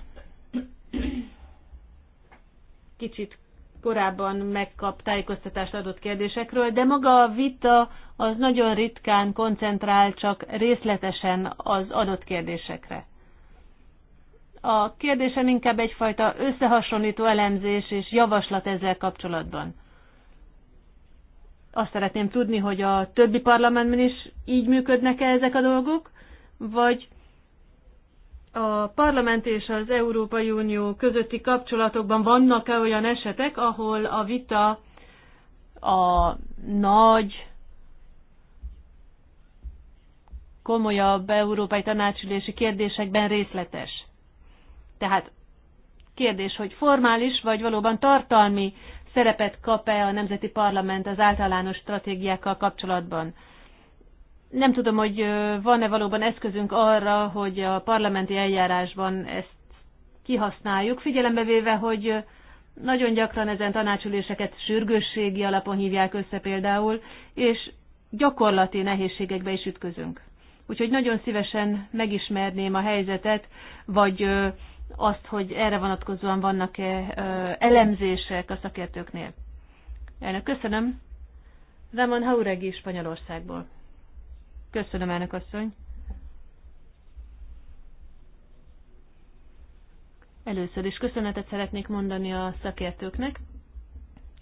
[SPEAKER 3] kicsit korábban megkap tájékoztatást adott kérdésekről, de maga a vita az nagyon ritkán koncentrál csak részletesen az adott kérdésekre. A kérdésem inkább egyfajta összehasonlító elemzés és javaslat ezzel kapcsolatban. Azt szeretném tudni, hogy a többi parlamentben is így működnek-e ezek a dolgok, vagy a parlament és az Európai Unió közötti kapcsolatokban vannak-e olyan esetek, ahol a vita a nagy, komolyabb európai tanácsülési kérdésekben részletes? Tehát kérdés, hogy formális vagy valóban tartalmi szerepet kap-e a Nemzeti Parlament az általános stratégiákkal kapcsolatban. Nem tudom, hogy van-e valóban eszközünk arra, hogy a parlamenti eljárásban ezt kihasználjuk, figyelembe véve, hogy nagyon gyakran ezen tanácsüléseket sürgősségi alapon hívják össze például, és gyakorlati nehézségekbe is ütközünk. Úgyhogy nagyon szívesen megismerném a helyzetet, vagy azt, hogy erre vonatkozóan vannak-e elemzések a szakértőknél. Elnök, köszönöm. Ramon Hauregi Spanyolországból. Köszönöm, elnök asszony. Először is köszönetet szeretnék mondani a szakértőknek.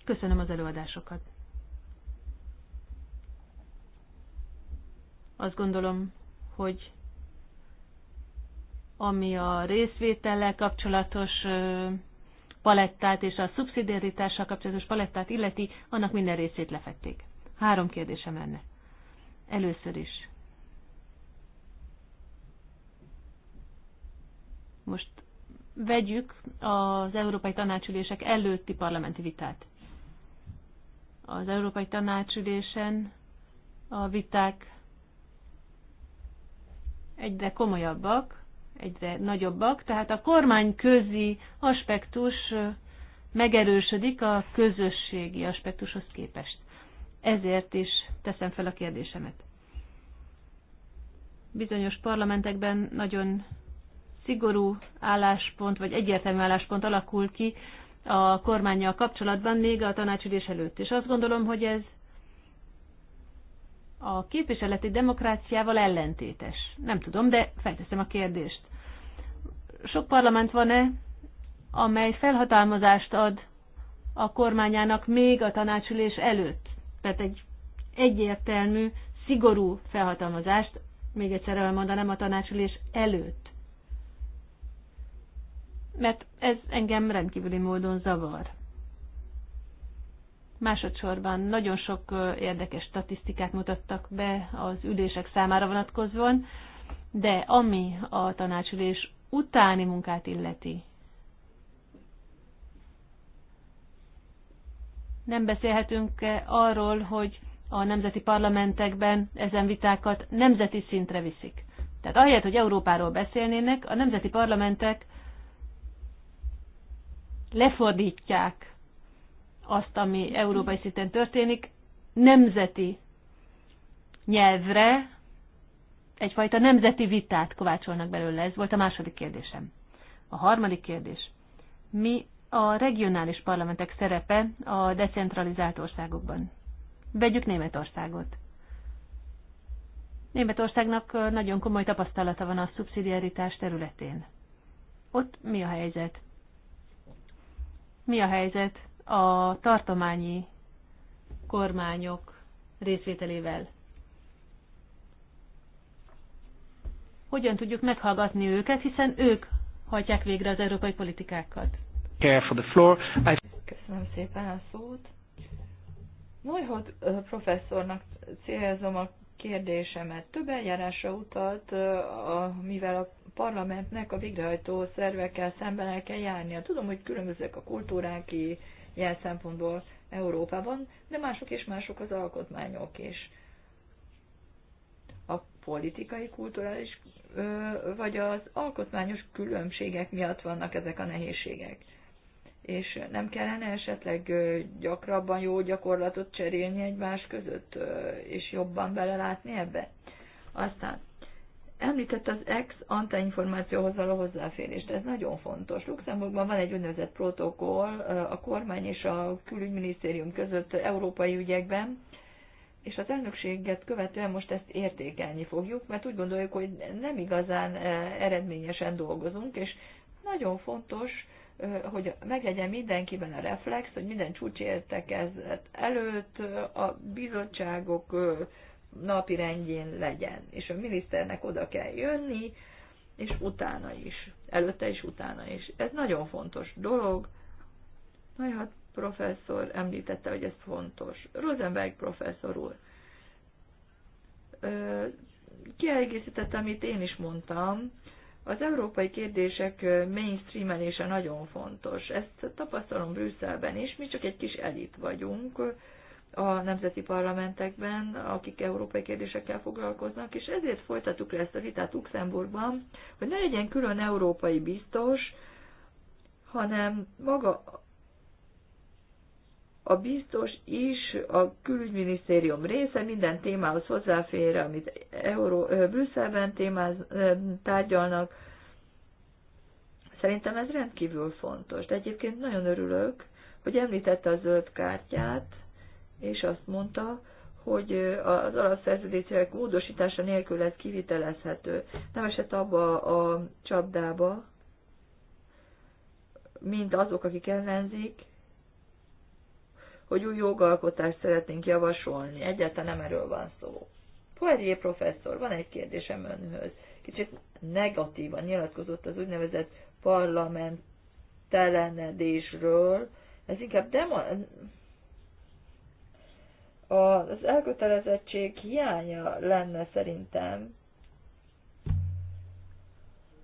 [SPEAKER 3] Köszönöm az előadásokat. Azt gondolom, hogy ami a részvétellel kapcsolatos palettát és a szubszidiaritással kapcsolatos palettát illeti, annak minden részét lefették. Három kérdésem lenne. Először is. Most vegyük az Európai Tanácsülések előtti parlamenti vitát. Az Európai Tanácsülésen a viták egyre komolyabbak, egyre nagyobbak, tehát a kormány közi aspektus megerősödik a közösségi aspektushoz képest. Ezért is teszem fel a kérdésemet. Bizonyos parlamentekben nagyon szigorú álláspont, vagy egyértelmű álláspont alakul ki a kormányjal kapcsolatban, még a tanácsülés előtt. És azt gondolom, hogy ez a képviseleti demokráciával ellentétes. Nem tudom, de felteszem a kérdést. Sok parlament van-e, amely felhatalmazást ad a kormányának még a tanácsülés előtt? Tehát egy egyértelmű, szigorú felhatalmazást, még egyszer elmondanám a tanácsülés előtt. Mert ez engem rendkívüli módon zavar. Másodszorban nagyon sok érdekes statisztikát mutattak be az ülések számára vonatkozóan, de ami a tanácsülés utáni munkát illeti, nem beszélhetünk -e arról, hogy a nemzeti parlamentekben ezen vitákat nemzeti szintre viszik. Tehát ahelyett, hogy Európáról beszélnének, a nemzeti parlamentek lefordítják azt, ami európai szinten történik, nemzeti nyelvre egyfajta nemzeti vitát kovácsolnak belőle. Ez volt a második kérdésem. A harmadik kérdés. Mi a regionális parlamentek szerepe a decentralizált országokban? Vegyük Németországot. Németországnak nagyon komoly tapasztalata van a szubszidiaritás területén. Ott mi a helyzet? Mi a helyzet a tartományi kormányok részvételével. Hogyan tudjuk meghallgatni őket, hiszen ők hajtják végre az európai politikákat. Köszönöm szépen a szót. Neuhold
[SPEAKER 1] professzornak célzom a kérdésemet. Több eljárásra utalt, mivel a parlamentnek a végrehajtó szervekkel szemben el kell járnia. Tudom, hogy különbözőek a kultúrák, ilyen szempontból Európában, de mások és mások az alkotmányok és A politikai, kulturális vagy az alkotmányos különbségek miatt vannak ezek a nehézségek. És nem kellene esetleg gyakrabban jó gyakorlatot cserélni egymás között, és jobban belelátni ebbe? Aztán Említett az ex információhoz való hozzáférést, ez nagyon fontos. Luxemburgban van egy úgynevezett protokoll a kormány és a külügyminisztérium között európai ügyekben, és az elnökséget követően most ezt értékelni fogjuk, mert úgy gondoljuk, hogy nem igazán e, eredményesen dolgozunk, és nagyon fontos, e, hogy meglegyen mindenkiben a reflex, hogy minden csúcsértekezet előtt e, a bizottságok napi rendjén legyen, és a miniszternek oda kell jönni, és utána is, előtte is, utána is. Ez nagyon fontos dolog. hát professzor említette, hogy ez fontos. Rosenberg professzor úr, Kiegészítette, amit én is mondtam, az európai kérdések mainstreamelése nagyon fontos. Ezt tapasztalom Brüsszelben is, mi csak egy kis elit vagyunk, a nemzeti parlamentekben, akik európai kérdésekkel foglalkoznak, és ezért folytattuk le ezt a vitát Luxemburgban, hogy ne legyen külön európai biztos, hanem maga a biztos is a külügyminisztérium része, minden témához hozzáfér, amit Euró, Brüsszelben témáz, tárgyalnak. Szerintem ez rendkívül fontos. De egyébként nagyon örülök, hogy említette a zöld kártyát, és azt mondta, hogy az alapszerződések módosítása nélkül ez kivitelezhető. Nem esett abba a csapdába, mint azok, akik ellenzik, hogy új jogalkotást szeretnénk javasolni. Egyáltalán nem erről van szó. Poirier professzor, van egy kérdésem önhöz. Kicsit negatívan nyilatkozott az úgynevezett parlamentelenedésről. Ez inkább demo- az elkötelezettség hiánya lenne szerintem.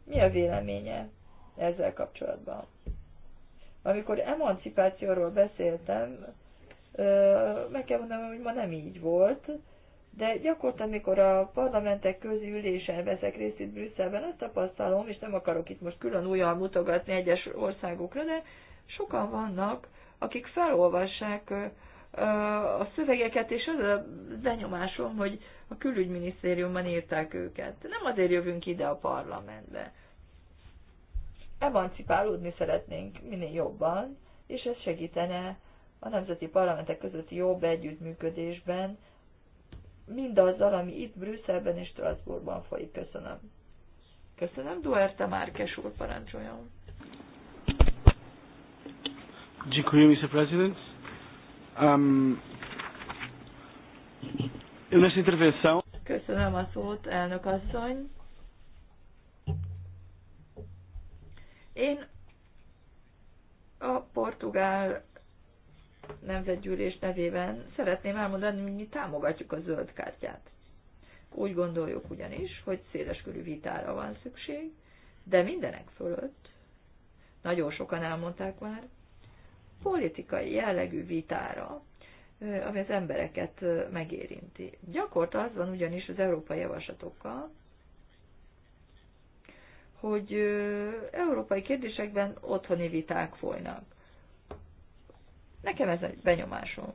[SPEAKER 1] Mi a véleménye ezzel kapcsolatban? Amikor emancipációról beszéltem, meg kell mondanom, hogy ma nem így volt, de gyakorlatilag amikor a parlamentek közi ülésen veszek részt itt Brüsszelben, azt tapasztalom, és nem akarok itt most külön újjal mutogatni egyes országokra, de sokan vannak, akik felolvassák a szövegeket, és az a benyomásom, hogy a külügyminisztériumban írták őket. Nem azért jövünk ide a parlamentbe. Emancipálódni szeretnénk minél jobban, és ez segítene a nemzeti parlamentek közötti jobb együttműködésben, mindazzal, ami itt Brüsszelben és Strasbourgban folyik. Köszönöm. Köszönöm, Duerte Márkes úr, parancsoljon.
[SPEAKER 2] Dziękuję, Mr. President. Um, eu nesta intervenção.
[SPEAKER 1] Köszönöm a szót, elnök asszony. Én a portugál nemzetgyűlés nevében szeretném elmondani, hogy mi támogatjuk a zöld kártyát. Úgy gondoljuk ugyanis, hogy széleskörű vitára van szükség, de mindenek fölött, nagyon sokan elmondták már, politikai jellegű vitára, ami az embereket megérinti. Gyakorta az van ugyanis az európai javaslatokkal, hogy európai kérdésekben otthoni viták folynak. Nekem ez egy benyomásom.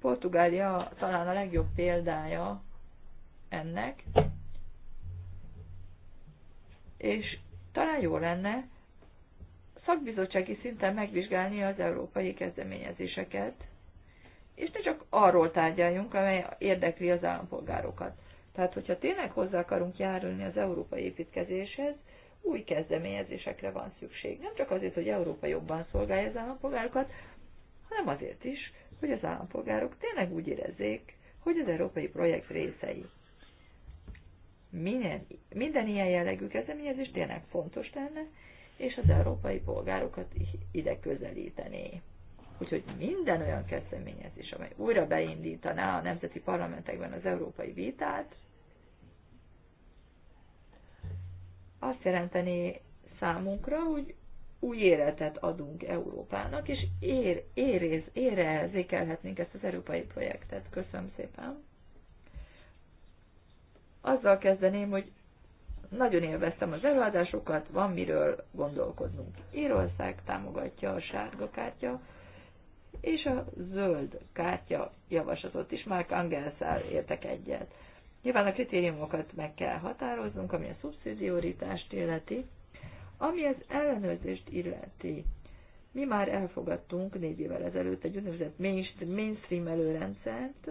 [SPEAKER 1] Portugália talán a legjobb példája ennek, és talán jó lenne, szakbizottsági szinten megvizsgálni az európai kezdeményezéseket, és ne csak arról tárgyaljunk, amely érdekli az állampolgárokat. Tehát, hogyha tényleg hozzá akarunk járulni az európai építkezéshez, új kezdeményezésekre van szükség. Nem csak azért, hogy Európa jobban szolgálja az állampolgárokat, hanem azért is, hogy az állampolgárok tényleg úgy érezzék, hogy az európai projekt részei. Minden, minden ilyen jellegű kezdeményezés tényleg fontos lenne, és az európai polgárokat ide közelítené. Úgyhogy minden olyan kezdeményezés, amely újra beindítaná a nemzeti parlamentekben az európai vitát, azt jelenteni számunkra, hogy új életet adunk Európának, és ér, érez, érezékelhetnénk ezt az európai projektet. Köszönöm szépen. Azzal kezdeném, hogy nagyon élveztem az előadásokat, van miről gondolkodnunk. Írország támogatja a sárga kártya, és a zöld kártya javaslatot is, már Angelszál értek egyet. Nyilván a kritériumokat meg kell határoznunk, ami a szubszidioritást illeti, ami az ellenőrzést illeti. Mi már elfogadtunk négy évvel ezelőtt egy úgynevezett mainstream előrendszert,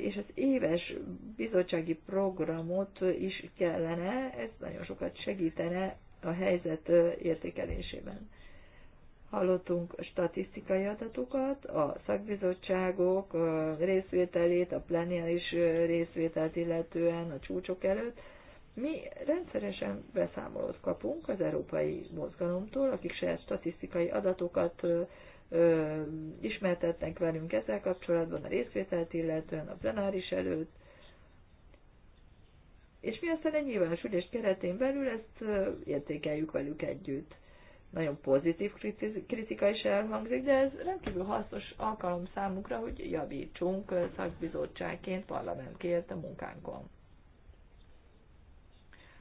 [SPEAKER 1] és az éves bizottsági programot is kellene, ez nagyon sokat segítene a helyzet értékelésében. Hallottunk statisztikai adatokat, a szakbizottságok részvételét, a plenáris részvételt illetően a csúcsok előtt. Mi rendszeresen beszámolót kapunk az európai mozgalomtól, akik saját statisztikai adatokat ö, ismertetnek velünk ezzel kapcsolatban, a részvételt illetően, a plenáris előtt, és mi aztán egy nyilvános ügyes keretén belül ezt értékeljük velük együtt. Nagyon pozitív kritika is elhangzik, de ez rendkívül hasznos alkalom számukra, hogy javítsunk szakbizottságként, parlamentként a munkánkon.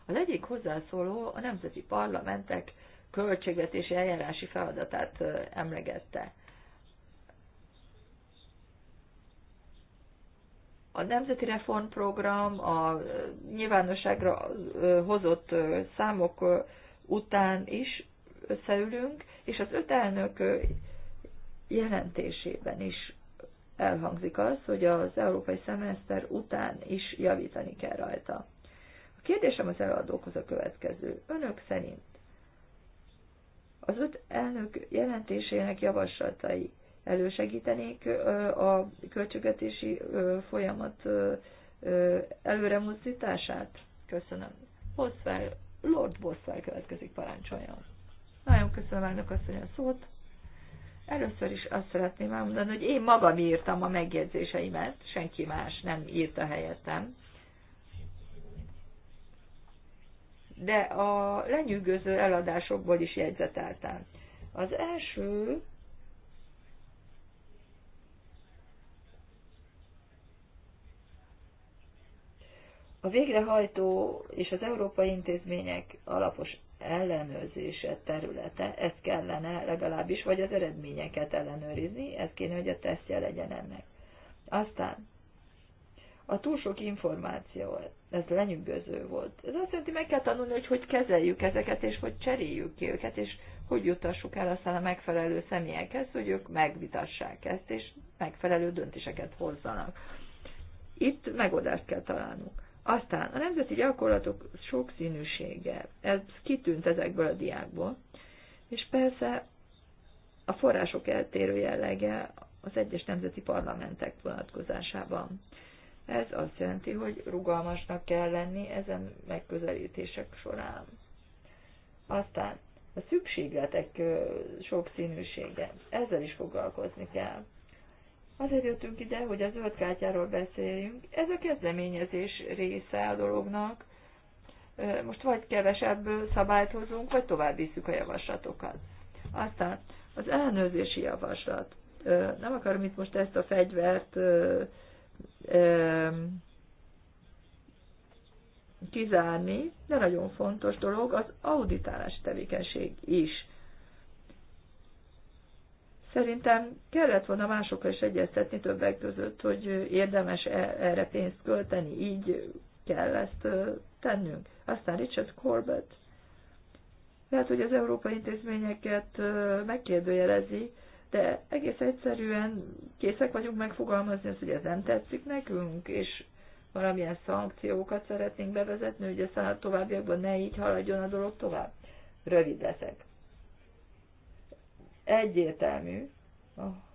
[SPEAKER 1] Az egyik hozzászóló a nemzeti parlamentek költségvetési eljárási feladatát emlegette. A Nemzeti Reformprogram a nyilvánosságra hozott számok után is összeülünk, és az öt elnök jelentésében is elhangzik az, hogy az európai szemeszter után is javítani kell rajta. A kérdésem az előadókhoz a következő. Önök szerint az öt elnök jelentésének javaslatai elősegítenék a költségvetési folyamat mozdítását. Köszönöm. Bosszár, Lord Bosszár következik, parancsoljon. Nagyon köszönöm elnök asszony a szót. Először is azt szeretném elmondani, hogy én magam írtam a megjegyzéseimet, senki más nem írta helyettem. de a lenyűgöző eladásokból is jegyzeteltem. Az első a végrehajtó és az európai intézmények alapos ellenőrzése területe, ezt kellene legalábbis, vagy az eredményeket ellenőrizni, ez kéne, hogy a tesztje legyen ennek. Aztán a túl sok információ, ez lenyűgöző volt. Ez azt jelenti, meg kell tanulni, hogy hogy kezeljük ezeket, és hogy cseréljük ki őket, és hogy jutassuk el aztán a megfelelő személyekhez, hogy ők megvitassák ezt, és megfelelő döntéseket hozzanak. Itt megoldást kell találnunk. Aztán a nemzeti gyakorlatok sokszínűsége, ez kitűnt ezekből a diákból, és persze a források eltérő jellege az egyes nemzeti parlamentek vonatkozásában. Ez azt jelenti, hogy rugalmasnak kell lenni ezen megközelítések során. Aztán a szükségletek sokszínűsége. Ezzel is foglalkozni kell. Azért jöttünk ide, hogy a zöld kártyáról beszéljünk. Ez a kezdeményezés része a dolognak. Most vagy kevesebb szabályt hozunk, vagy tovább visszük a javaslatokat. Aztán az ellenőrzési javaslat. Nem akarom itt most ezt a fegyvert kizárni, de nagyon fontos dolog az auditálás tevékenység is. Szerintem kellett volna másokkal is egyeztetni többek között, hogy érdemes e, erre pénzt költeni, így kell ezt tennünk. Aztán Richard Corbett. Lehet, hogy az európai intézményeket megkérdőjelezi, de egész egyszerűen készek vagyunk megfogalmazni azt, hogy ez nem tetszik nekünk, és valamilyen szankciókat szeretnénk bevezetni, hogy aztán a továbbiakban ne így haladjon a dolog tovább. Rövid leszek. Egyértelmű,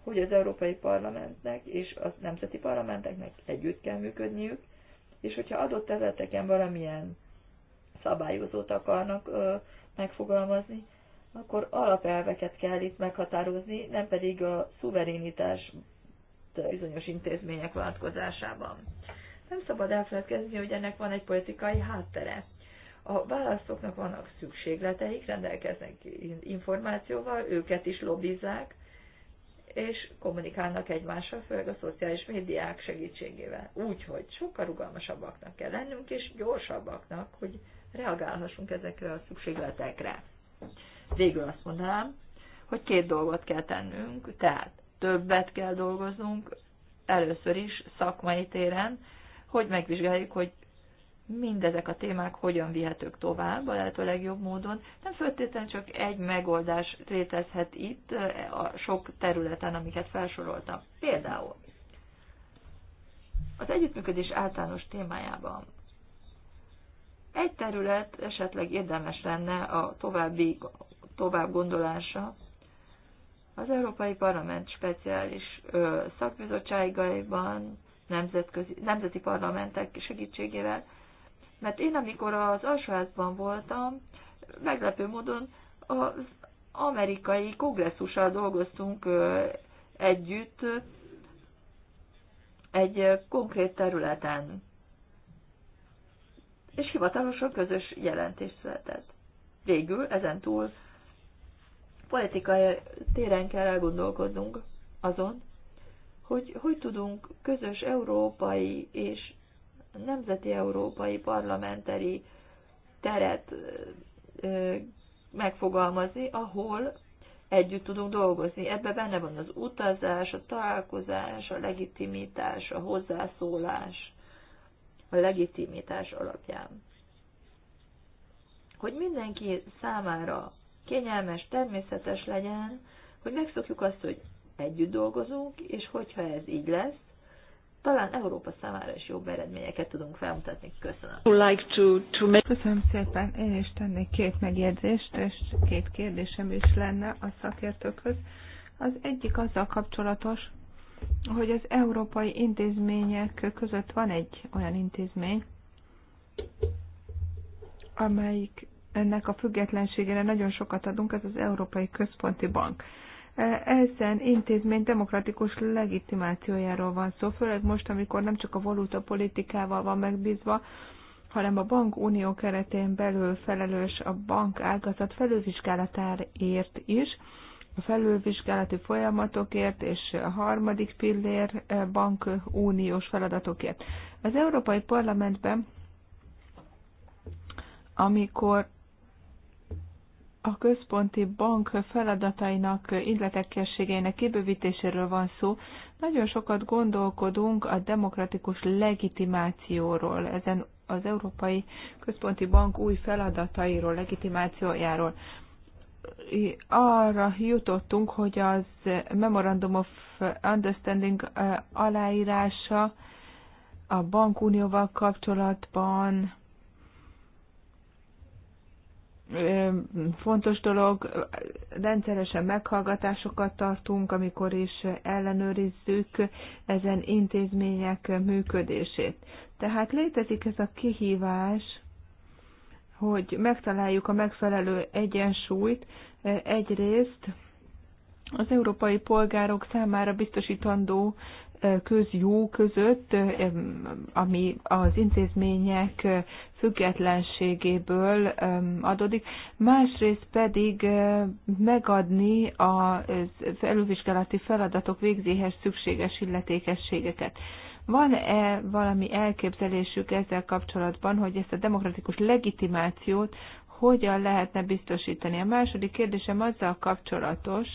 [SPEAKER 1] hogy az Európai Parlamentnek és a nemzeti parlamenteknek együtt kell működniük, és hogyha adott területeken valamilyen szabályozót akarnak ö, megfogalmazni, akkor alapelveket kell itt meghatározni, nem pedig a szuverénitás bizonyos intézmények vonatkozásában. Nem szabad elfelelkezni, hogy ennek van egy politikai háttere. A választóknak vannak szükségleteik, rendelkeznek információval, őket is lobbizzák, és kommunikálnak egymással, főleg a szociális médiák segítségével. Úgyhogy sokkal rugalmasabbaknak kell lennünk, és gyorsabbaknak, hogy reagálhassunk ezekre a szükségletekre. Végül azt mondanám, hogy két dolgot kell tennünk, tehát többet kell dolgoznunk, először is szakmai téren, hogy megvizsgáljuk, hogy mindezek a témák hogyan vihetők tovább a lehető legjobb módon. Nem feltétlenül csak egy megoldás létezhet itt a sok területen, amiket felsoroltam. Például az együttműködés általános témájában egy terület esetleg érdemes lenne a további tovább gondolása. Az Európai Parlament speciális ö, szakbizottságaiban, nemzetközi, nemzeti parlamentek segítségével, mert én amikor az alsóházban voltam, meglepő módon az amerikai kongresszussal dolgoztunk ö, együtt ö, egy ö, konkrét területen. És hivatalosan közös jelentés született. Végül ezen túl politikai téren kell elgondolkodnunk azon, hogy hogy tudunk közös európai és nemzeti európai parlamenteri teret megfogalmazni, ahol együtt tudunk dolgozni. Ebben benne van az utazás, a találkozás, a legitimitás, a hozzászólás, a legitimitás alapján. Hogy mindenki számára kényelmes, természetes legyen, hogy megszokjuk azt, hogy együtt dolgozunk, és hogyha ez így lesz, talán Európa számára is jobb eredményeket tudunk
[SPEAKER 3] felmutatni.
[SPEAKER 2] Köszönöm. Köszönöm szépen. Én is tennék két megjegyzést, és két kérdésem is lenne a szakértőkhöz. Az egyik azzal kapcsolatos, hogy az európai intézmények között van egy olyan intézmény, amelyik ennek a függetlenségére nagyon sokat adunk, ez az Európai Központi Bank. Ezen intézmény demokratikus legitimációjáról van szó, főleg most, amikor nem csak a valuta politikával van megbízva, hanem a bank unió keretén belül felelős a bank ágazat felülvizsgálatáért is, a felülvizsgálati folyamatokért és a harmadik pillér bank uniós feladatokért. Az Európai Parlamentben, amikor a központi bank feladatainak, illetekességeinek kibővítéséről van szó. Nagyon sokat gondolkodunk a demokratikus legitimációról, ezen az Európai Központi Bank új feladatairól, legitimációjáról. Arra jutottunk, hogy az Memorandum of Understanding eh, aláírása a bankunióval kapcsolatban fontos dolog, rendszeresen meghallgatásokat tartunk, amikor is ellenőrizzük ezen intézmények működését. Tehát létezik ez a kihívás, hogy megtaláljuk a megfelelő egyensúlyt egyrészt az európai polgárok számára biztosítandó közjó között, ami az intézmények függetlenségéből adódik, másrészt pedig megadni az felülvizsgálati feladatok végzéhez szükséges illetékességeket. Van-e valami elképzelésük ezzel kapcsolatban, hogy ezt a demokratikus legitimációt hogyan lehetne biztosítani? A második kérdésem azzal kapcsolatos,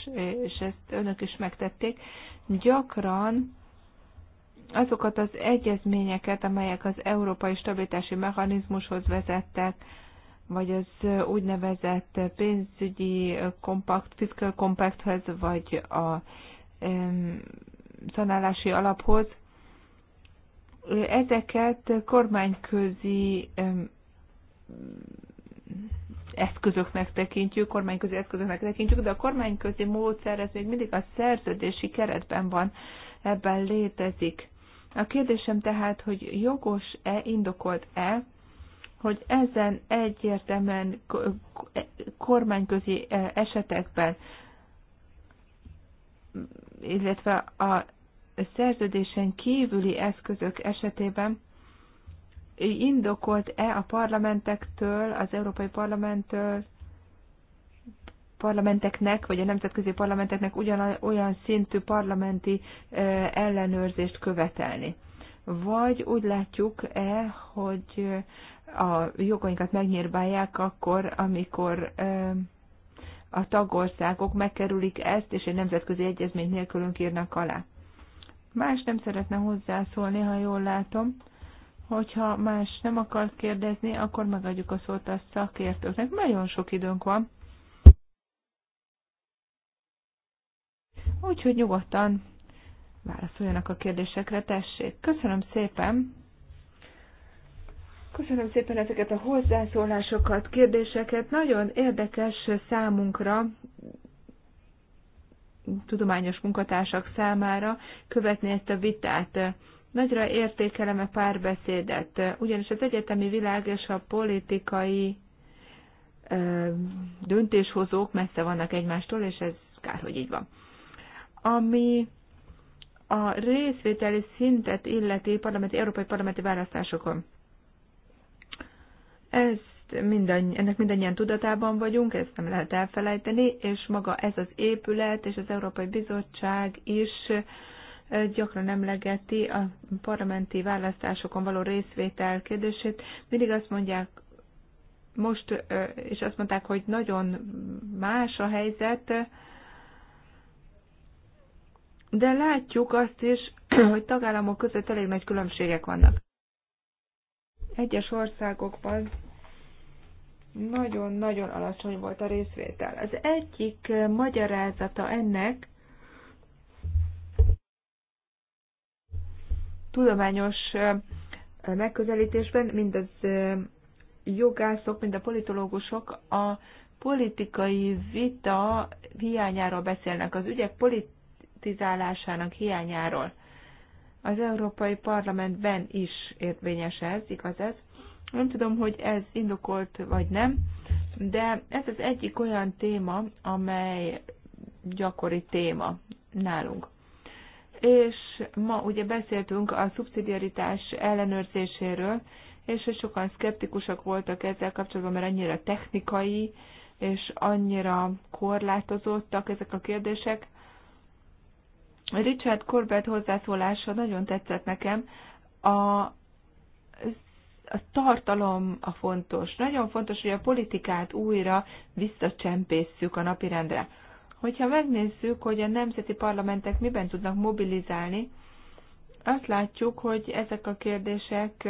[SPEAKER 2] és ezt önök is megtették, gyakran azokat az egyezményeket, amelyek az európai stabilitási mechanizmushoz vezettek, vagy az úgynevezett pénzügyi kompakt, fiscal compacthez, vagy a szanálási alaphoz. Ezeket kormányközi eszközöknek tekintjük, kormányközi eszközöknek tekintjük, de a kormányközi módszer ez még mindig a szerződési keretben van, ebben létezik. A kérdésem tehát, hogy jogos-e, indokolt-e, hogy ezen egyértelműen kormányközi e, esetekben, illetve a szerződésen kívüli eszközök esetében indokolt-e a parlamentektől, az Európai Parlamenttől, parlamenteknek, vagy a nemzetközi parlamenteknek ugyan, olyan szintű parlamenti ellenőrzést követelni. Vagy úgy látjuk-e, hogy a jogainkat megnyírbálják akkor, amikor a tagországok megkerülik ezt, és egy nemzetközi egyezményt nélkülünk írnak alá. Más nem szeretne hozzászólni, ha jól látom. Hogyha más nem akar kérdezni, akkor megadjuk a szót a szakértőknek. Nagyon sok időnk van. Úgyhogy nyugodtan válaszoljanak a kérdésekre, tessék. Köszönöm szépen! Köszönöm szépen ezeket a hozzászólásokat, kérdéseket. Nagyon érdekes számunkra, tudományos munkatársak számára követni ezt a vitát. Nagyra értékelem a párbeszédet, ugyanis az egyetemi világ és a politikai ö, döntéshozók messze vannak egymástól, és ez kár, hogy így van. Ami a részvételi szintet illeti parlamenti, európai parlamenti választásokon. Ez mindannyi, ennek mindannyian tudatában vagyunk, ezt nem lehet elfelejteni, és maga ez az épület és az Európai Bizottság is gyakran emlegeti a parlamenti választásokon való részvétel kérdését. Mindig azt mondják, most, és azt mondták, hogy nagyon más a helyzet, de látjuk azt is, hogy tagállamok között elég nagy különbségek vannak. Egyes országokban nagyon-nagyon alacsony volt a részvétel. Az egyik magyarázata ennek tudományos megközelítésben mind az jogászok, mind a politológusok a politikai vita hiányáról beszélnek. Az ügyek politikai politizálásának hiányáról. Az Európai Parlamentben is érvényes ez, igaz ez? Nem tudom, hogy ez indokolt vagy nem, de ez az egyik olyan téma, amely gyakori téma nálunk. És ma ugye beszéltünk a szubszidiaritás ellenőrzéséről, és sokan szkeptikusak voltak ezzel kapcsolatban, mert annyira technikai és annyira korlátozottak ezek a kérdések. Richard Corbett hozzászólása nagyon tetszett nekem. A a tartalom a fontos. Nagyon fontos, hogy a politikát újra visszacsempészszük a napirendre. Hogyha megnézzük, hogy a nemzeti parlamentek miben tudnak mobilizálni, azt látjuk, hogy ezek a kérdések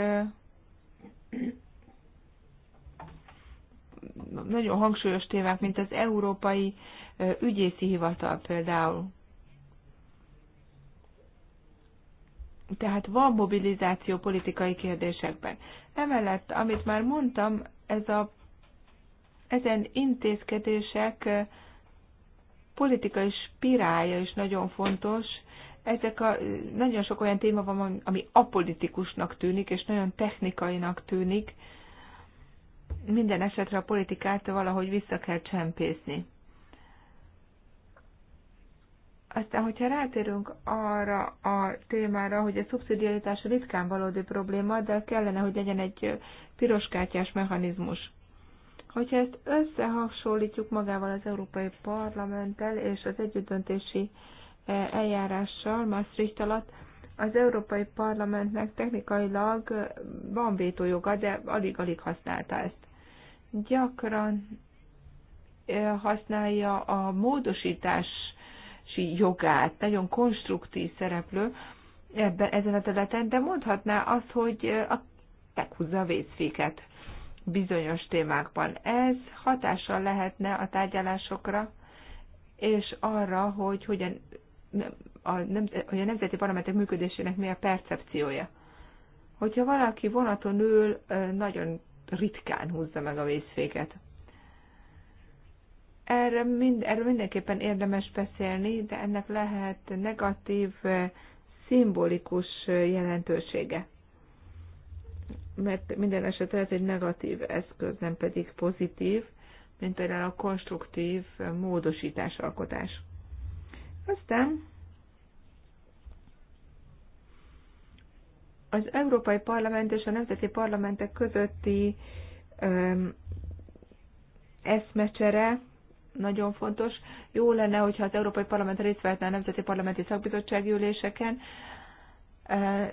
[SPEAKER 2] nagyon hangsúlyos témák, mint az Európai Ügyészi Hivatal például. tehát van mobilizáció politikai kérdésekben. Emellett, amit már mondtam, ez a, ezen intézkedések eh, politikai spirálja is nagyon fontos. Ezek a, nagyon sok olyan téma van, ami apolitikusnak tűnik, és nagyon technikainak tűnik. Minden esetre a politikát valahogy vissza kell csempészni. Aztán, hogyha rátérünk arra a témára, hogy a szubszidiaritás ritkán valódi probléma, de kellene, hogy legyen egy piroskártyás mechanizmus. Hogyha ezt összehasonlítjuk magával az Európai Parlamenttel és az együttdöntési e, eljárással Maastricht alatt, az Európai Parlamentnek technikailag van vétójoga, de alig-alig használta ezt. Gyakran e, használja a módosítás jogát. Nagyon konstruktív szereplő ebben, ezen a területen, de mondhatná azt, hogy a, meghúzza a vészféket bizonyos témákban. Ez hatással lehetne a tárgyalásokra, és arra, hogy hogyan a, nem, hogy a nemzeti parlamentek működésének mi a percepciója. Hogyha valaki vonaton ül, nagyon ritkán húzza meg a vészféket. Erre mind, erről mindenképpen érdemes beszélni, de ennek lehet negatív, eh, szimbolikus eh, jelentősége. Mert minden esetre ez egy negatív eszköz, nem pedig pozitív, mint például a konstruktív eh, módosítás alkotás. Aztán az Európai Parlament és a Nemzeti Parlamentek közötti öm, eszmecsere nagyon fontos. Jó lenne, hogyha az Európai Parlament részt vehetne a Nemzeti Parlamenti Szakbizottsági Üléseken.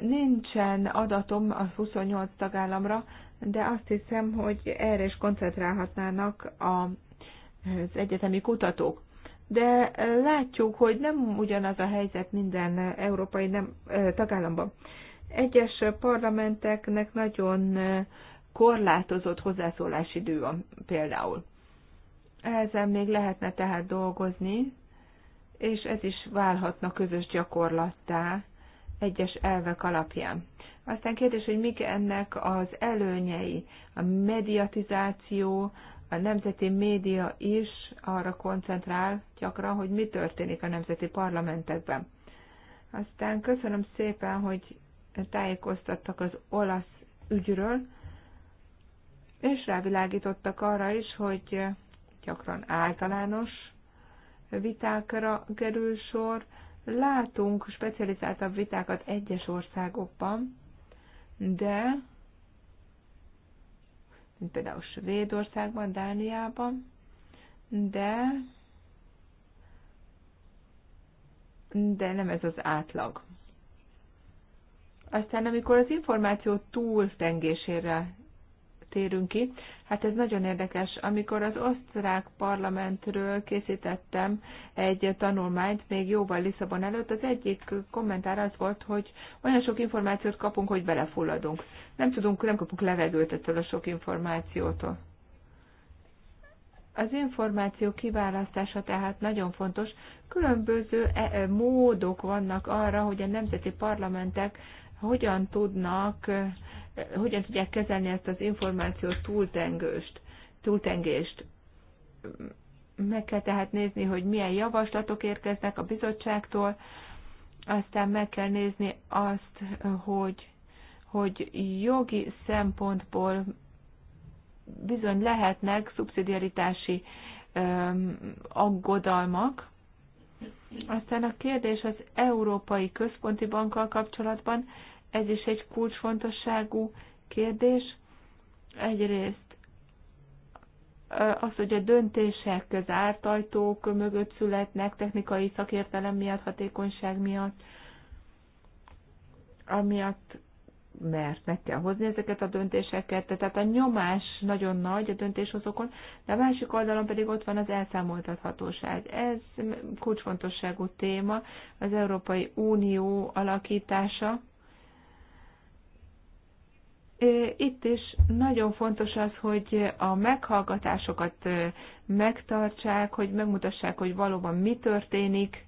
[SPEAKER 2] Nincsen adatom a 28 tagállamra, de azt hiszem, hogy erre is koncentrálhatnának az egyetemi kutatók. De látjuk, hogy nem ugyanaz a helyzet minden európai nem, tagállamban. Egyes parlamenteknek nagyon korlátozott hozzászólási idő van például. Ezen még lehetne tehát dolgozni, és ez is válhatna közös gyakorlattá egyes elvek alapján. Aztán kérdés, hogy mik ennek az előnyei. A mediatizáció, a nemzeti média is arra koncentrál gyakran, hogy mi történik a nemzeti parlamentekben. Aztán köszönöm szépen, hogy tájékoztattak az olasz ügyről, és rávilágítottak arra is, hogy gyakran általános vitákra kerül sor. Látunk specializáltabb vitákat egyes országokban, de mint például Svédországban, Dániában, de de nem ez az átlag. Aztán, amikor az információ túl tengésére térünk ki, Hát ez nagyon érdekes. Amikor az osztrák parlamentről készítettem egy tanulmányt, még jóval Lisszabon előtt, az egyik kommentár az volt, hogy olyan sok információt kapunk, hogy belefulladunk. Nem tudunk, nem kapunk levegőt ettől a sok információtól. Az információ kiválasztása tehát nagyon fontos. Különböző e, e, módok vannak arra, hogy a nemzeti parlamentek hogyan tudnak hogyan tudják kezelni ezt az információ túltengőst, túltengést. Meg kell tehát nézni, hogy milyen javaslatok érkeznek a bizottságtól, aztán meg kell nézni azt, hogy, hogy jogi szempontból bizony lehetnek szubszidiaritási aggodalmak. Aztán a kérdés az Európai Központi Bankkal kapcsolatban, ez is egy kulcsfontosságú kérdés. Egyrészt az, hogy a döntések az ártajtók mögött születnek, technikai szakértelem miatt, hatékonyság miatt, amiatt mert meg kell hozni ezeket a döntéseket, tehát a nyomás nagyon nagy a döntéshozókon, de a másik oldalon pedig ott van az elszámoltathatóság. Ez kulcsfontosságú téma, az Európai Unió alakítása, itt is nagyon fontos az, hogy a meghallgatásokat megtartsák, hogy megmutassák, hogy valóban mi történik,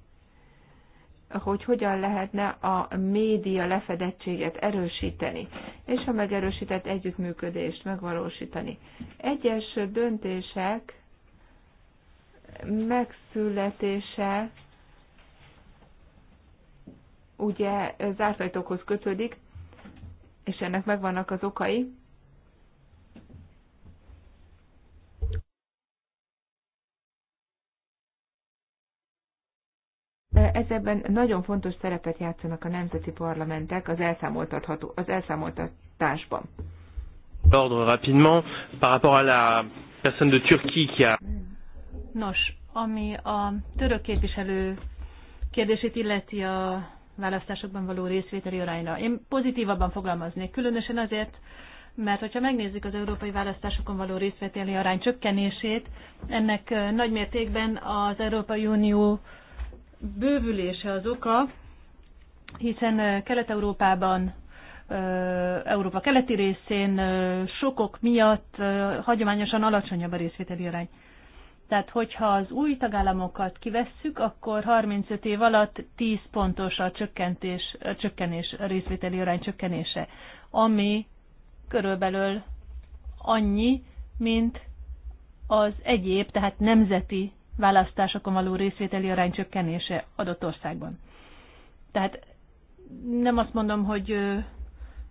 [SPEAKER 2] hogy hogyan lehetne a média lefedettséget erősíteni, és a megerősített együttműködést megvalósítani. Egyes döntések megszületése ugye zárt ajtókhoz kötődik, és ennek megvannak az okai. E, Ezekben nagyon fontos szerepet játszanak a nemzeti parlamentek az, elszámoltatható, az elszámoltatásban. Ordre rapidement par rapport à la personne de Turquie qui a...
[SPEAKER 3] Nos, ami a török képviselő kérdését illeti a választásokban való részvételi arányra. Én pozitívabban fogalmaznék, különösen azért, mert hogyha megnézzük az európai választásokon való részvételi arány csökkenését, ennek nagymértékben az Európai Unió bővülése az oka, hiszen Kelet-Európában, Európa keleti részén sokok miatt hagyományosan alacsonyabb a részvételi arány. Tehát, hogyha az új tagállamokat kivesszük, akkor 35 év alatt 10 pontos a, csökkentés, a csökkenés, a részvételi arány csökkenése, ami körülbelül annyi, mint az egyéb, tehát nemzeti választásokon való részvételi arány csökkenése adott országban. Tehát nem azt mondom, hogy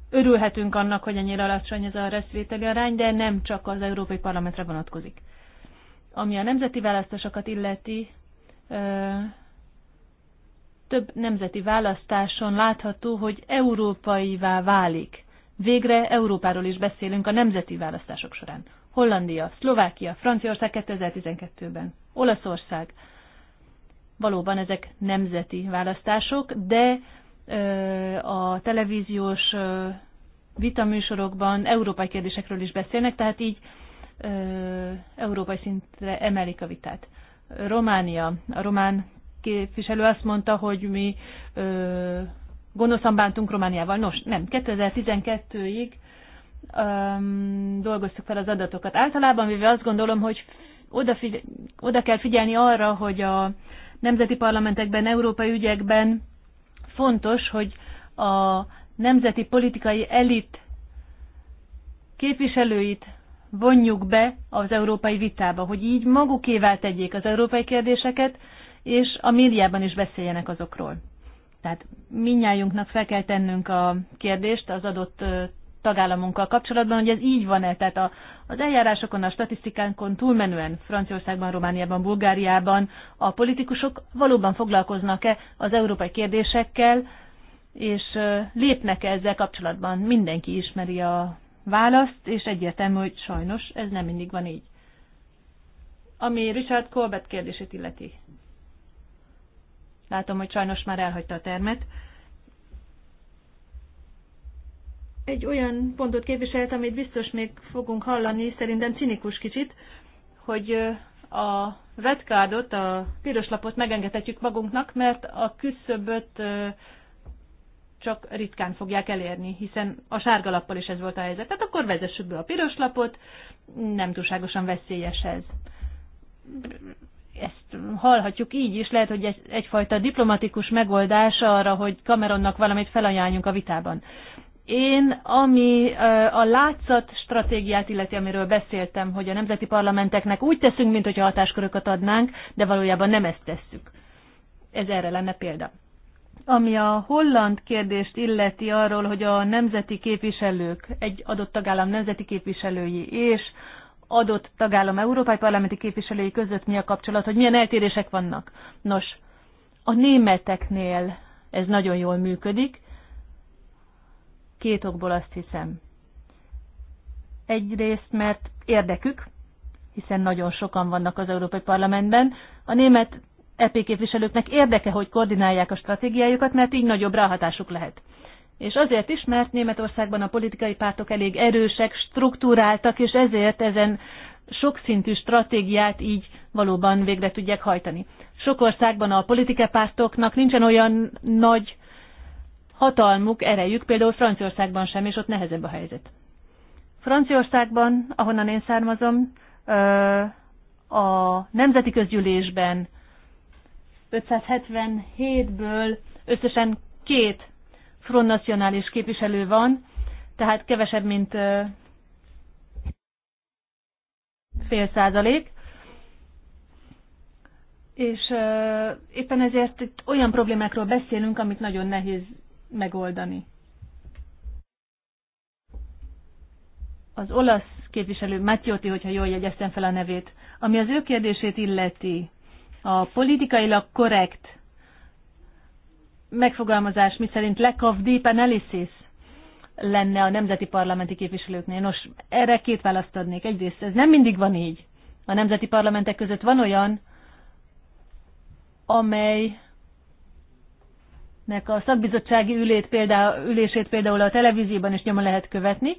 [SPEAKER 3] örülhetünk annak, hogy ennyire alacsony ez a részvételi arány, de nem csak az Európai Parlamentre vonatkozik. Ami a nemzeti választásokat illeti, több nemzeti választáson látható, hogy európaivá válik. Végre Európáról is beszélünk a nemzeti választások során. Hollandia, Szlovákia, Franciaország 2012-ben, Olaszország. Valóban ezek nemzeti választások, de a televíziós vitaműsorokban európai kérdésekről is beszélnek, tehát így európai szintre emelik a vitát. Románia. A román képviselő azt mondta, hogy mi ö, gonoszan bántunk Romániával. Nos, nem. 2012-ig dolgoztuk fel az adatokat. Általában véve azt gondolom, hogy oda, figy- oda kell figyelni arra, hogy a nemzeti parlamentekben, európai ügyekben fontos, hogy a nemzeti politikai elit képviselőit vonjuk be az európai vitába, hogy így magukével tegyék az európai kérdéseket, és a médiában is beszéljenek azokról. Tehát minnyájunknak fel kell tennünk a kérdést az adott tagállamunkkal kapcsolatban, hogy ez így van-e. Tehát a, az eljárásokon, a statisztikánkon túlmenően Franciaországban, Romániában, Bulgáriában a politikusok valóban foglalkoznak-e az európai kérdésekkel, és lépnek -e ezzel kapcsolatban. Mindenki ismeri a választ, és egyértelmű, hogy sajnos ez nem mindig van így. Ami Richard Colbert kérdését illeti. Látom, hogy sajnos már elhagyta a termet. Egy olyan pontot képviselt, amit biztos még fogunk hallani, szerintem cinikus kicsit, hogy a vetkádot, a piros lapot megengedhetjük magunknak, mert a küszöböt csak ritkán fogják elérni, hiszen a sárga lappal is ez volt a helyzet. Tehát akkor vezessük be a piros lapot, nem túlságosan veszélyes ez. Ezt hallhatjuk így is, lehet, hogy ez egyfajta diplomatikus megoldás arra, hogy Cameronnak valamit felajánljunk a vitában. Én, ami a látszat stratégiát illeti, amiről beszéltem, hogy a nemzeti parlamenteknek úgy teszünk, mintha hatásköröket adnánk, de valójában nem ezt tesszük. Ez erre lenne példa. Ami a holland kérdést illeti arról, hogy a nemzeti képviselők, egy adott tagállam nemzeti képviselői és adott tagállam európai parlamenti képviselői között mi a kapcsolat, hogy milyen eltérések vannak. Nos, a németeknél ez nagyon jól működik, két okból azt hiszem. Egyrészt, mert érdekük, hiszen nagyon sokan vannak az Európai Parlamentben. A német EP képviselőknek érdeke, hogy koordinálják a stratégiájukat, mert így nagyobb ráhatásuk lehet. És azért is, mert Németországban a politikai pártok elég erősek, struktúráltak, és ezért ezen sokszintű stratégiát így valóban végre tudják hajtani. Sok országban a politikai pártoknak nincsen olyan nagy hatalmuk, erejük, például Franciaországban sem, és ott nehezebb a helyzet. Franciaországban, ahonnan én származom, a nemzeti közgyűlésben, 577-ből összesen két Front Nacionális képviselő van, tehát kevesebb, mint fél százalék. És éppen ezért itt olyan problémákról beszélünk, amit nagyon nehéz megoldani. Az olasz képviselő, Mattioti, hogyha jól jegyeztem fel a nevét, ami az ő kérdését illeti, a politikailag korrekt megfogalmazás, miszerint lack of deep analysis lenne a nemzeti parlamenti képviselőknél. Nos, erre két választ adnék. Egyrészt ez nem mindig van így. A nemzeti parlamentek között van olyan, amelynek a szakbizottsági ülét például, ülését például a televízióban is nyomon lehet követni.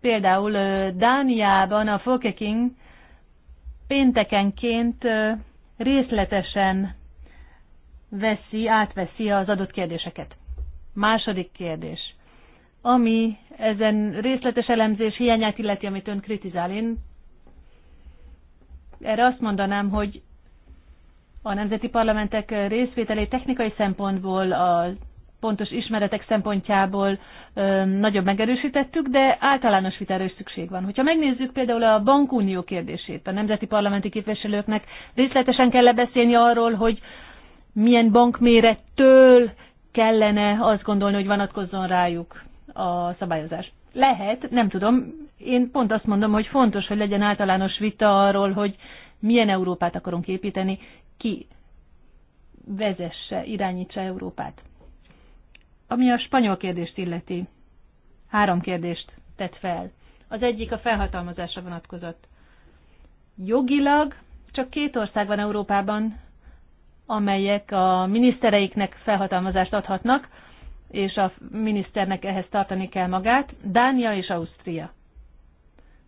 [SPEAKER 3] Például Dániában a Folkeking péntekenként részletesen veszi, átveszi az adott kérdéseket. Második kérdés. Ami ezen részletes elemzés hiányát illeti, amit ön kritizál, én erre azt mondanám, hogy a nemzeti parlamentek részvételé technikai szempontból a pontos ismeretek szempontjából nagyobb megerősítettük, de általános vitára is szükség van. Hogyha megnézzük például a bankunió kérdését, a nemzeti parlamenti képviselőknek részletesen kell beszélni arról, hogy milyen bankmérettől kellene azt gondolni, hogy vonatkozzon rájuk a szabályozás. Lehet, nem tudom. Én pont azt mondom, hogy fontos, hogy legyen általános vita arról, hogy milyen Európát akarunk építeni, ki vezesse, irányítsa Európát. Ami a spanyol kérdést illeti, három kérdést tett fel. Az egyik a felhatalmazásra vonatkozott. Jogilag csak két ország van Európában, amelyek a minisztereiknek felhatalmazást adhatnak, és a miniszternek ehhez tartani kell magát, Dánia és Ausztria.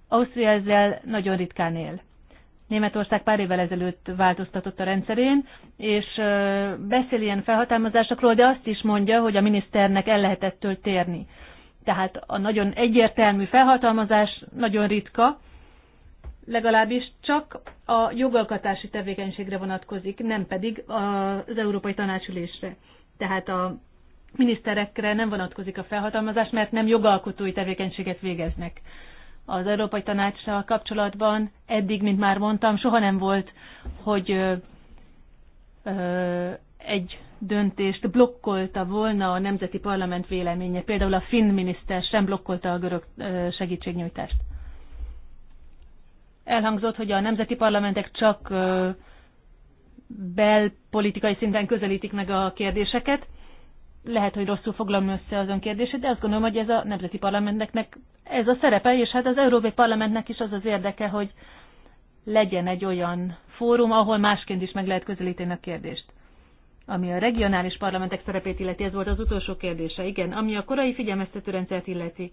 [SPEAKER 3] Ausztria ezzel nagyon ritkán él. Németország pár évvel ezelőtt változtatott a rendszerén, és beszél ilyen felhatalmazásokról, de azt is mondja, hogy a miniszternek el lehet ettől térni. Tehát a nagyon egyértelmű felhatalmazás nagyon ritka, legalábbis csak a jogalkatási tevékenységre vonatkozik, nem pedig az Európai Tanácsülésre. Tehát a miniszterekre nem vonatkozik a felhatalmazás, mert nem jogalkotói tevékenységet végeznek az Európai Tanácssal kapcsolatban eddig, mint már mondtam, soha nem volt, hogy ö, ö, egy döntést blokkolta volna a Nemzeti Parlament véleménye. Például a finn miniszter sem blokkolta a görög segítségnyújtást. Elhangzott, hogy a nemzeti parlamentek csak belpolitikai szinten közelítik meg a kérdéseket lehet, hogy rosszul foglalom össze az ön kérdését, de azt gondolom, hogy ez a nemzeti parlamenteknek ez a szerepe, és hát az Európai Parlamentnek is az az érdeke, hogy legyen egy olyan fórum, ahol másként is meg lehet közelíteni a kérdést. Ami a regionális parlamentek szerepét illeti, ez volt az utolsó kérdése, igen. Ami a korai figyelmeztető rendszert illeti,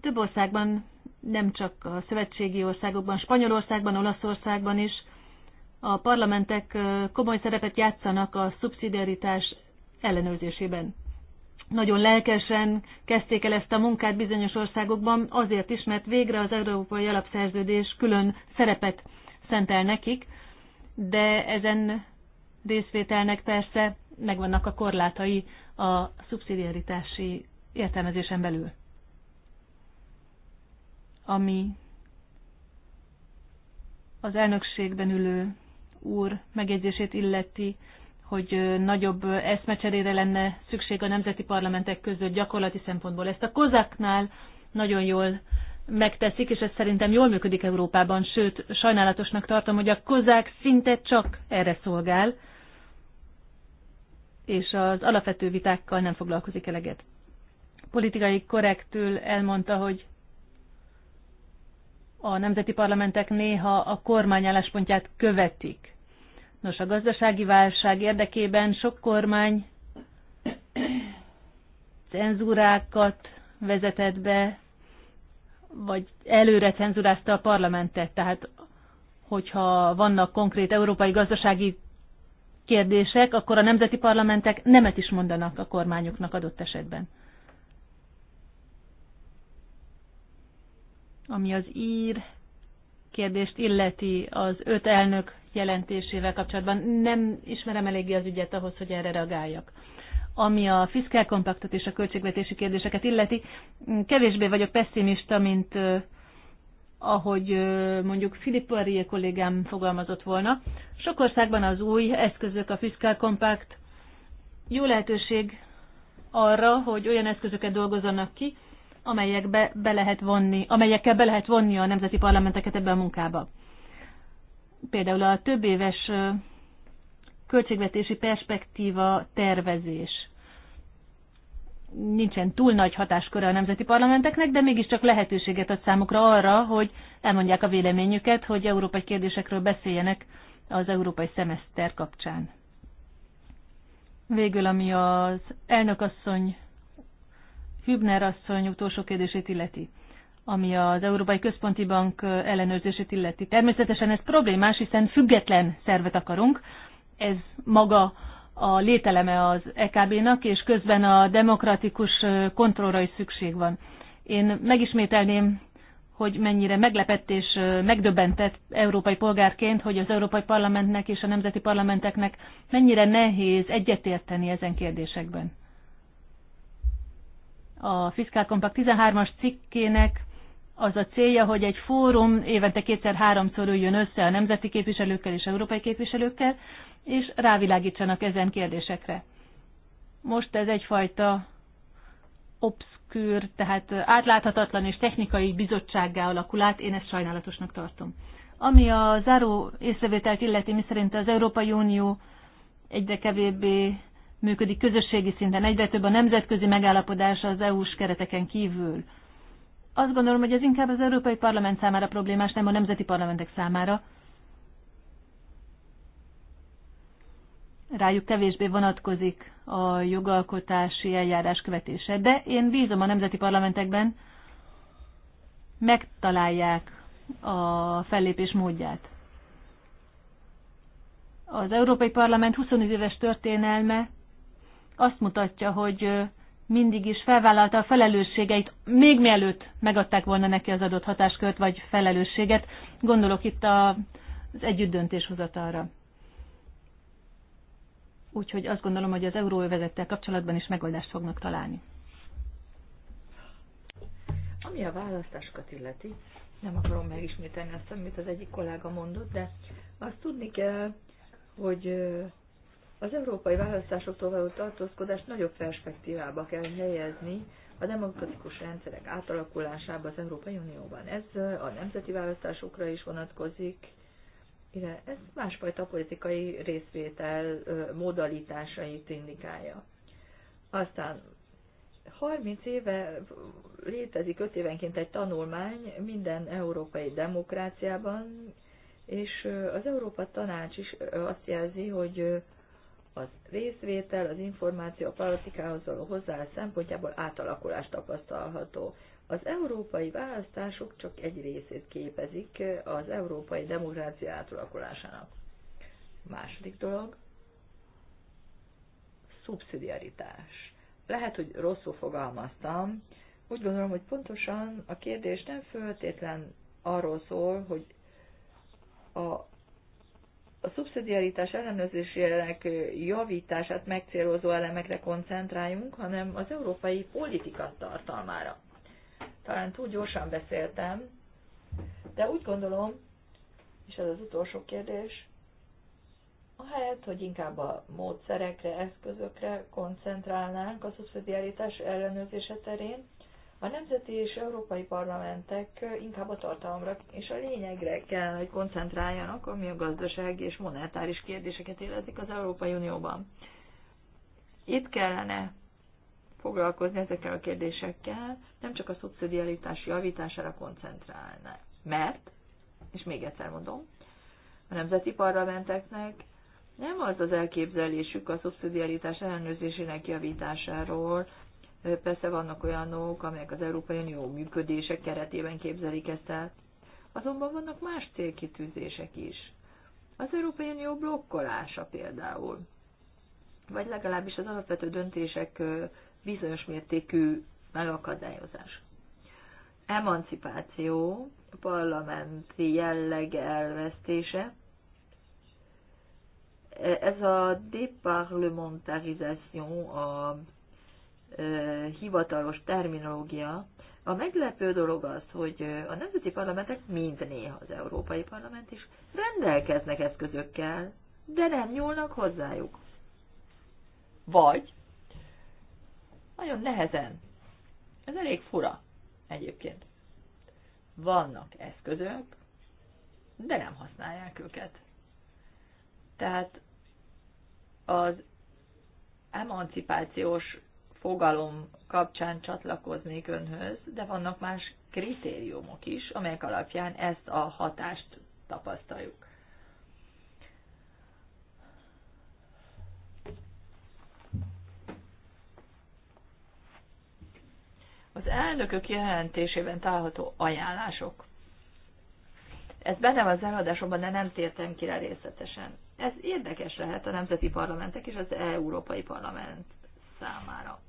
[SPEAKER 3] több országban, nem csak a szövetségi országokban, Spanyolországban, Olaszországban is, a parlamentek komoly szerepet játszanak a szubszidiaritás ellenőrzésében. Nagyon lelkesen kezdték el ezt a munkát bizonyos országokban, azért is, mert végre az Európai Alapszerződés külön szerepet szentel nekik, de ezen részvételnek persze megvannak a korlátai a szubszidiaritási értelmezésen belül. Ami az elnökségben ülő úr megjegyzését illeti, hogy nagyobb eszmecserére lenne szükség a nemzeti parlamentek között gyakorlati szempontból. Ezt a kozáknál nagyon jól megteszik, és ez szerintem jól működik Európában, sőt, sajnálatosnak tartom, hogy a kozák szinte csak erre szolgál, és az alapvető vitákkal nem foglalkozik eleget. Politikai korrektül elmondta, hogy a nemzeti parlamentek néha a kormány álláspontját követik. Nos, a gazdasági válság érdekében sok kormány cenzúrákat vezetett be, vagy előre cenzúrázta a parlamentet. Tehát, hogyha vannak konkrét európai gazdasági kérdések, akkor a nemzeti parlamentek nemet is mondanak a kormányoknak adott esetben. Ami az ír kérdést illeti, az öt elnök jelentésével kapcsolatban. Nem ismerem eléggé az ügyet ahhoz, hogy erre reagáljak. Ami a fiskál kompaktot és a költségvetési kérdéseket illeti, kevésbé vagyok pessimista, mint ahogy mondjuk Filipp Arié kollégám fogalmazott volna. Sok országban az új eszközök, a fiskál kompakt jó lehetőség arra, hogy olyan eszközöket dolgozzanak ki, amelyekbe be lehet vonni, amelyekkel be lehet vonni a nemzeti parlamenteket ebbe a munkába például a több éves költségvetési perspektíva tervezés. Nincsen túl nagy hatásköre a nemzeti parlamenteknek, de mégiscsak lehetőséget ad számukra arra, hogy elmondják a véleményüket, hogy európai kérdésekről beszéljenek az európai szemeszter kapcsán. Végül, ami az elnökasszony, Hübner asszony utolsó kérdését illeti ami az Európai Központi Bank ellenőrzését illeti. Természetesen ez problémás, hiszen független szervet akarunk. Ez maga a lételeme az EKB-nak, és közben a demokratikus kontrollra is szükség van. Én megismételném, hogy mennyire meglepett és megdöbbentett európai polgárként, hogy az Európai Parlamentnek és a nemzeti parlamenteknek mennyire nehéz egyetérteni ezen kérdésekben. A Fiskál Compact 13-as cikkének az a célja, hogy egy fórum évente kétszer-háromszor üljön össze a nemzeti képviselőkkel és európai képviselőkkel, és rávilágítsanak ezen kérdésekre. Most ez egyfajta obszkűr, tehát átláthatatlan és technikai bizottsággá alakul át, én ezt sajnálatosnak tartom. Ami a záró észrevételt illeti, miszerint az Európai Unió egyre kevésbé működik közösségi szinten, egyre több a nemzetközi megállapodás az EU-s kereteken kívül azt gondolom, hogy ez inkább az Európai Parlament számára problémás, nem a nemzeti parlamentek számára. Rájuk kevésbé vonatkozik a jogalkotási eljárás követése. De én bízom a nemzeti parlamentekben, megtalálják a fellépés módját. Az Európai Parlament 25 éves történelme azt mutatja, hogy mindig is felvállalta a felelősségeit, még mielőtt megadták volna neki az adott hatáskört vagy felelősséget. Gondolok itt az együtt döntéshozatalra. Úgyhogy azt gondolom, hogy az euróövezettel kapcsolatban is megoldást fognak találni.
[SPEAKER 1] Ami a választásokat illeti, nem akarom megismételni azt, amit az egyik kollega mondott, de azt tudni kell, hogy az európai választásoktól való tartózkodást nagyobb perspektívába kell helyezni a demokratikus rendszerek átalakulásába az Európai Unióban. Ez a nemzeti választásokra is vonatkozik, ez másfajta politikai részvétel modalitásait indikálja. Aztán 30 éve létezik 5 évenként egy tanulmány minden európai demokráciában, és az Európa Tanács is azt jelzi, hogy az részvétel, az információ a politikához való hozzáállás szempontjából átalakulást tapasztalható. Az európai választások csak egy részét képezik az európai demokrácia átalakulásának. Második dolog, szubszidiaritás. Lehet, hogy rosszul fogalmaztam. Úgy gondolom, hogy pontosan a kérdés nem föltétlen arról szól, hogy a a szubszidiaritás ellenőrzésének javítását megcélozó elemekre koncentráljunk, hanem az európai politika tartalmára. Talán túl gyorsan beszéltem, de úgy gondolom, és ez az utolsó kérdés, ahelyett, hogy inkább a módszerekre, eszközökre koncentrálnánk a szubszidiaritás ellenőrzése terén, a nemzeti és európai parlamentek inkább a tartalomra és a lényegre kell, hogy koncentráljanak, ami a gazdasági és monetáris kérdéseket életik az Európai Unióban. Itt kellene foglalkozni ezekkel a kérdésekkel, nem csak a szubszidialitás javítására koncentrálni. Mert, és még egyszer mondom, a nemzeti parlamenteknek nem az az elképzelésük a szubszidialitás ellenőrzésének javításáról, Persze vannak olyanok, amelyek az Európai Unió működése keretében képzelik ezt el. Azonban vannak más célkitűzések is. Az Európai Unió blokkolása például. Vagy legalábbis az alapvető döntések bizonyos mértékű megakadályozás. Emancipáció, parlamenti jelleg elvesztése. Ez a déparlementarizáció, a hivatalos terminológia. A meglepő dolog az, hogy a nemzeti parlamentek mint néha az Európai Parlament is rendelkeznek eszközökkel, de nem nyúlnak hozzájuk. Vagy nagyon nehezen. Ez elég fura egyébként. Vannak eszközök, de nem használják őket. Tehát az emancipációs fogalom kapcsán csatlakoznék önhöz, de vannak más kritériumok is, amelyek alapján ezt a hatást tapasztaljuk. Az elnökök jelentésében található ajánlások. Ez benne van az előadásomban, de nem tértem ki rá részletesen. Ez érdekes lehet a nemzeti parlamentek és az Európai Parlament számára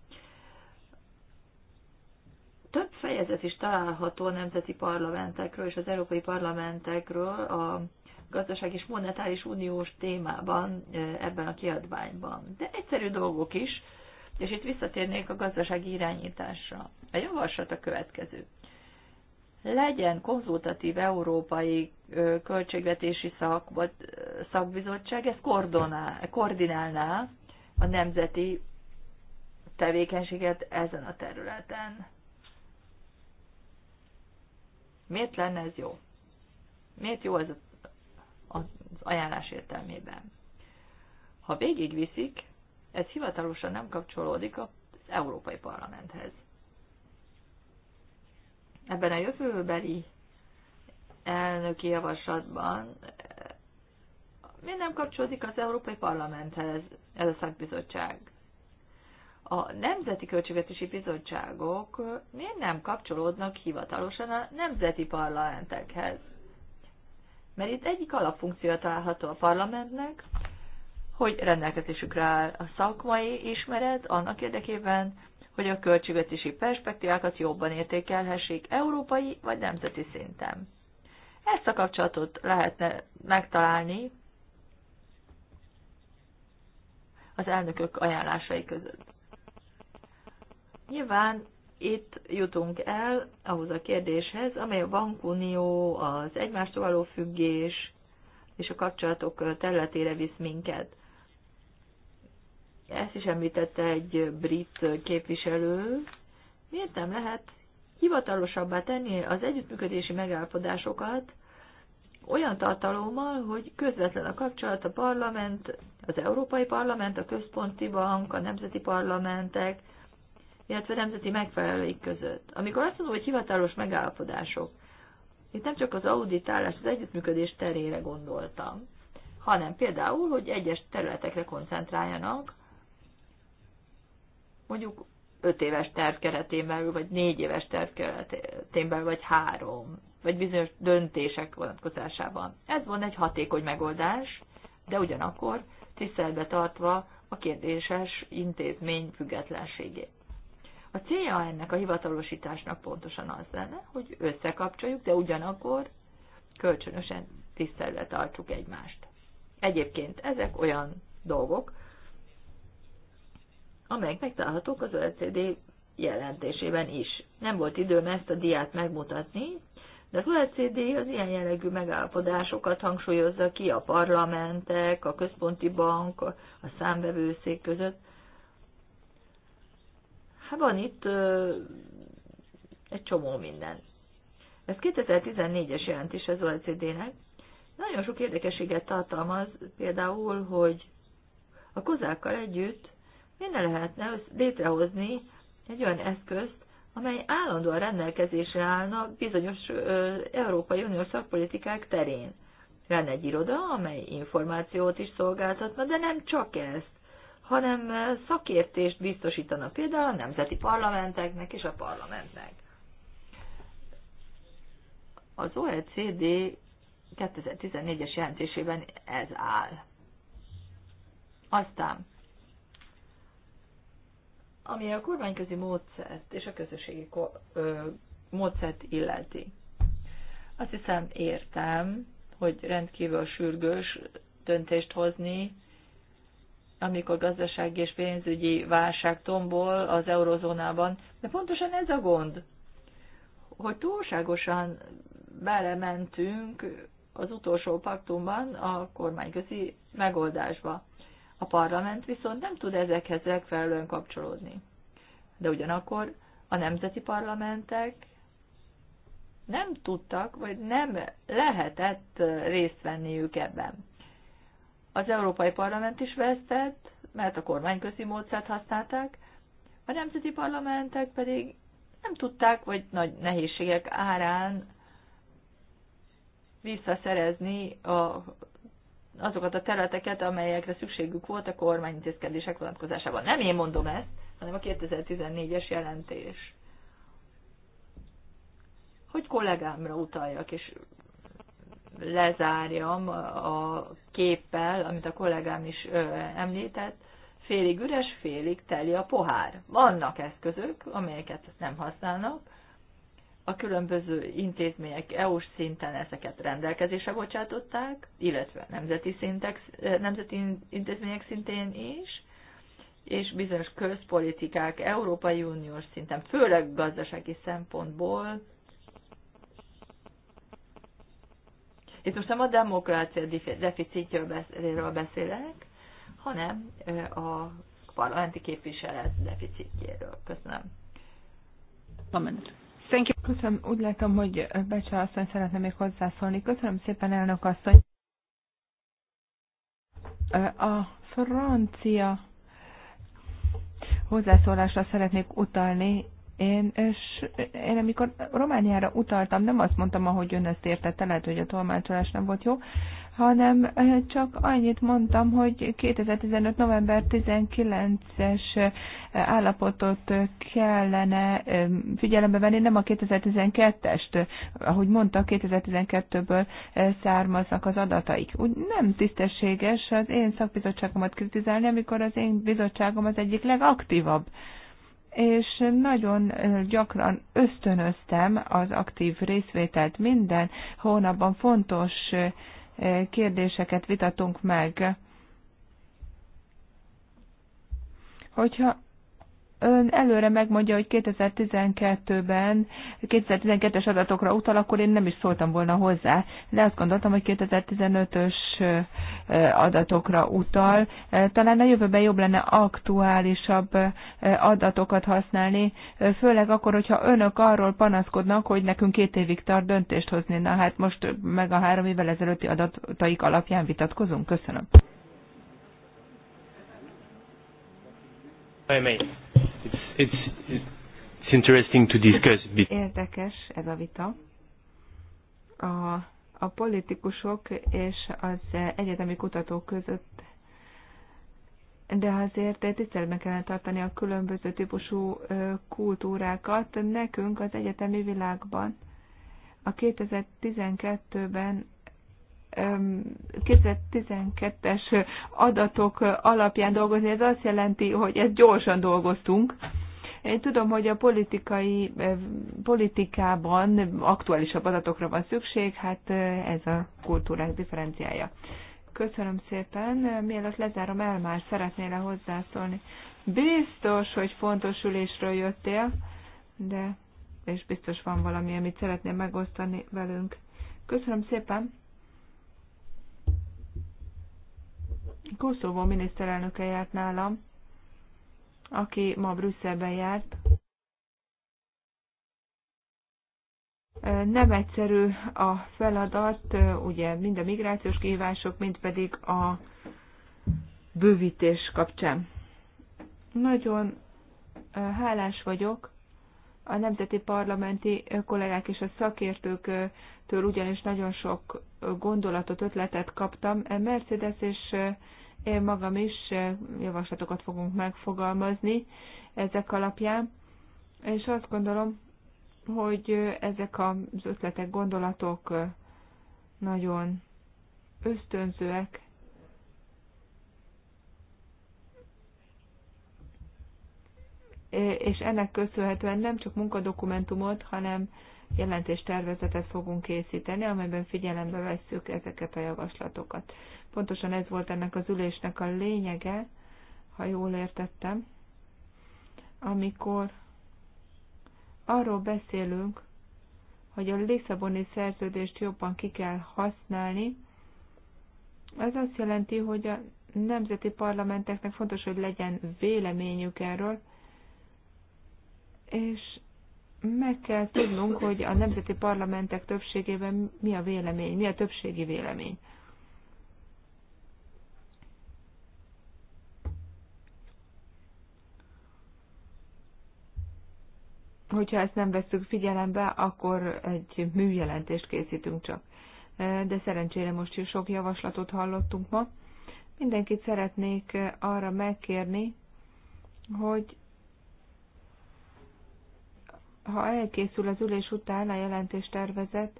[SPEAKER 1] több fejezet is található a nemzeti parlamentekről és az európai parlamentekről a gazdaság és monetáris uniós témában e, ebben a kiadványban. De egyszerű dolgok is, és itt visszatérnék a gazdasági irányításra. A javaslat a következő. Legyen konzultatív európai költségvetési szak, vagy szakbizottság, ezt koordinálná a nemzeti tevékenységet ezen a területen. Miért lenne ez jó? Miért jó ez az ajánlás értelmében? Ha végigviszik, ez hivatalosan nem kapcsolódik az Európai Parlamenthez. Ebben a jövőbeli elnöki javaslatban eh, miért nem kapcsolódik az Európai Parlamenthez ez a szakbizottság? a nemzeti költségvetési bizottságok miért nem kapcsolódnak hivatalosan a nemzeti parlamentekhez? Mert itt egyik alapfunkció található a parlamentnek, hogy rendelkezésükre áll a szakmai ismeret annak érdekében, hogy a költségvetési perspektívákat jobban értékelhessék európai vagy nemzeti szinten. Ezt a kapcsolatot lehetne megtalálni az elnökök ajánlásai között. Nyilván itt jutunk el ahhoz a kérdéshez, amely a bankunió, az egymástól való függés és a kapcsolatok területére visz minket. Ezt is említette egy brit képviselő. Miért nem lehet hivatalosabbá tenni az együttműködési megállapodásokat olyan tartalommal, hogy közvetlen a kapcsolat a parlament, az Európai Parlament, a Központi Bank, a Nemzeti Parlamentek, illetve nemzeti megfelelőik között. Amikor azt mondom, hogy hivatalos megállapodások, itt nem csak az auditálás, az együttműködés terére gondoltam, hanem például, hogy egyes területekre koncentráljanak, mondjuk öt éves terv keretén belül, vagy négy éves terv keretén belül, vagy három vagy bizonyos döntések vonatkozásában. Ez volna egy hatékony megoldás, de ugyanakkor tiszteletbe tartva a kérdéses intézmény függetlenségét. A célja ennek a hivatalosításnak pontosan az lenne, hogy összekapcsoljuk, de ugyanakkor kölcsönösen tiszteletbe tartjuk egymást. Egyébként ezek olyan dolgok, amelyek megtalálhatók az OECD jelentésében is. Nem volt időm ezt a diát megmutatni, de az OECD az ilyen jellegű megállapodásokat hangsúlyozza ki a parlamentek, a központi bank, a számvevőszék között, Hát van itt ö, egy csomó minden. Ez 2014-es jelentés az OECD-nek. Nagyon sok érdekességet tartalmaz, például, hogy a kozákkal együtt minden lehetne létrehozni egy olyan eszközt, amely állandóan rendelkezésre állna bizonyos ö, Európai Uniós szakpolitikák terén. Lenne egy iroda, amely információt is szolgáltatna, de nem csak ezt hanem szakértést biztosítanak például a nemzeti parlamenteknek és a parlamentnek. Az OECD 2014-es jelentésében ez áll. Aztán, ami a kormányközi módszert és a közösségi módszert illeti. Azt hiszem értem, hogy rendkívül sürgős döntést hozni, amikor gazdasági és pénzügyi válság tombol az eurozónában, de pontosan ez a gond, hogy túlságosan belementünk az utolsó paktumban a kormányközi megoldásba. A parlament viszont nem tud ezekhez megfelelően kapcsolódni. De ugyanakkor a nemzeti parlamentek nem tudtak, vagy nem lehetett részt venniük ebben. Az Európai Parlament is vesztett, mert a kormányközi módszert használták, a nemzeti parlamentek pedig nem tudták, vagy nagy nehézségek árán visszaszerezni a, azokat a területeket, amelyekre szükségük volt a kormányintézkedések vonatkozásában. Nem én mondom ezt, hanem a 2014-es jelentés. Hogy kollégámra utaljak, és lezárjam a képpel, amit a kollégám is említett, félig üres, félig teli a pohár. Vannak eszközök, amelyeket nem használnak, a különböző intézmények EU-s szinten ezeket rendelkezésre bocsátották, illetve nemzeti, szintek, nemzeti intézmények szintén is, és bizonyos közpolitikák Európai Uniós szinten, főleg gazdasági szempontból Itt most nem a demokrácia deficitjéről beszélek, hanem a parlamenti képviselet deficitjéről. Köszönöm.
[SPEAKER 2] Thank you. Köszönöm. Úgy látom, hogy Becsa asszony szeretne még hozzászólni. Köszönöm szépen, elnök asszony. A francia hozzászólásra szeretnék utalni. Én, és én amikor Romániára utaltam, nem azt mondtam, ahogy ön ezt értette, lehet, hogy a tolmácsolás nem volt jó, hanem eh, csak annyit mondtam, hogy 2015. november 19-es eh, állapotot eh, kellene figyelembe venni, nem a 2012-est, ahogy mondta, 2012-ből származnak az adataik. Úgy nem tisztességes az én szakbizottságomat kritizálni, amikor az én bizottságom az egyik legaktívabb és nagyon gyakran ösztönöztem az aktív részvételt. Minden hónapban fontos kérdéseket vitatunk meg. Hogyha ön előre megmondja, hogy 2012-ben, 2012-es adatokra utal, akkor én nem is szóltam volna hozzá, de azt gondoltam, hogy 2015-ös adatokra utal. Talán a jövőben jobb lenne aktuálisabb adatokat használni, főleg akkor, hogyha önök arról panaszkodnak, hogy nekünk két évig tart döntést hozni. Na hát most meg a három évvel ezelőtti adataik alapján vitatkozunk. Köszönöm.
[SPEAKER 3] I It's, it's, it's interesting to discuss.
[SPEAKER 2] Érdekes ez a vita. A, a politikusok és az egyetemi kutatók között de azért tiszteletben kellene tartani a különböző típusú kultúrákat. Nekünk az egyetemi világban a 2012-ben 2012-es adatok alapján dolgozni, ez azt jelenti, hogy ezt gyorsan dolgoztunk. Én tudom, hogy a politikai, politikában aktuálisabb adatokra van szükség, hát ez a kultúrák differenciája. Köszönöm szépen. Mielőtt lezárom el, már szeretnél -e hozzászólni? Biztos, hogy fontos ülésről jöttél, de és biztos van valami, amit szeretném megosztani velünk. Köszönöm szépen. Koszovó miniszterelnöke járt nálam, aki ma Brüsszelben járt. Nem egyszerű a feladat, ugye mind a migrációs kihívások, mind pedig a bővítés kapcsán. Nagyon hálás vagyok a nemzeti parlamenti kollégák és a szakértőktől ugyanis nagyon sok gondolatot, ötletet kaptam. Mercedes és én magam is javaslatokat fogunk megfogalmazni ezek alapján, és azt gondolom, hogy ezek az ötletek, gondolatok nagyon ösztönzőek és ennek köszönhetően nem csak munkadokumentumot, hanem jelentéstervezetet fogunk készíteni, amelyben figyelembe vesszük ezeket a javaslatokat. Pontosan ez volt ennek az ülésnek a lényege, ha jól értettem, amikor arról beszélünk, hogy a Lisszaboni szerződést jobban ki kell használni, ez azt jelenti, hogy a nemzeti parlamenteknek fontos, hogy legyen véleményük erről, és meg kell tudnunk, hogy a nemzeti parlamentek többségében mi a vélemény, mi a többségi vélemény. Hogyha ezt nem veszük figyelembe, akkor egy műjelentést készítünk csak. De szerencsére most is sok javaslatot hallottunk ma. Mindenkit szeretnék arra megkérni, hogy ha elkészül az ülés után a jelentéstervezet,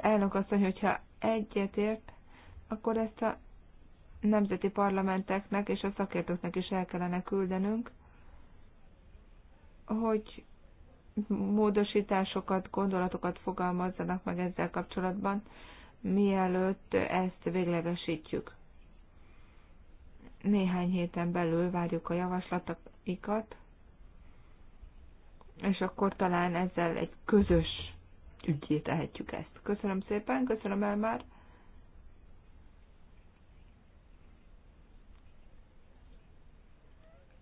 [SPEAKER 2] elnök azt mondja, hogyha egyetért, akkor ezt a nemzeti parlamenteknek és a szakértőknek is el kellene küldenünk, hogy módosításokat, gondolatokat fogalmazzanak meg ezzel kapcsolatban, mielőtt ezt véglegesítjük. Néhány héten belül várjuk a javaslataikat, és akkor talán ezzel egy közös ügyé tehetjük ezt. Köszönöm szépen, köszönöm el már.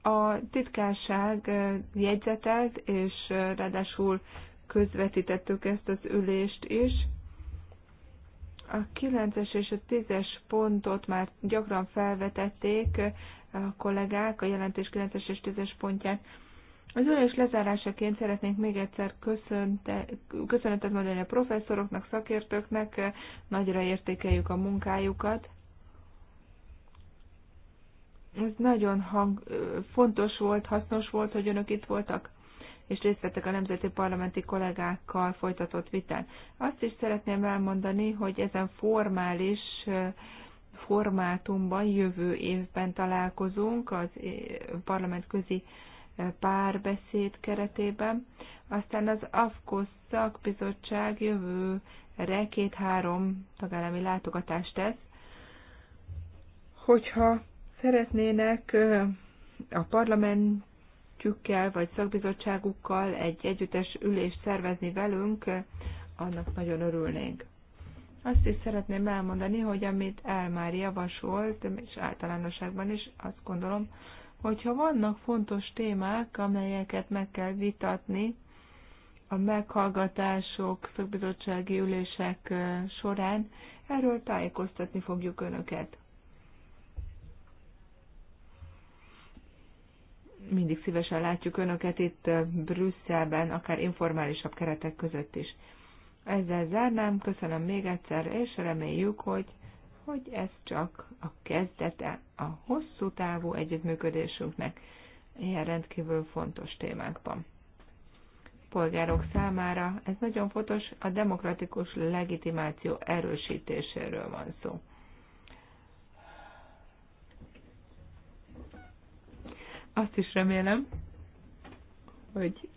[SPEAKER 2] A titkárság jegyzetelt, és ráadásul közvetítettük ezt az ülést is. A 9-es és a 10-es pontot már gyakran felvetették a kollégák, a jelentés 9-es és 10-es pontját az ülés lezárásaként szeretnénk még egyszer köszönte, köszönetet mondani a professzoroknak, szakértőknek, nagyra értékeljük a munkájukat. Ez nagyon hang, fontos volt, hasznos volt, hogy önök itt voltak és részt vettek a nemzeti parlamenti kollégákkal folytatott vitán. Azt is szeretném elmondani, hogy ezen formális formátumban jövő évben találkozunk az parlament közi párbeszéd keretében. Aztán az AFKOSZ szakbizottság jövőre két-három tagállami látogatást tesz. Hogyha szeretnének a parlamentjükkel vagy szakbizottságukkal egy együttes ülést szervezni velünk, annak nagyon örülnénk. Azt is szeretném elmondani, hogy amit El már javasolt, és általánosságban is azt gondolom, hogyha vannak fontos témák, amelyeket meg kell vitatni a meghallgatások, szakbizottsági ülések során, erről tájékoztatni fogjuk Önöket. Mindig szívesen látjuk Önöket itt Brüsszelben, akár informálisabb keretek között is. Ezzel zárnám, köszönöm még egyszer, és reméljük, hogy hogy ez csak a kezdete a hosszú távú együttműködésünknek ilyen rendkívül fontos témákban. Polgárok számára ez nagyon fontos, a demokratikus legitimáció erősítéséről van szó. Azt is remélem, hogy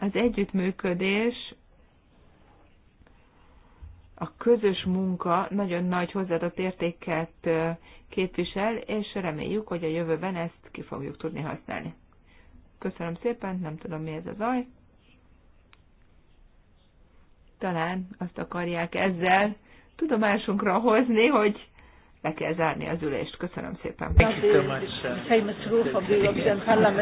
[SPEAKER 2] az együttműködés a közös munka nagyon nagy hozzáadott értéket képvisel, és reméljük, hogy a jövőben ezt ki fogjuk tudni használni. Köszönöm szépen, nem tudom mi ez a zaj. Talán azt akarják ezzel tudomásunkra hozni, hogy le kell zárni az ülést. Köszönöm szépen.